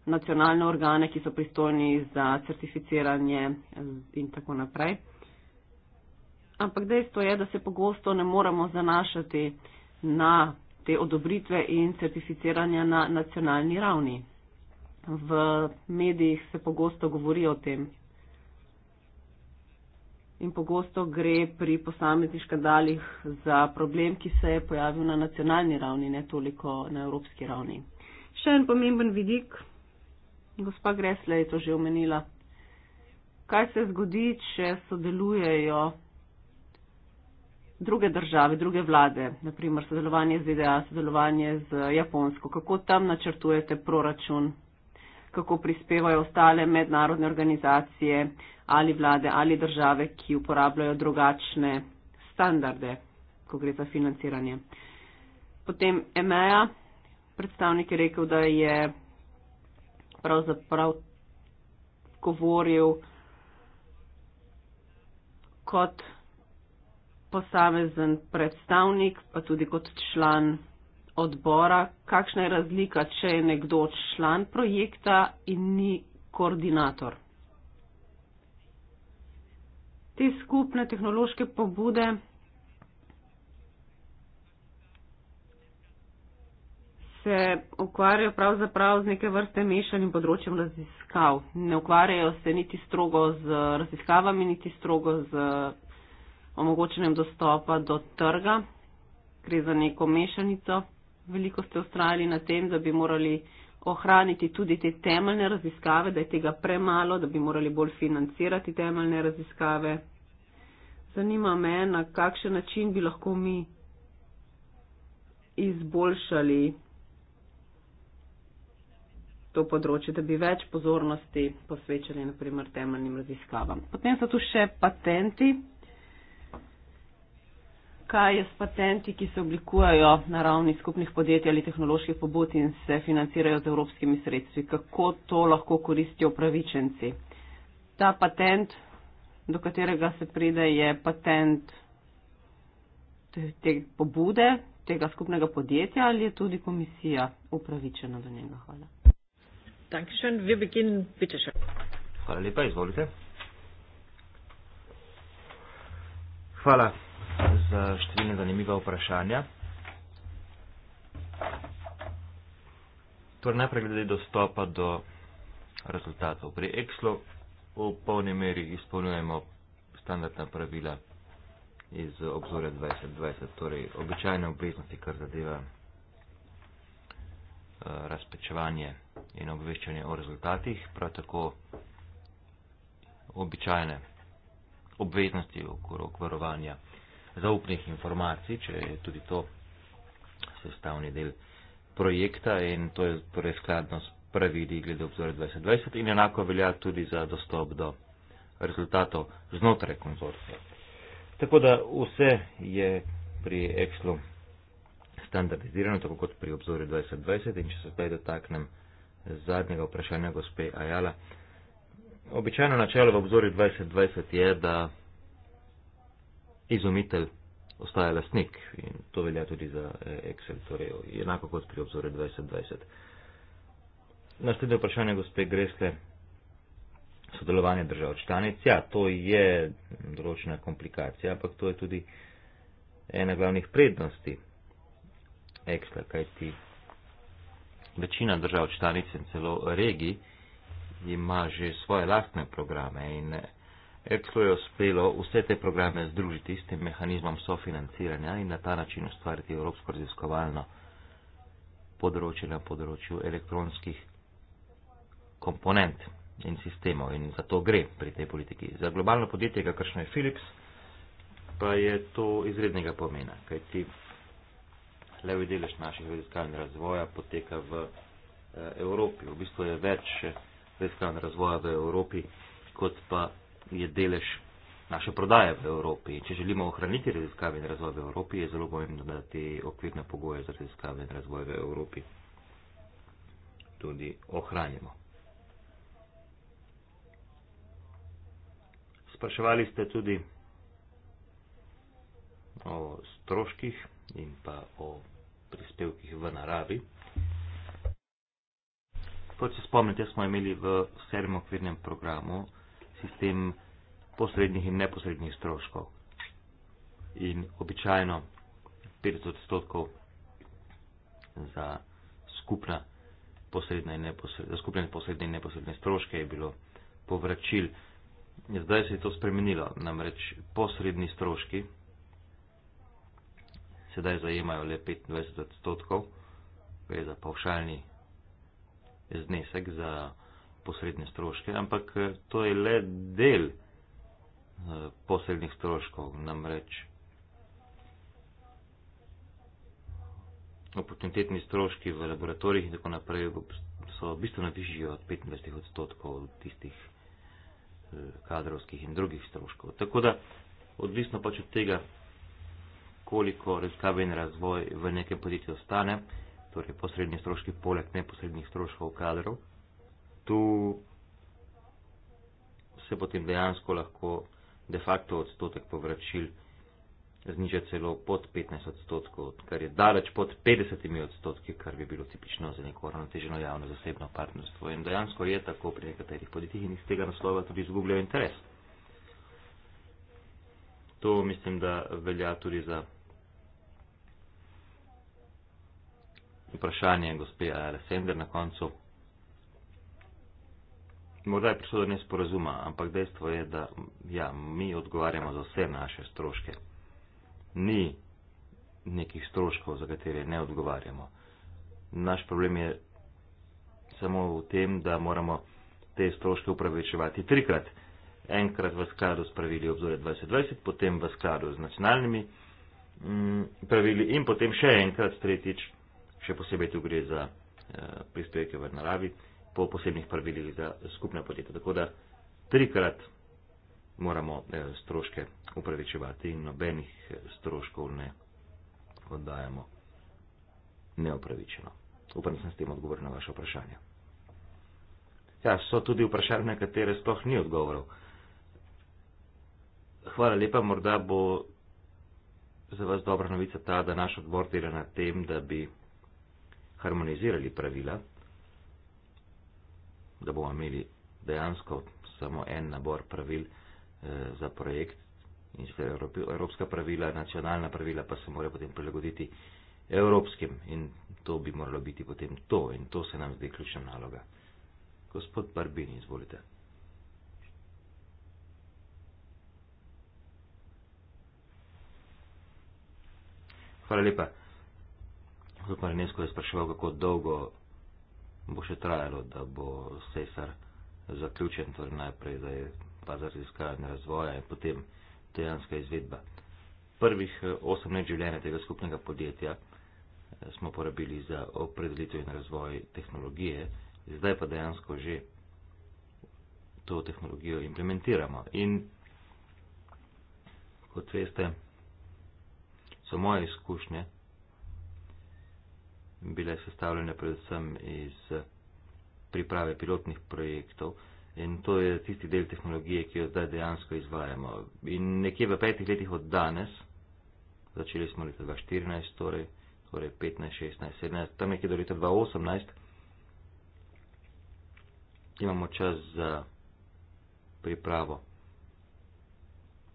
nacionalne organe, ki so pristojni za certificiranje in tako naprej. Ampak dejstvo je, da se pogosto ne moremo zanašati na te odobritve in certificiranja na nacionalni ravni v medijih se pogosto govori o tem. In pogosto gre pri posameznih škandalih za problem, ki se je pojavil na nacionalni ravni, ne toliko na evropski ravni. Še en pomemben vidik, gospa Gresla je to že omenila. Kaj se zgodi, če sodelujejo druge države, druge vlade, naprimer sodelovanje z ZDA, sodelovanje z Japonsko? Kako tam načrtujete proračun kako prispevajo ostale mednarodne organizacije ali vlade ali države, ki uporabljajo drugačne standarde, ko gre za financiranje. Potem EMEA, predstavnik je rekel, da je pravzaprav govoril kot posamezen predstavnik, pa tudi kot član odbora, kakšna je razlika, če je nekdo član projekta in ni koordinator. Te skupne tehnološke pobude se ukvarjajo pravzaprav z neke vrste mešanim področjem raziskav. Ne ukvarjajo se niti strogo z raziskavami, niti strogo z omogočenjem dostopa do trga. Gre za neko mešanico veliko ste ustrajali na tem, da bi morali ohraniti tudi te temeljne raziskave, da je tega premalo, da bi morali bolj financirati temeljne raziskave. Zanima me, na kakšen način bi lahko mi izboljšali to področje, da bi več pozornosti posvečali, naprimer, temeljnim raziskavam. Potem so tu še patenti kaj je s patenti, ki se oblikujejo na ravni skupnih podjetij ali tehnoloških pobud in se financirajo z evropskimi sredstvi. Kako to lahko koristijo upravičenci? Ta patent, do katerega se pride, je patent te, te pobude, tega skupnega podjetja ali je tudi komisija upravičena do njega? Hvala. Dankeschön. Wir beginnen, bitte schön. Hvala lepa, izvolite. Hvala za številne zanimiva vprašanja. Torej najprej glede dostopa do rezultatov. Pri Excelu v polni meri izpolnjujemo standardna pravila iz obzorja 2020, torej običajne obveznosti, kar zadeva eh, razpečevanje in obveščanje o rezultatih, prav tako običajne obveznosti okrog varovanja zaupnih informacij, če je tudi to sestavni del projekta in to je torej skladno s pravili glede obzore 2020 in enako velja tudi za dostop do rezultatov znotraj konzorcija. Tako da vse je pri Excelu standardizirano, tako kot pri obzore 2020 in če se zdaj dotaknem zadnjega vprašanja gospe Ajala. Običajno načelo v obzorju 2020 je, da izumitelj ostaja lastnik in to velja tudi za eh, Excel, torej enako kot pri obzore 2020. Naslednje vprašanje, gospe Gresle, sodelovanje držav članic. Ja, to je določena komplikacija, ampak to je tudi ena glavnih prednosti Excela, kajti večina držav članic in celo regij ima že svoje lastne programe in Epsko je uspelo vse te programe združiti s tem mehanizmom sofinanciranja in na ta način ustvariti evropsko raziskovalno področje na področju elektronskih komponent in sistemov in za to gre pri tej politiki. Za globalno podjetje, kakršno je Philips, pa je to izrednega pomena, kajti levi delež naših raziskovalnih razvoja poteka v eh, Evropi. V bistvu je več raziskovalnih razvoja v Evropi kot pa je delež naše prodaje v Evropi. Če želimo ohraniti raziskave in razvoj v Evropi, je zelo pomembno, da te okvirne pogoje za raziskave in razvoj v Evropi tudi ohranimo. Spraševali ste tudi o stroških in pa o prispevkih v naravi. Kot se spomnite, smo imeli v sedmem okvirnem programu sistem posrednih in neposrednih stroškov. In običajno 50 odstotkov za skupna posredna in neposredna, za skupne posredne in neposredne stroške je bilo povračil. Zdaj se je to spremenilo, namreč posredni stroški sedaj zajemajo le 25 odstotkov, gre za pavšalni znesek za posredne stroške, ampak eh, to je le del eh, posrednih stroškov, namreč oportunitetni stroški v laboratorijih in tako naprej so bistveno višji od 25 odstotkov tistih eh, kadrovskih in drugih stroškov. Tako da odvisno pač od tega, koliko raziskave in razvoj v nekem podjetju stane, torej posredni stroški poleg neposrednih stroškov kadrov tu se potem dejansko lahko de facto odstotek povračil zniža celo pod 15 odstotkov, kar je daleč pod 50 odstotki, kar bi bilo tipično za neko uravnoteženo javno zasebno partnerstvo. In dejansko je tako pri nekaterih podjetjih in iz tega naslova tudi izgubljajo interes. To mislim, da velja tudi za vprašanje gospe Alessandra na koncu. Morda je prišlo do nesporazuma, ampak dejstvo je, da ja, mi odgovarjamo za vse naše stroške. Ni nekih stroškov, za katere ne odgovarjamo. Naš problem je samo v tem, da moramo te stroške upravičevati trikrat. Enkrat v skladu s pravili obzore 2020, potem v skladu z nacionalnimi mm, pravili in potem še enkrat, tretjič, še posebej tu gre za eh, prispevke v naravi po posebnih pravilih za skupne podjetja. Tako da trikrat moramo eh, stroške upravičevati in nobenih eh, stroškov ne oddajamo neopravičeno. Upam, da sem s tem odgovoril na vaše vprašanje. Ja, so tudi vprašanja, na katere sploh ni odgovorov. Hvala lepa, morda bo za vas dobra novica ta, da naš odbor dela na tem, da bi harmonizirali pravila da bomo imeli dejansko samo en nabor pravil eh, za projekt in sicer evropska pravila, nacionalna pravila pa se morajo potem prilagoditi evropskim in to bi moralo biti potem to in to se nam zdi ključna naloga. Gospod Barbini, izvolite. Hvala lepa. Gospod Renesko je spraševal, kako dolgo bo še trajalo, da bo sesar zaključen, torej najprej, da je faza raziskavanja razvoja in potem dejanska izvedba. Prvih eh, osem let življenja tega skupnega podjetja eh, smo porabili za opredelitev in razvoj tehnologije, zdaj pa dejansko že to tehnologijo implementiramo. In kot veste, so moje izkušnje, bile sestavljene predvsem iz priprave pilotnih projektov in to je tisti del tehnologije, ki jo zdaj dejansko izvajamo. In nekje v petih letih od danes, začeli smo leta 2014, torej, torej 15, 16, 17, tam nekje do leta 2018, imamo čas za pripravo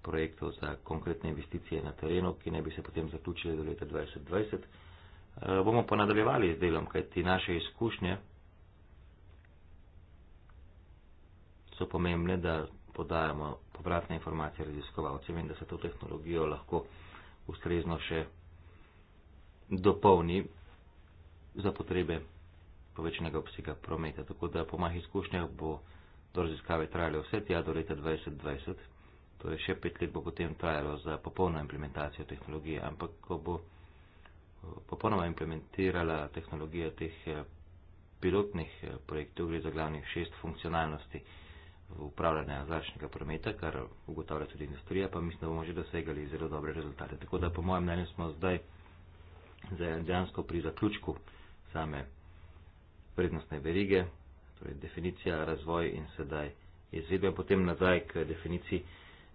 projektov za konkretne investicije na terenu, ki ne bi se potem zaključile do leta 2020. Eh, bomo pa nadaljevali z delom, kajti naše izkušnje so pomembne, da podajamo povratne informacije raziskovalcem in da se to tehnologijo lahko ustrezno še dopolni za potrebe povečnega obsega prometa. Tako da po mojih izkušnjah bo do raziskave trajalo vse tja do leta 2020, torej še pet let bo potem trajalo za popolno implementacijo tehnologije, ampak ko bo popolnoma implementirala tehnologijo teh eh, pilotnih eh, projektov, gre za glavnih šest funkcionalnosti eh, upravljanja zračnega prometa, kar ugotavlja tudi industrija, pa mislim, da bomo že dosegali zelo dobre rezultate. Tako da po mojem mnenju smo zdaj dejansko pri zaključku same prednostne verige, torej definicija, razvoj in sedaj izvedbe, potem nazaj k definiciji,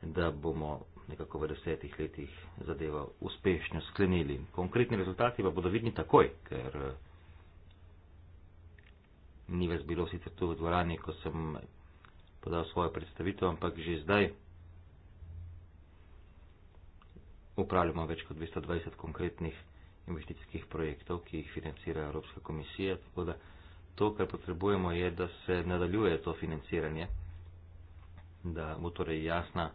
da bomo nekako v desetih letih zadeva uspešno sklenili. Konkretni rezultati pa bodo vidni takoj, ker eh, ni vas bilo sicer tu v dvorani, ko sem podal svojo predstavitev, ampak že zdaj upravljamo več kot 220 konkretnih investicijskih projektov, ki jih financira Evropska komisija, tako da to, kar potrebujemo, je, da se nadaljuje to financiranje, da bo torej jasna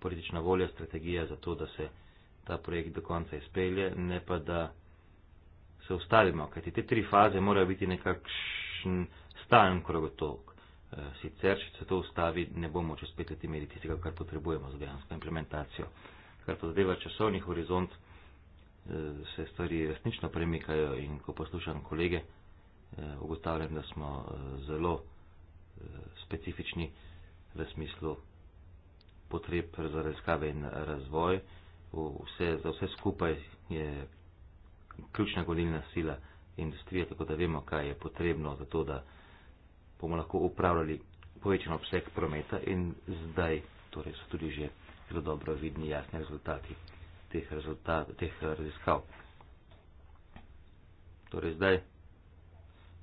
politična volja, strategija za to, da se ta projekt do konca izpelje, ne pa da se ustavimo. Kaj ti te tri faze morajo biti nekakšen stalen krogotok. Eh, sicer, če se to ustavi, ne bomo čez pet let imeli tistega, kar potrebujemo za dejansko implementacijo. Kar pa zadeva časovni horizont, eh, se stvari resnično premikajo in ko poslušam kolege, eh, ugotavljam, da smo zelo specifični v smislu potreb za raziskave in razvoj. Vse, za vse skupaj je ključna godilna sila industrija, tako da vemo, kaj je potrebno za to, da bomo lahko upravljali povečan obseg prometa in zdaj torej, so tudi že zelo dobro vidni jasni rezultati teh, rezultat, teh raziskav. Torej zdaj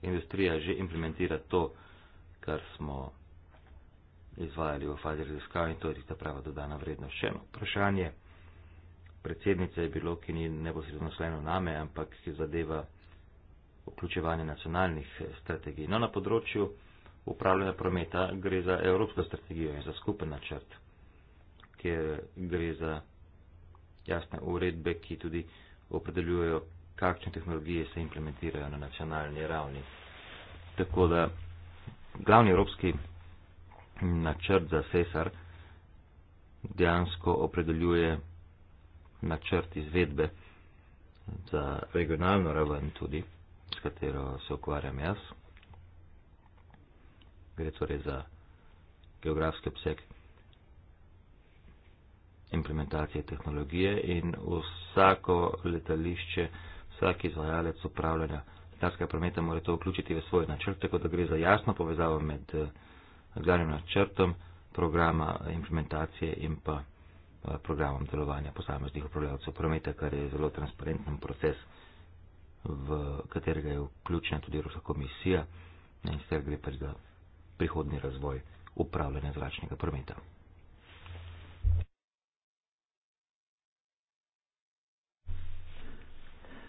industrija že implementira to, kar smo izvajali v fazi raziskav in to je tista prava dodana vrednost. Še eno vprašanje. Predsednica je bilo, ki ni neposredno naslojeno name, ampak ki zadeva vključevanje nacionalnih eh, strategij. No, na področju upravljanja prometa gre za evropsko strategijo in za skupen načrt, kjer gre za jasne uredbe, ki tudi opredeljujejo, kakšne tehnologije se implementirajo na nacionalni ravni. Tako da glavni evropski načrt za cesar dejansko opredeljuje načrt izvedbe za regionalno raven tudi, s katero se ukvarjam jaz. Gre torej za geografski obseg implementacije tehnologije in vsako letališče, vsak izvajalec upravljanja letalskega prometa mora to vključiti v svoj načrt, tako da gre za jasno povezavo med eh, z glavnim načrtom programa implementacije in pa eh, programom delovanja posameznih upravljavcev prometa, kar je zelo transparenten proces, v katerega je vključena tudi Evropska komisija in s tem gre pa za prihodni razvoj upravljanja zračnega prometa.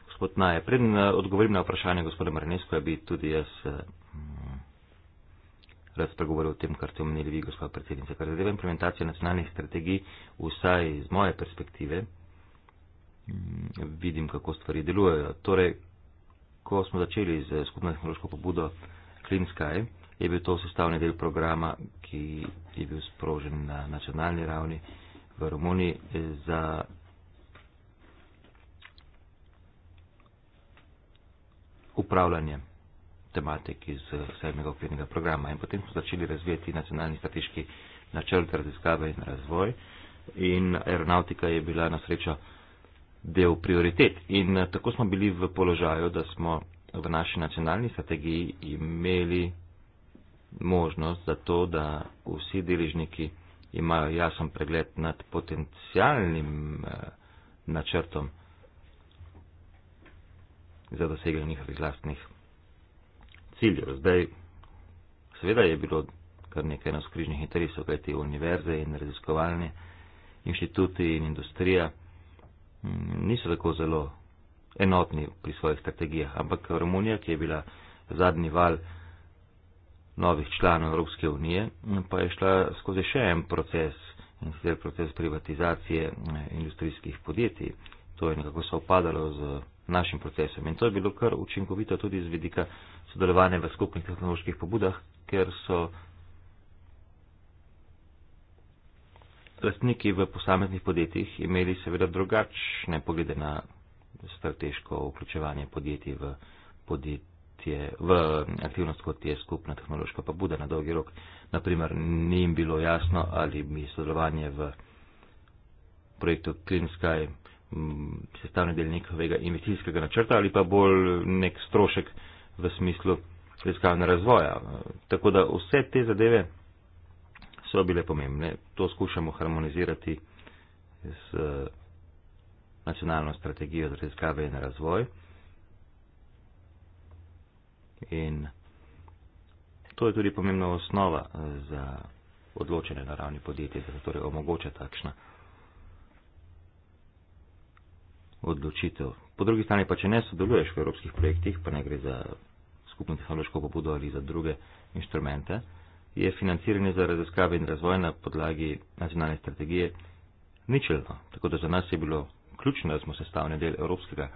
Gospod Naje, predn eh, odgovorim na vprašanje gospoda Marinesko, bi tudi jaz eh, razpregovorijo o tem, kar ste omenili vi, gospod predsednica. Kar zadeva implementacijo nacionalnih strategij, vsaj iz moje perspektive, mm, vidim, kako stvari delujejo. Torej, ko smo začeli z skupno tehnološko pobudo Clean Sky, je bil to sestavni del programa, ki je bil sprožen na nacionalni ravni v Romuniji za. upravljanje tematik iz sedmega okvirnega programa. In potem smo začeli razvijati nacionalni strateški načrt raziskave in razvoj in aeronautika je bila na srečo del prioritet. In eh, tako smo bili v položaju, da smo v naši nacionalni strategiji imeli možnost za to, da vsi deležniki imajo jasen pregled nad potencialnim eh, načrtom za doseganje njihovih vlastnih ciljev. Zdaj, seveda je bilo kar nekaj naskrižnih interesov, kajti univerze in raziskovalni inštituti in industrija mm, niso tako zelo enotni pri svojih strategijah, ampak Romunija, ki je bila zadnji val novih članov Evropske unije, pa je šla skozi še en proces in sicer proces privatizacije eh, industrijskih podjetij. To je nekako se upadalo z našim procesom. In to je bilo kar učinkovito tudi z vidika sodelovanja v skupnih tehnoloških pobudah, ker so lastniki v posameznih podjetjih imeli seveda drugačne poglede na strateško vključevanje podjetij v, podjetje, v aktivnost, kot je skupna tehnološka pobuda na dolgi rok. Naprimer, ni jim bilo jasno, ali bi sodelovanje v projektu Clean Sky Mm, sestavni del nekega investicijskega načrta ali pa bolj nek strošek v smislu preiskavne razvoja. Tako da vse te zadeve so bile pomembne. To skušamo harmonizirati z eh, nacionalno strategijo za preiskave in razvoj. In to je tudi pomembna osnova eh, za odločene na ravni podjetja, da se torej omogoča takšna odločitev. Po drugi strani pa, če ne sodeluješ v evropskih projektih, pa ne gre za skupno tehnološko pobudo ali za druge inštrumente, je financiranje za raziskave in razvoj na podlagi nacionalne strategije ničelno. Tako da za nas je bilo ključno, da smo sestavni del evropskega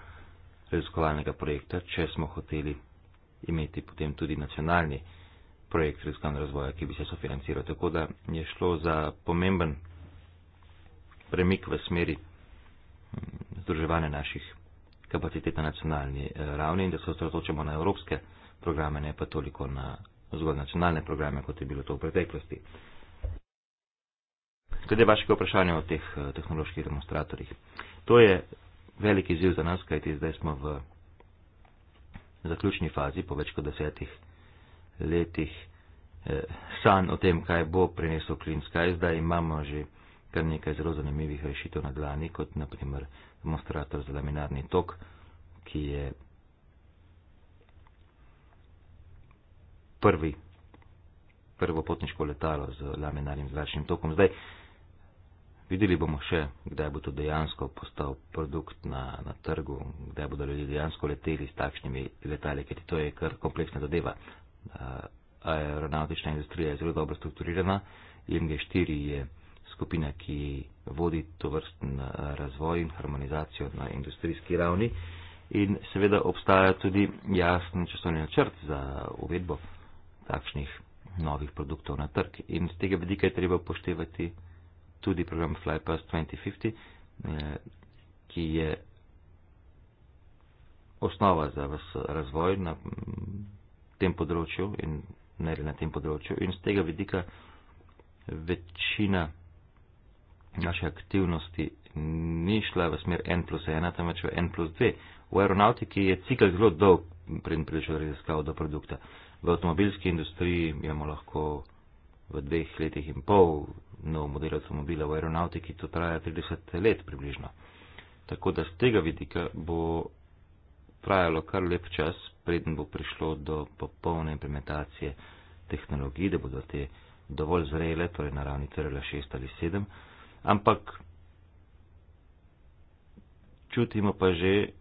raziskovalnega projekta, če smo hoteli imeti potem tudi nacionalni projekt raziskovalnega razvoja, ki bi se sofinanciral. Tako da je šlo za pomemben premik v smeri združevanje naših kapacitet na nacionalni eh, ravni in da se osredotočamo na evropske programe, ne pa toliko na zgolj nacionalne programe, kot je bilo to v preteklosti. Glede vašega vprašanja o teh eh, tehnoloških demonstratorjih. To je velik izziv za nas, kajti zdaj smo v zaključni fazi po več kot desetih letih eh, san o tem, kaj bo prinesel Klinska. Zdaj imamo že kar nekaj zelo zanimivih rešitev na dlani, kot naprimer demonstrator za laminarni tok, ki je prvi, prvo potniško letalo z laminarnim zračnim tokom. Zdaj, videli bomo še, kdaj bo to dejansko postal produkt na, na trgu, kdaj bodo ljudje dejansko leteli s takšnimi letali, ker to je kar kompleksna zadeva. Aeronautična industrija je zelo dobro strukturirana, MG4 je skupina, ki vodi to vrsten razvoj in harmonizacijo na industrijski ravni. In seveda obstaja tudi jasen časovni načrt za uvedbo takšnih novih produktov na trg. In z tega vidika je treba upoštevati tudi program Flypass 2050, eh, ki je osnova za razvoj na mm, tem področju in ne le na tem področju. In z tega vidika večina naše aktivnosti ni šla v smer n plus ena, temveč v n plus dve. V aeronautiki je cikl zelo dolg, preden pridemo do raziskave do produkta. V avtomobilski industriji imamo lahko v dveh letih in pol nov model avtomobila, v aeronautiki to traja 30 let približno. Tako da z tega vidika bo trajalo kar lep čas, preden bo prišlo do popolne implementacije tehnologij, da bodo te dovolj zrele, torej na ravni CRL 6 ali 7, ampak čutimo pa že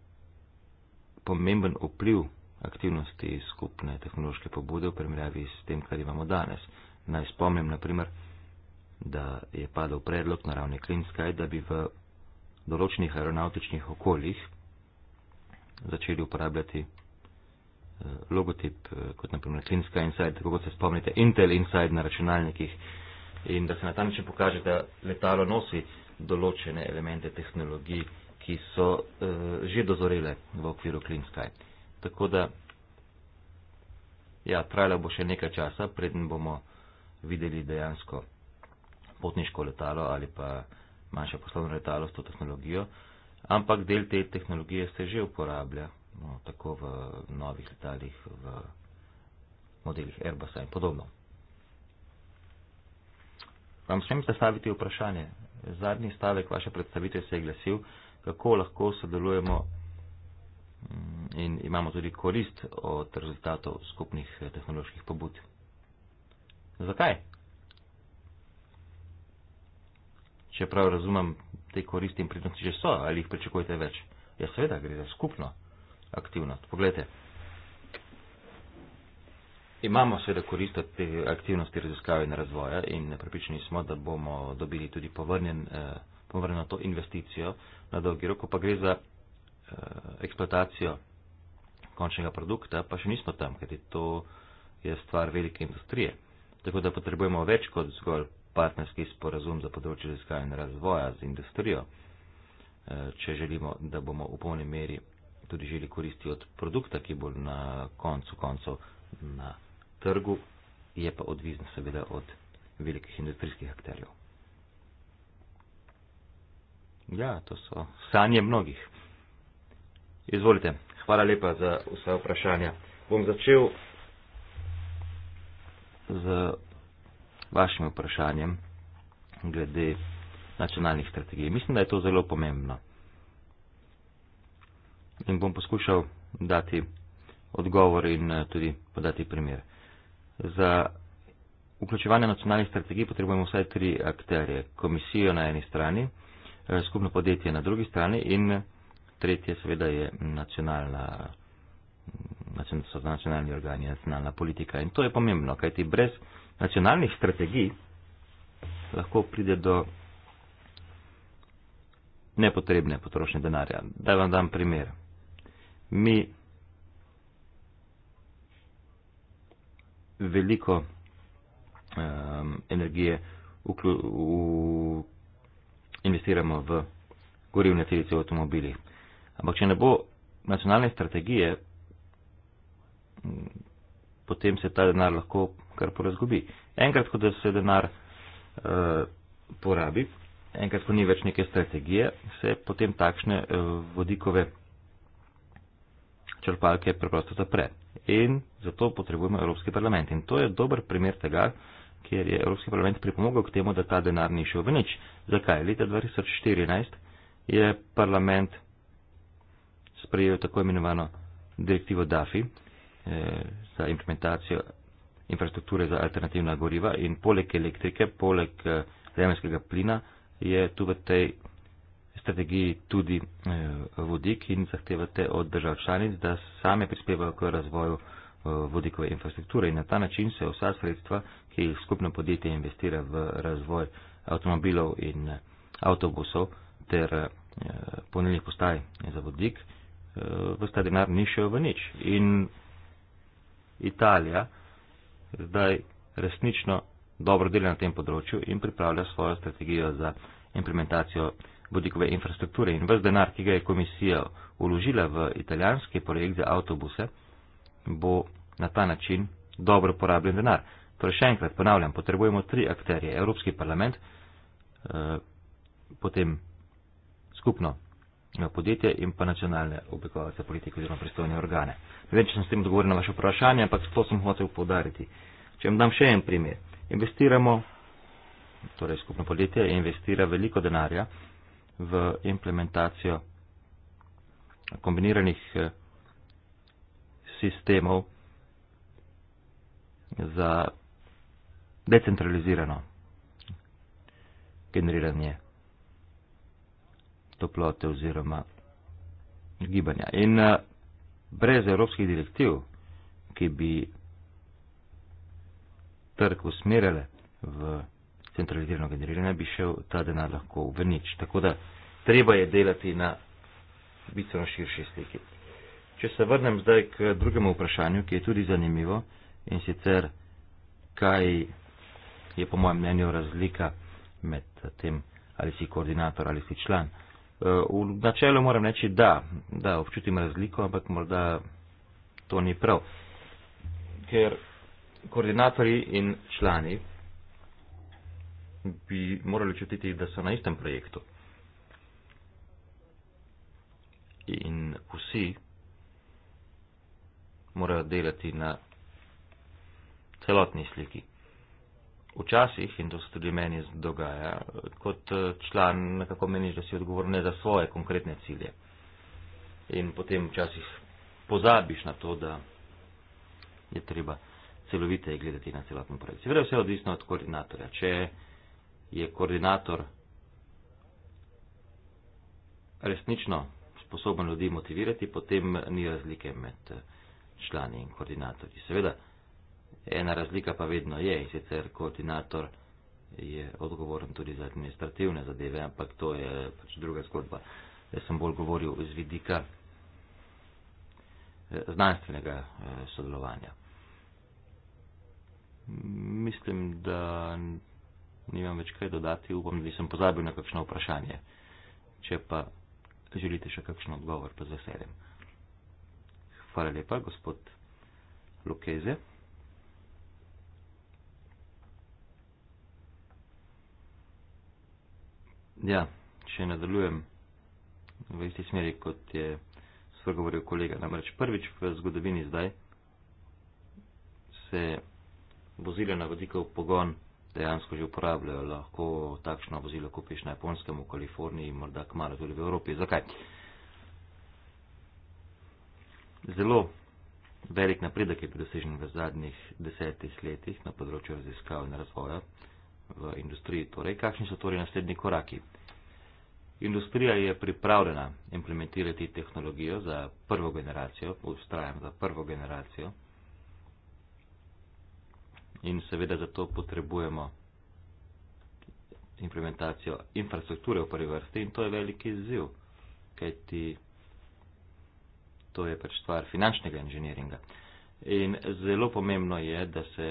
pomemben vpliv aktivnosti skupne tehnološke pobude v primerjavi s tem, kar imamo danes. Naj spomnim, naprimer, da je padel predlog na ravni Klinskaj, da bi v določenih aeronautičnih okoljih začeli uporabljati eh, logotip, eh, kot naprimer Klinskaj Inside, tako kot se spomnite, Intel Inside na računalnikih in da se na ta način pokaže, da letalo nosi določene elemente tehnologij, ki so uh, že dozorele v okviru Clean Sky. Tako da, ja, trajalo bo še nekaj časa, preden bomo videli dejansko potniško letalo ali pa manjše poslovno letalo s to tehnologijo, ampak del te tehnologije se že uporablja, no, tako v novih letalih, v modelih Airbusa in podobno. Vam smem zastaviti vprašanje. Zadnji stavek vaše predstavitve se je glasil, kako lahko sodelujemo mm, in imamo tudi korist od rezultatov skupnih eh, tehnoloških pobud. Zakaj? Čeprav razumem, te koristi in prednosti že so, ali jih pričakujete več? Ja, seveda, gre za skupno aktivnost. Poglejte, Imamo seveda korist od te aktivnosti raziskave in razvoja in prepričani smo, da bomo dobili tudi povrnjen, eh, povrnjeno to investicijo na dolgi rok, pa gre za eh, eksploatacijo končnega produkta, pa še nismo tam, ker to je stvar velike industrije. Tako da potrebujemo več kot zgolj partnerski sporazum za področje raziskave in razvoja z industrijo, eh, če želimo, da bomo v polni meri tudi želi koristi od produkta, ki bo na koncu koncev na trgu, je pa odvisno seveda od velikih industrijskih akterjev. Ja, to so sanje mnogih. Izvolite, hvala lepa za vse vprašanja. Bom začel z vašim vprašanjem glede nacionalnih strategij. Mislim, da je to zelo pomembno. In bom poskušal dati odgovor in eh, tudi podati primer za vključevanje nacionalnih strategij potrebujemo vsaj tri akterje. Komisijo na eni strani, eh, skupno podjetje na drugi strani in tretje seveda je nacionalna. So nacionalni organi, nacionalna politika in to je pomembno, kajti brez nacionalnih strategij lahko pride do nepotrebne potrošnje denarja. Da vam dam primer. Mi veliko um, energije v, v, investiramo v gorivne celice v avtomobilih. Ampak, če ne bo nacionalne strategije, potem se ta denar lahko kar porazgubi. Enkrat, ko se denar uh, porabi, enkrat, ko ni več neke strategije, se potem takšne uh, vodikove črpalke preprosto zapre. In zato potrebujemo Evropski parlament. In to je dober primer tega, kjer je Evropski parlament pripomogel k temu, da ta denar ni šel v nič. Zakaj? Leta 2014 je parlament sprejel tako imenovano direktivo DAFI eh, za implementacijo infrastrukture za alternativna goriva in poleg elektrike, poleg eh, zemljskega plina je tu v tej strategiji tudi eh, vodik in zahtevate od držav članic, da same prispevajo k razvoju eh, vodikove infrastrukture in na ta način se vsa sredstva, ki jih skupno podjetje investira v razvoj avtomobilov in eh, avtobusov ter ponilnih postaj za vodik, v sta denar nišajo v nič. In Italija zdaj resnično dobro dela na tem področju in pripravlja svojo strategijo za implementacijo bodikove infrastrukture in vse denar, ki ga je komisija uložila v italijanski projekt za avtobuse, bo na ta način dobro porabljen denar. Torej še enkrat ponavljam, potrebujemo tri akterje. Evropski parlament, eh, potem skupno eh, podjetje in pa nacionalne oblikovalce politike oziroma pristojne organe. Ne vem, če sem s tem odgovoril na vaše vprašanje, ampak to sem hotel povdariti. Če vam dam še en primer. Investiramo, torej skupno podjetje investira veliko denarja v implementacijo kombiniranih eh, sistemov za decentralizirano generiranje toplote oziroma gibanja. In eh, brez evropskih direktiv, ki bi trg usmerile v centralizirano generiranje, bi šel ta denar lahko v nič. Tako da treba je delati na bistveno širši sliki. Če se vrnem zdaj k drugemu vprašanju, ki je tudi zanimivo in sicer, kaj je po mojem mnenju razlika med tem, ali si koordinator ali si član. Eh, v načelu moram reči, da, da občutim razliko, ampak morda to ni prav. Ker koordinatorji in člani bi morali čutiti, da so na istem projektu. In vsi morajo delati na celotni sliki. Včasih, in to se tudi meni dogaja, kot eh, član nekako meniš, da si odgovoren za svoje konkretne cilje. In potem včasih pozabiš na to, da je treba celovite gledati na celotno projekt. Seveda vse odvisno od koordinatorja. Če je koordinator resnično sposoben ljudi motivirati, potem ni razlike med eh, člani in koordinatorji. Seveda, ena razlika pa vedno je, in sicer koordinator je odgovoren tudi za administrativne zadeve, ampak to je pač druga zgodba. Jaz sem bolj govoril iz vidika eh, znanstvenega eh, sodelovanja. Mislim, da nimam več kaj dodati, upam, da nisem pozabil na kakšno vprašanje. Če pa želite še kakšno odgovor, pa z veseljem. Hvala lepa, gospod Lukeze. Ja, če nadaljujem v isti smeri, kot je spregovoril kolega, namreč prvič v zgodovini zdaj se vozile na vodikov pogon dejansko že uporabljajo. Lahko takšno vozilo kupiš na Japonskem, v Kaliforniji, morda kmalo tudi v Evropi. Zakaj? Zelo velik napredek je pridosežen v zadnjih desetih letih na področju raziskav in razvoja v industriji. Torej, kakšni so torej naslednji koraki? Industrija je pripravljena implementirati tehnologijo za prvo generacijo, ustrajam za prvo generacijo in seveda zato potrebujemo implementacijo infrastrukture v prvi vrsti in to je veliki izziv, kajti to je pač stvar finančnega inženiringa. In zelo pomembno je, da se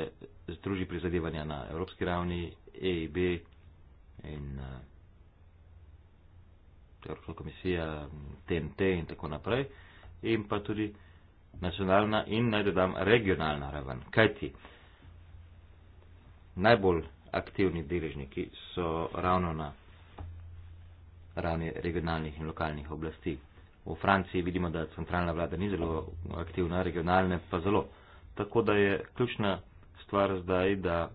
združi prizadevanja na evropski ravni, EIB in eh, Evropska komisija, TNT in tako naprej, in pa tudi nacionalna in, naj dodam, regionalna raven. Kaj ti? najbolj aktivni deležniki so ravno na ravni regionalnih in lokalnih oblasti. V Franciji vidimo, da centralna vlada ni zelo aktivna, regionalne pa zelo. Tako da je ključna stvar zdaj, da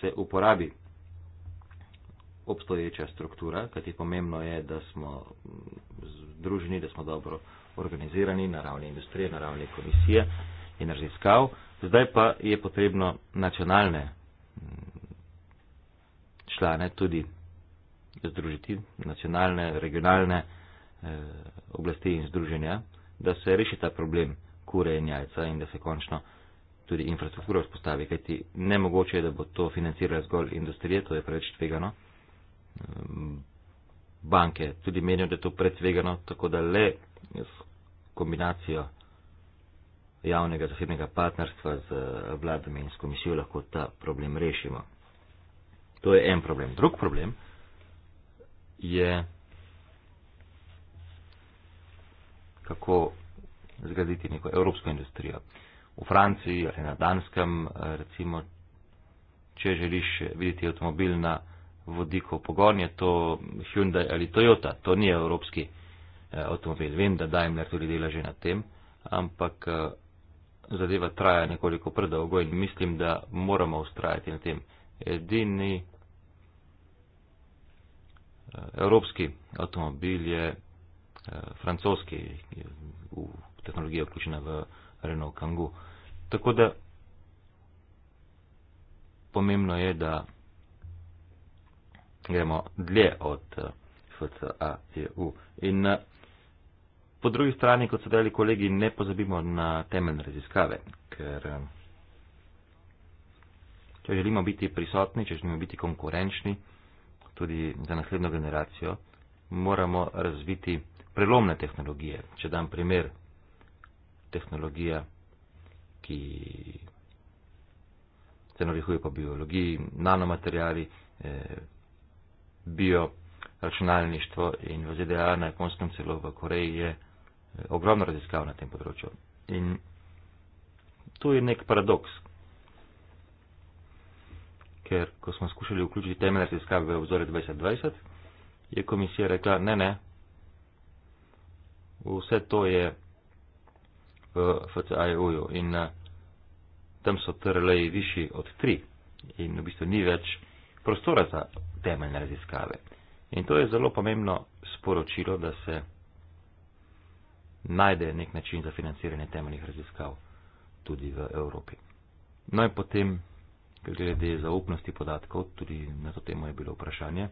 se uporabi obstoječa struktura, kajti pomembno je, da smo združeni, da smo dobro organizirani na ravni industrije, na ravni komisije in raziskav, zdaj pa je potrebno nacionalne mm, člane tudi združiti, nacionalne, regionalne eh, oblasti in združenja, da se reši ta problem kure in jajca in da se končno tudi infrastruktura vzpostavi, kajti nemogoče je, da bo to financirala zgolj industrija, to je preveč tvegano. Banke tudi menijo, da je to pretvegano, tako da le s kombinacijo javnega zasebnega partnerstva z eh, vladami in s komisijo lahko ta problem rešimo. To je en problem. Drug problem je, kako zgraditi neko evropsko industrijo. V Franciji ali na Danskem, eh, recimo, če želiš videti avtomobil na vodikov pogon, je to Hyundai ali Toyota. To ni evropski eh, avtomobil. Vem, da Daimler tudi dela že na tem, ampak eh, zadeva traja nekoliko predolgo in mislim, da moramo ustrajati na tem. Edini eh, evropski avtomobil je eh, francoski, v tehnologiji vključena v Renault Kangoo. Tako da pomembno je, da gremo dlje od eh, FCA EU. In Po drugi strani, kot so dali kolegi, ne pozabimo na temeljne raziskave, ker eh, če želimo biti prisotni, če želimo biti konkurenčni tudi za naslednjo generacijo, moramo razviti prelomne tehnologije. Če dam primer, tehnologija, ki se navihuje po biologiji, nanomaterjali, eh, bio računalništvo in v ZDA, na Japonskem celo v Koreji je ogromno raziskav na tem področju. In tu je nek paradoks, ker ko smo skušali vključiti temeljne raziskave v obzore 2020, je komisija rekla, ne, ne, vse to je v FCIU-ju e in eh, tam so TRL-ji višji od 3 in v bistvu ni več prostora za temeljne raziskave. In to je zelo pomembno sporočilo, da se najde nek način za financiranje temeljnih raziskav tudi v Evropi. No in potem, glede zaupnosti podatkov, tudi na to temo je bilo vprašanje.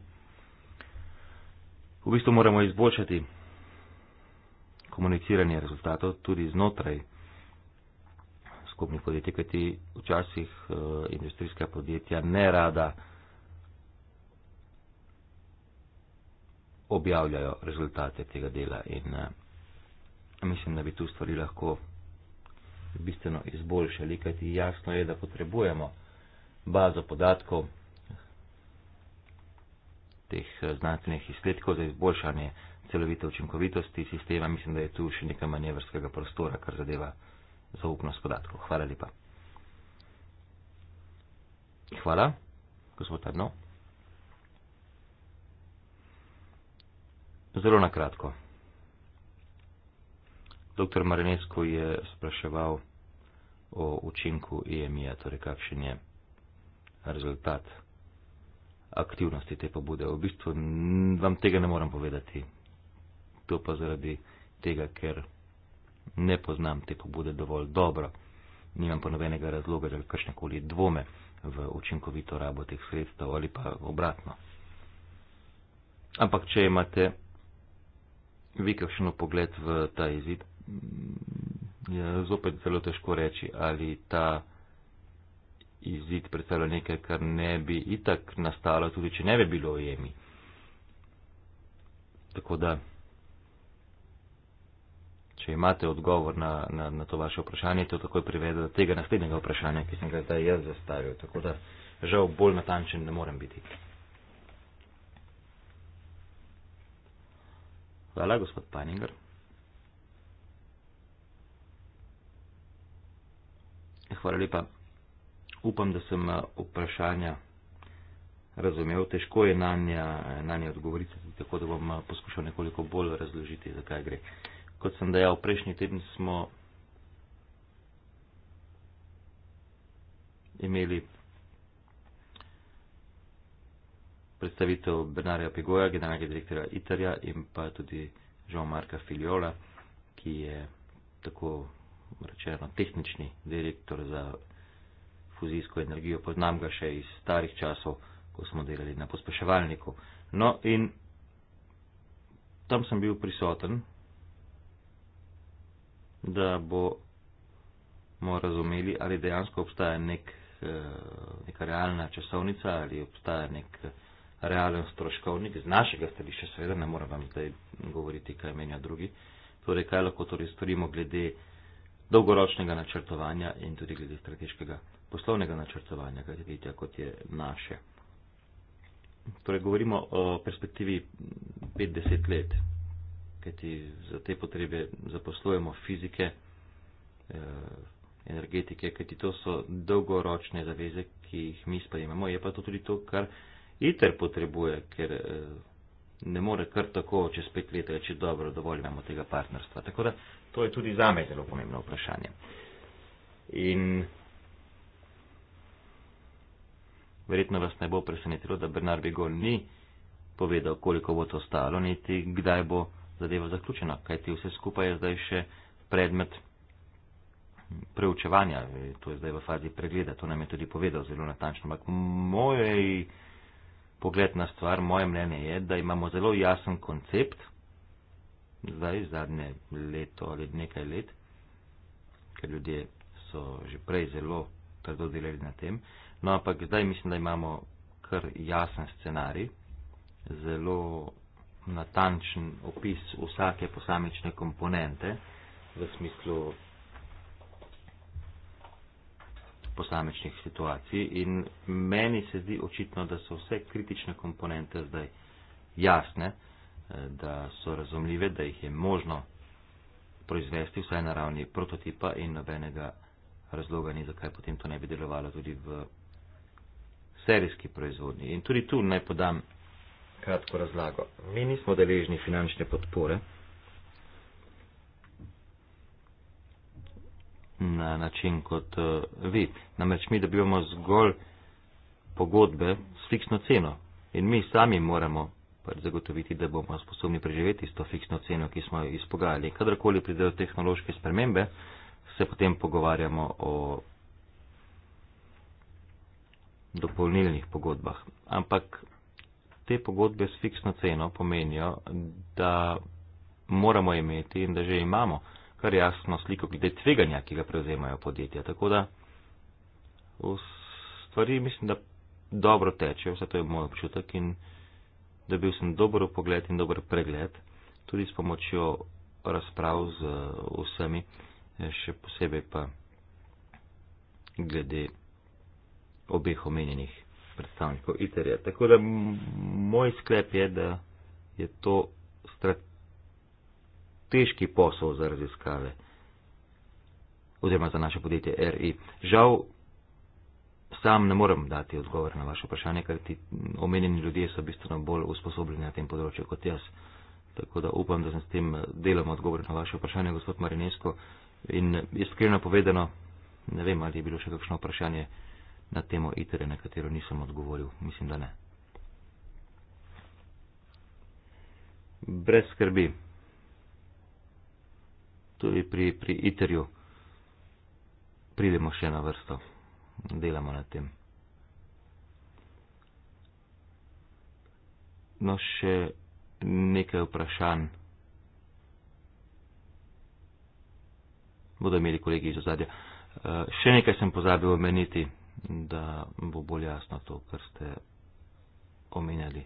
V bistvu moramo izboljšati komuniciranje rezultatov tudi znotraj skupnih podjetij, kajti včasih uh, industrijska podjetja ne rada objavljajo rezultate tega dela in uh, mislim, da bi tu stvari lahko bistveno izboljšali, kajti jasno je, da potrebujemo bazo podatkov teh eh, znanstvenih izsledkov za izboljšanje celovite učinkovitosti sistema. Mislim, da je tu še nekaj manevrskega prostora, kar zadeva zaupnost podatkov. Hvala lepa. Hvala, gospod Arno. Zelo na kratko. Doktor Marinesko je spraševal o učinku IMI-ja, e torej kakšen je rezultat aktivnosti te pobude. V bistvu vam tega ne moram povedati. To pa zaradi tega, ker ne poznam te pobude dovolj dobro. Nimam pa nobenega razloga, da kakšne koli dvome v učinkovito rabo teh sredstev ali pa obratno. Ampak, če imate vi kakšen pogled v ta izid, Mm, je ja, zopet zelo težko reči, ali ta izid predstavlja nekaj, kar ne bi itak nastalo, tudi če ne bi bilo jemi. Tako da, če imate odgovor na, na, na to vaše vprašanje, to takoj privede do tega naslednjega vprašanja, ki sem ga zdaj jaz zastavil. Tako da, žal bolj natančen ne morem biti. Hvala, gospod Paninger. Hvala lepa. Upam, da sem eh, vprašanja razumel. Težko je na nje eh, odgovoriti, tako da bom eh, poskušal nekoliko bolj razložiti, zakaj gre. Kot sem dejal, prejšnji teden smo imeli predstavitev Bernarja Pegoja, generalnega direktorja Itarja in pa tudi Jean-Marca Filiola, ki je tako rečeno, tehnični direktor za fuzijsko energijo, poznam ga še iz starih časov, ko smo delali na pospeševalniku. No, in tam sem bil prisoten, da bomo razumeli, ali dejansko obstaja nek, eh, neka realna časovnica ali obstaja nek. Eh, realen stroškovnik, z našega stališča, seveda, ne moram vam zdaj govoriti, kaj menja drugi. Torej, kaj lahko torej storimo glede uh, dolgoročnega načrtovanja in tudi glede strateškega poslovnega načrtovanja, gledite, kot je naše. Torej, govorimo o perspektivi 50 let, kajti za te potrebe zaposlujemo fizike, eh, energetike, kajti to so dolgoročne zaveze, ki jih mi sprejemamo. Je pa to tudi to, kar ITER potrebuje, ker eh, ne more kar tako čez pet let reči, dobro, dovolj imamo tega partnerstva. Tako da to je tudi za me zelo pomembno vprašanje. In verjetno vas ne bo presenetilo, da Bernard Begol ni povedal, koliko bo to stalo, niti kdaj bo zadeva zaključena, kajti vse skupaj je zdaj še predmet preučevanja, to je zdaj v fazi pregleda, to nam je tudi povedal zelo natančno. Ampak moje pogled na stvar, moje mnenje je, da imamo zelo jasen koncept, zdaj zadnje leto ali nekaj let, ker ljudje so že prej zelo trdo delali na tem, no ampak zdaj mislim, da imamo kar jasen scenarij, zelo natančen opis vsake posamične komponente v smislu posamečnih situacij in meni se zdi očitno, da so vse kritične komponente zdaj jasne, eh, da so razumljive, da jih je možno proizvesti vsaj na ravni prototipa in nobenega razloga ni, zakaj potem to ne bi delovalo tudi v serijski proizvodnji. In tudi tu naj podam kratko razlago. Mi nismo deležni finančne podpore. na način kot uh, vi. Namreč mi dobivamo zgolj pogodbe s fiksno ceno in mi sami moramo pač zagotoviti, da bomo sposobni preživeti s to fiksno ceno, ki smo jo izpogajali. Kadarkoli pridejo tehnološke spremembe, se potem pogovarjamo o dopolnilnih pogodbah. Ampak te pogodbe s fiksno ceno pomenijo, da moramo imeti in da že imamo uh, kar jasno sliko glede tveganja, ki ga prevzemajo podjetja. Tako da v stvari mislim, da dobro teče, vse to je moj občutek in da bil sem dober pogled in dober pregled, tudi s pomočjo razprav z vsemi, eh, še posebej pa glede obeh omenjenih predstavnikov ITR-ja. Tako da moj sklep je, da je to strateško težki posel za raziskave, oziroma za naše podjetje RI. Žal, sam ne morem dati odgovor na vaše vprašanje, ker ti omenjeni ljudje so bistveno bolj usposobljeni na tem področju kot jaz. Tako da upam, da sem s tem eh, delom odgovoril na vaše vprašanje, gospod Marinesko. In iskreno povedano, ne vem, ali je bilo še kakšno vprašanje na temo ITRE, na katero nisem odgovoril. Mislim, da ne. Brez skrbi tudi pri, pri iterju pridemo še na vrsto, delamo na tem. No, še nekaj vprašanj. Bodo imeli kolegi iz ozadja. Eh, še nekaj sem pozabil omeniti, da bo bolj jasno to, kar ste omenjali.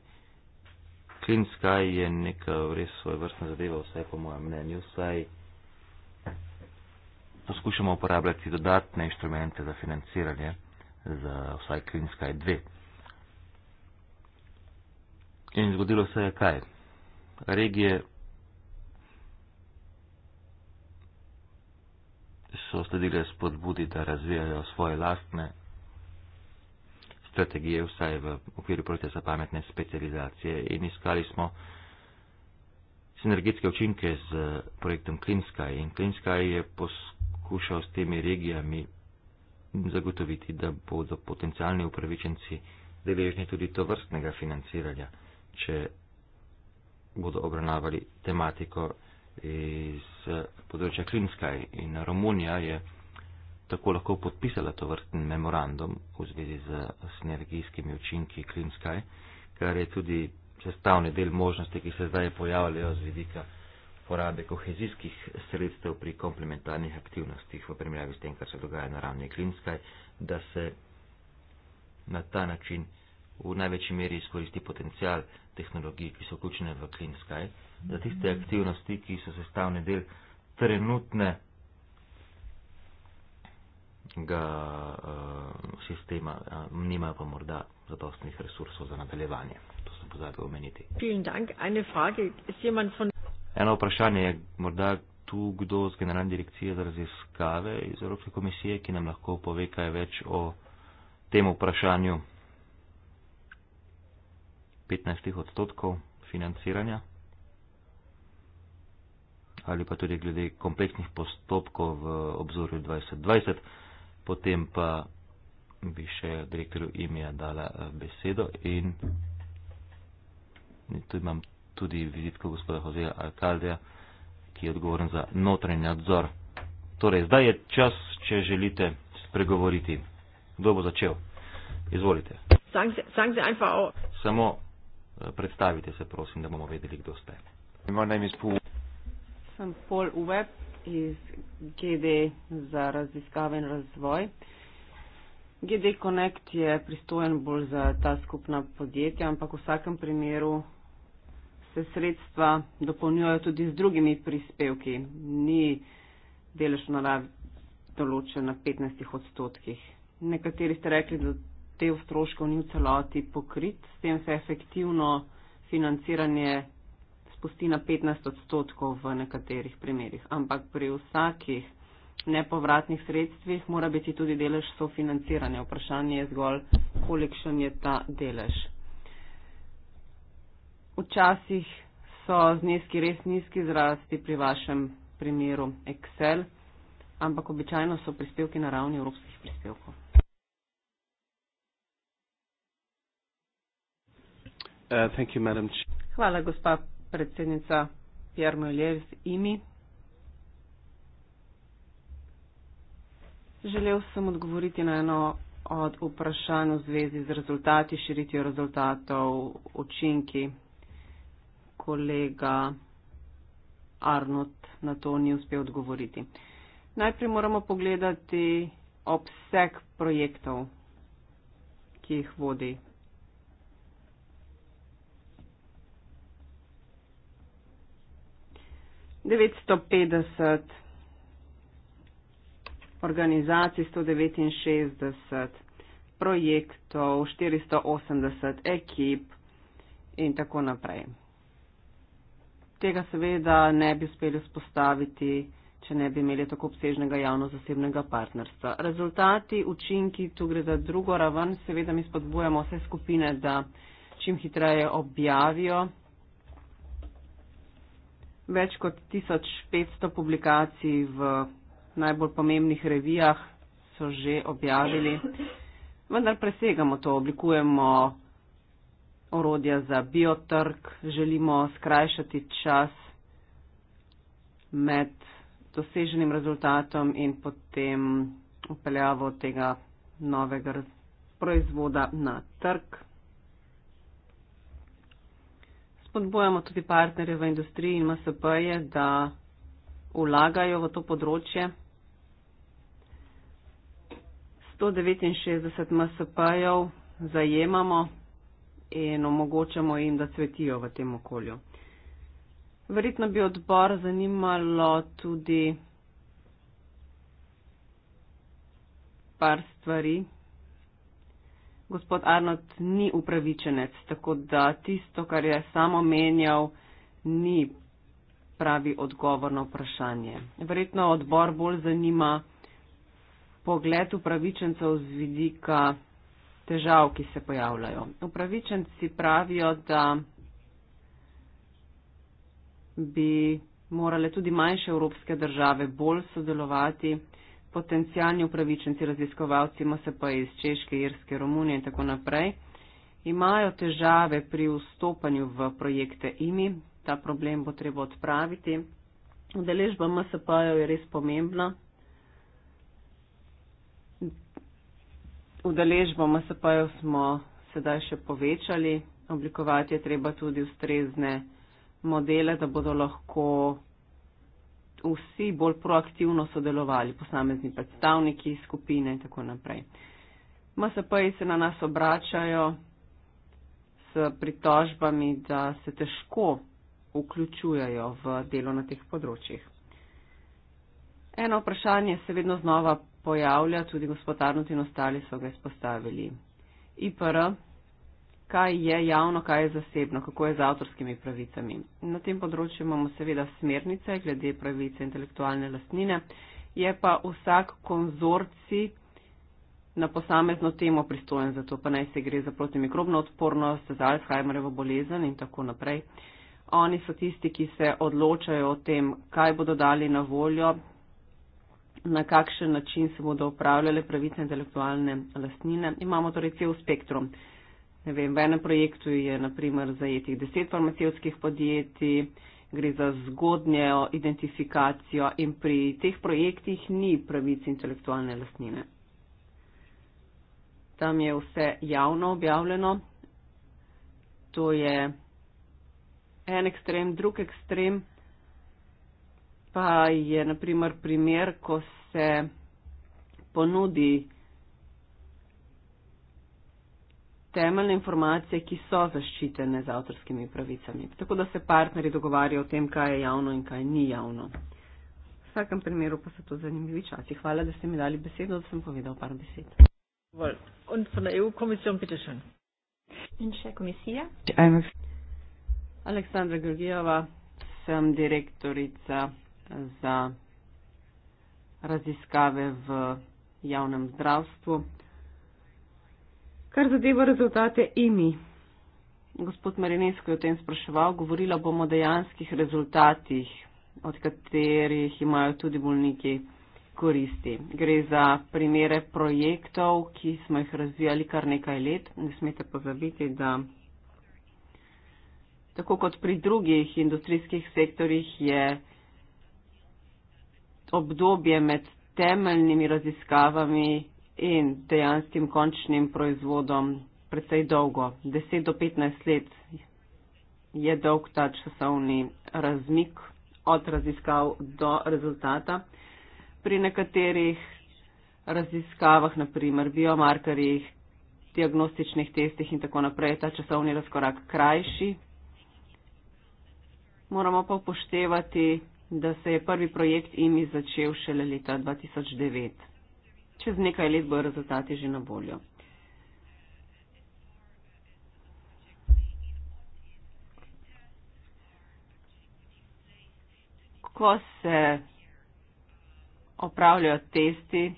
Clean Sky je neka res svoj vrstna zadeva, vsaj po mojem mnenju, vsaj poskušamo uporabljati dodatne inštrumente za financiranje, za vsaj Klinskaj 2. In zgodilo se je kaj? Regije so sledile spodbudi, da razvijajo svoje lastne strategije, vsaj v okviru procesa pametne specializacije in iskali smo sinergetske učinke z projektom Klinskaj. In Klinskaj je poskušal poskušal s temi regijami zagotoviti, da bodo potencijalni upravičenci deležni tudi to vrstnega financiranja, če bodo obravnavali tematiko iz področja Klinskaj. In Romunija je tako lahko podpisala to vrsten memorandum v zvezi z sinergijskimi učinki Klinskaj, kar je tudi sestavni del možnosti, ki se zdaj pojavljajo z vidika porabe kohezijskih sredstev pri komplementarnih aktivnostih v primerjavi s tem, kar se dogaja na ravni klinskaj, da se na ta način v največji meri izkoristi potencial tehnologij, ki so vključene v klinskaj, za tiste aktivnosti, ki so sestavni del trenutne ga uh, sistema uh, eh, nima pa morda zadostnih resursov za nadaljevanje. To sem pozabil omeniti. Eno vprašanje je morda tu kdo z generalne direkcije za raziskave iz Evropske komisije, ki nam lahko pove kaj več o tem vprašanju 15 odstotkov financiranja ali pa tudi glede kompleksnih postopkov v obzorju 2020. Potem pa bi še direktorju imija dala eh, besedo in tu imam tudi vizitko gospoda Hozeja Alkaldeja, ki je odgovoren za notranji nadzor. Torej, zdaj je čas, če želite spregovoriti. Kdo bo začel? Izvolite. Sang se, sang se Samo eh, predstavite se, prosim, da bomo vedeli, kdo ste. Sem Paul Uweb iz GD za raziskave in razvoj. GD Connect je pristojen bolj za ta skupna podjetja, ampak v vsakem primeru se sredstva dopolnjujejo tudi z drugimi prispevki. Ni delež v naravi določen na 15 odstotkih. Nekateri ste rekli, da te stroške ni v celoti pokrit, s tem se efektivno financiranje spusti na 15 odstotkov v nekaterih primerjih. Ampak pri vsakih nepovratnih sredstvih mora biti tudi delež sofinanciranja. Vprašanje je zgolj, kolikšen je ta delež. Včasih so zneski res nizki zrasti pri vašem primeru Excel, ampak običajno so prispevki na ravni evropskih prispevkov. Uh, you, Hvala, gospa predsednica Pierre Mojljev z IMI. Želel sem odgovoriti na eno od vprašanj v zvezi z rezultati, širitijo rezultatov, učinki kolega Arnold na to ni uspel odgovoriti. Najprej moramo pogledati obseg projektov, ki jih vodi. Devetsto petdeset organizacij, sto devetinšestdeset projektov, štiristo osemdeset ekip in tako naprej tega seveda ne bi uspeli vzpostaviti, če ne bi imeli tako obsežnega javno-zasebnega partnerstva. Rezultati, učinki, tu gre za drugo raven, seveda mi spodbujamo vse skupine, da čim hitreje objavijo. Več kot 1500 publikacij v najbolj pomembnih revijah so že objavili. Vendar presegamo to, oblikujemo orodja za biotrk, želimo skrajšati čas med doseženim rezultatom in potem upeljavo tega novega proizvoda na trg. Spodbujamo tudi partnerje v industriji in MSP-je, da vlagajo v to področje. 169 MSP-jev zajemamo in omogočamo jim, da cvetijo v tem okolju. Verjetno bi odbor zanimalo tudi par stvari. Gospod Arnold ni upravičenec, tako da tisto, kar je samo menjal, ni pravi odgovor na vprašanje. Verjetno odbor bolj zanima pogled upravičencev z vidika težav, ki se pojavljajo. Upravičenci pravijo, da bi morale tudi manjše evropske države bolj sodelovati. Potencijalni upravičenci, raziskovalci, ima se pa iz Češke, Irske, Romunije in tako naprej, imajo težave pri vstopanju v projekte IMI. Ta problem bo treba odpraviti. Udeležba MSP-jev je res pomembna. Udeležbo MSP-jev smo sedaj še povečali. Oblikovati je treba tudi ustrezne modele, da bodo lahko vsi bolj proaktivno sodelovali, posamezni predstavniki, skupine in tako naprej. MSP-ji se na nas obračajo s pritožbami, da se težko vključujajo v delo na teh področjih. Eno vprašanje se vedno znova pojavlja tudi gospod Arnold in ostali so ga izpostavili. IPR, kaj je javno, kaj je zasebno, kako je z avtorskimi pravicami. Na tem področju imamo seveda smernice glede pravice intelektualne lastnine, je pa vsak konzorci na posamezno temo pristojen za to, pa naj se gre za protimikrobno odpornost, za Alzheimerjevo bolezen in tako naprej. Oni so tisti, ki se odločajo o tem, kaj bodo dali na voljo, na kakšen način se bodo upravljale pravice intelektualne lastnine. Imamo torej cel spektrum. Ne vem, v enem projektu je naprimer zajetih deset farmacevskih podjetij, gre za zgodnjo identifikacijo in pri teh projektih ni pravice intelektualne lastnine. Tam je vse javno objavljeno. To je en ekstrem, drug ekstrem pa je naprimer primer, ko se ponudi temeljne informacije, ki so zaščitene z avtorskimi pravicami. Tako da se partneri dogovarjajo o tem, kaj je javno in kaj ni javno. V vsakem primeru pa so to zanimivi časi. Hvala, da ste mi dali besedo, da sem povedal par besed. E in še komisija. Aleksandra Grgijeva, sem direktorica za raziskave v javnem zdravstvu. Kar zadeva rezultate IMI, gospod Marinesko je o tem spraševal, govorila bomo o dejanskih rezultatih, od katerih imajo tudi bolniki koristi. Gre za primere projektov, ki smo jih razvijali kar nekaj let. Ne smete pozabiti, da tako kot pri drugih industrijskih sektorjih je obdobje med temeljnimi raziskavami in dejanskim končnim proizvodom precej dolgo. 10 do 15 let je dolg ta časovni razmik od raziskav do rezultata. Pri nekaterih raziskavah, naprimer biomarkerjih, diagnostičnih testih in tako naprej, je ta časovni razkorak krajši. Moramo pa upoštevati, da se je prvi projekt imi začel šele leta 2009. Čez nekaj let bojo rezultati že na voljo. Ko se opravljajo testi,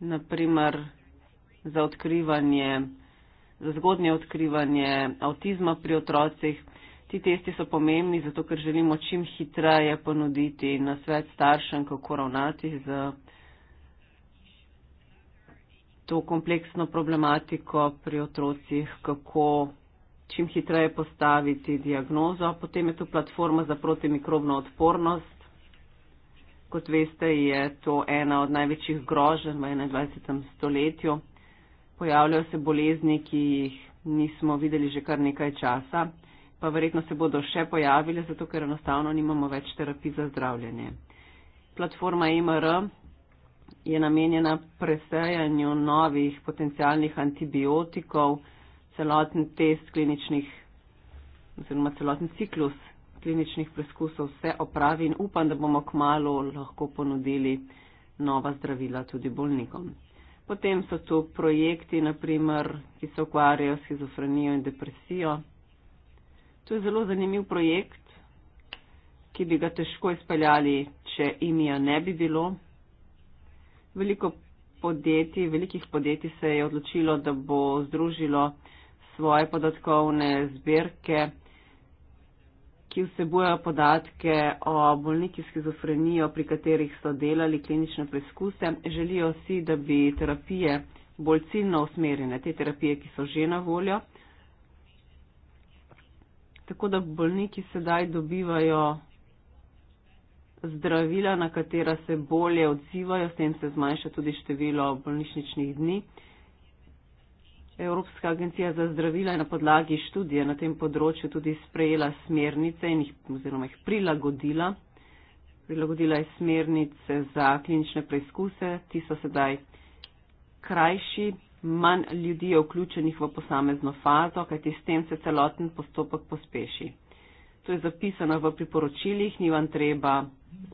naprimer za odkrivanje, za zgodnje odkrivanje avtizma pri otrocih, Ti testi so pomembni, zato ker želimo čim hitreje ponuditi na svet staršem, kako ravnati z to kompleksno problematiko pri otrocih, kako čim hitreje postaviti diagnozo. Potem je tu platforma za protimikrobno odpornost. Kot veste, je to ena od največjih groženj v 21. stoletju. Pojavljajo se bolezni, ki jih nismo videli že kar nekaj časa pa verjetno se bodo še pojavile, zato ker enostavno nimamo več terapij za zdravljenje. Platforma e MR je namenjena presejanju novih potencialnih antibiotikov, celoten test kliničnih oziroma celoten ciklus kliničnih preskusov se opravi in upam, da bomo kmalo lahko ponudili nova zdravila tudi bolnikom. Potem so tu projekti, naprimer, ki se ukvarjajo s schizofrenijo in depresijo. To je zelo zanimiv projekt, ki bi ga težko izpeljali, če imija ne bi bilo. Veliko podjetij, velikih podjetij se je odločilo, da bo združilo svoje podatkovne zbirke, ki vsebujejo podatke o bolnikih skizofrenijo, pri katerih so delali klinične preizkuse. Želijo si, da bi terapije bolj ciljno usmerjene, te terapije, ki so že na voljo, tako da bolniki sedaj dobivajo zdravila, na katera se bolje odzivajo, s tem se zmanjša tudi število bolnišničnih dni. Evropska agencija za zdravila je na podlagi študije na tem področju tudi sprejela smernice in jih, oziroma jih prilagodila. Prilagodila je smernice za klinične preizkuse, ti so sedaj krajši, manj ljudi je vključenih v posamezno fazo, kajti s tem se celoten postopek pospeši. To je zapisano v priporočilih, ni vam treba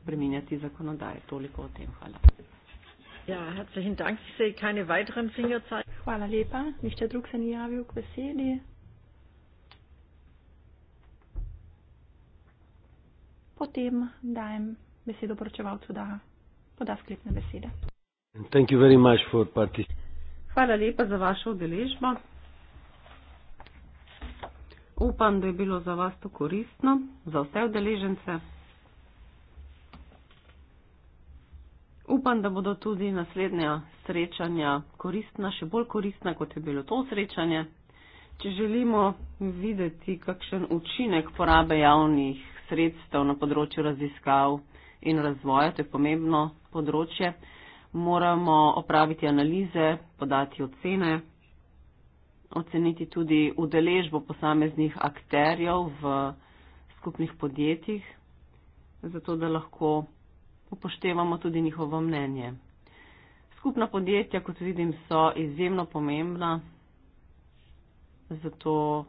spreminjati zakonodaje. Toliko o tem. Hvala. Ja, herzlichen Dank. Ich sehe keine weiteren Fingerzeichen. Hvala lepa. Nihče drug se ni javil k besedi. Potem dajem besedo poročevalcu, da poda sklepne besede. Thank you very much for participating. Hvala lepa za vašo udeležbo. Upam, da je bilo za vas to koristno, za vse udeležence. Upam, da bodo tudi naslednja srečanja koristna, še bolj koristna, kot je bilo to srečanje. Če želimo videti, kakšen učinek porabe javnih sredstev na področju raziskav in razvoja, to je pomembno področje moramo opraviti analize, podati ocene, oceniti tudi udeležbo posameznih akterjev v skupnih podjetjih, zato da lahko upoštevamo tudi njihovo mnenje. Skupna podjetja, kot vidim, so izjemno pomembna, zato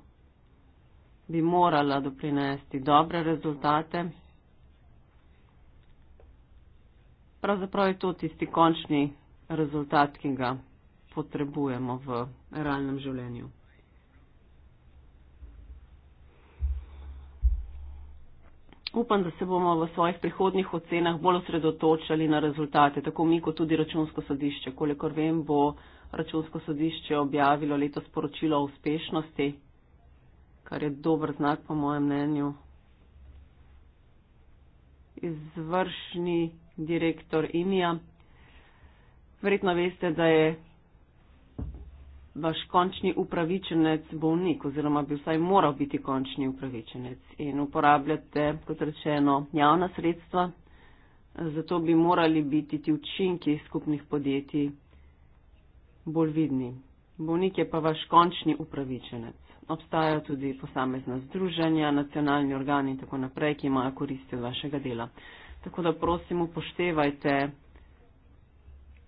bi morala doprinesti dobre rezultate pravzaprav je to tisti končni rezultat, ki ga potrebujemo v realnem življenju. Upam, da se bomo v svojih prihodnjih ocenah bolj osredotočali na rezultate, tako mi kot tudi računsko sodišče. Kolikor vem, bo računsko sodišče objavilo leto sporočilo o uspešnosti, kar je dober znak po mojem mnenju. Izvršni direktor Inija. Verjetno veste, da je vaš končni upravičenec bolnik oziroma bi vsaj moral biti končni upravičenec in uporabljate, kot rečeno, javna sredstva. Zato bi morali biti ti učinki skupnih podjetij bolj vidni. Bolnik je pa vaš končni upravičenec. Obstajajo tudi posamezna združenja, nacionalni organi in tako naprej, ki imajo koristi od vašega dela. Tako da prosim upoštevajte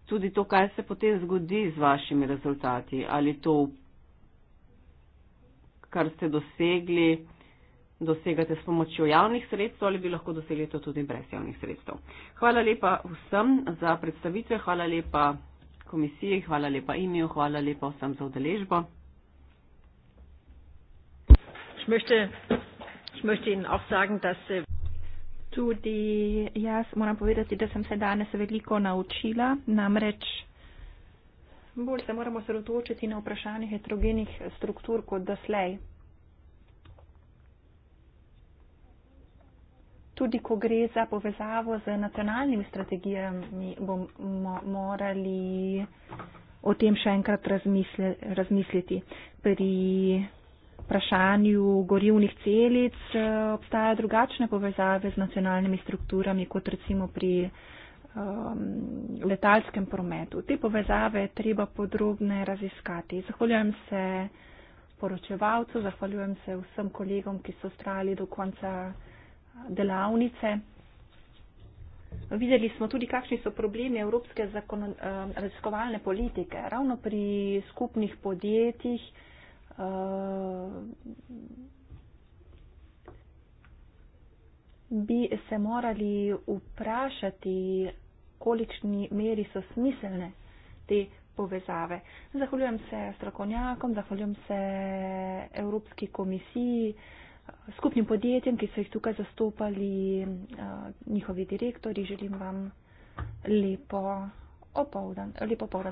tudi to, kaj se potem zgodi z vašimi rezultati. Ali to, kar ste dosegli, dosegate s pomočjo javnih sredstev ali bi lahko dosegli to tudi brez javnih sredstev. Hvala lepa vsem za predstavitve, hvala lepa komisiji, hvala lepa imijo, hvala lepa vsem za udeležbo. Ich möchte, ich möchte Ihnen auch sagen, dass. Äh, Tudi jaz moram povedati, da sem se danes veliko naučila, namreč bolj se moramo sredotočiti na vprašanje heterogenih struktur kot doslej. Tudi, ko gre za povezavo z nacionalnimi strategijami, bomo morali o tem še enkrat razmisliti. Pri vprašanju gorivnih celic eh, obstajajo drugačne povezave z nacionalnimi strukturami kot recimo pri um, letalskem prometu. Te povezave je treba podrobne raziskati. Zahvaljujem se poročevalcu, zahvaljujem se vsem kolegom, ki so ustrali do konca delavnice. Videli smo tudi, kakšni so problemi evropske zakon, eh, raziskovalne politike. Ravno pri skupnih podjetjih Uh, bi se morali vprašati, kolikšni meri so smiselne te povezave. Zahvaljujem se strokovnjakom, zahvaljujem se Evropski komisiji, skupnim podjetjem, ki so jih tukaj zastopali uh, njihovi direktori. Želim vam lepo opovdan.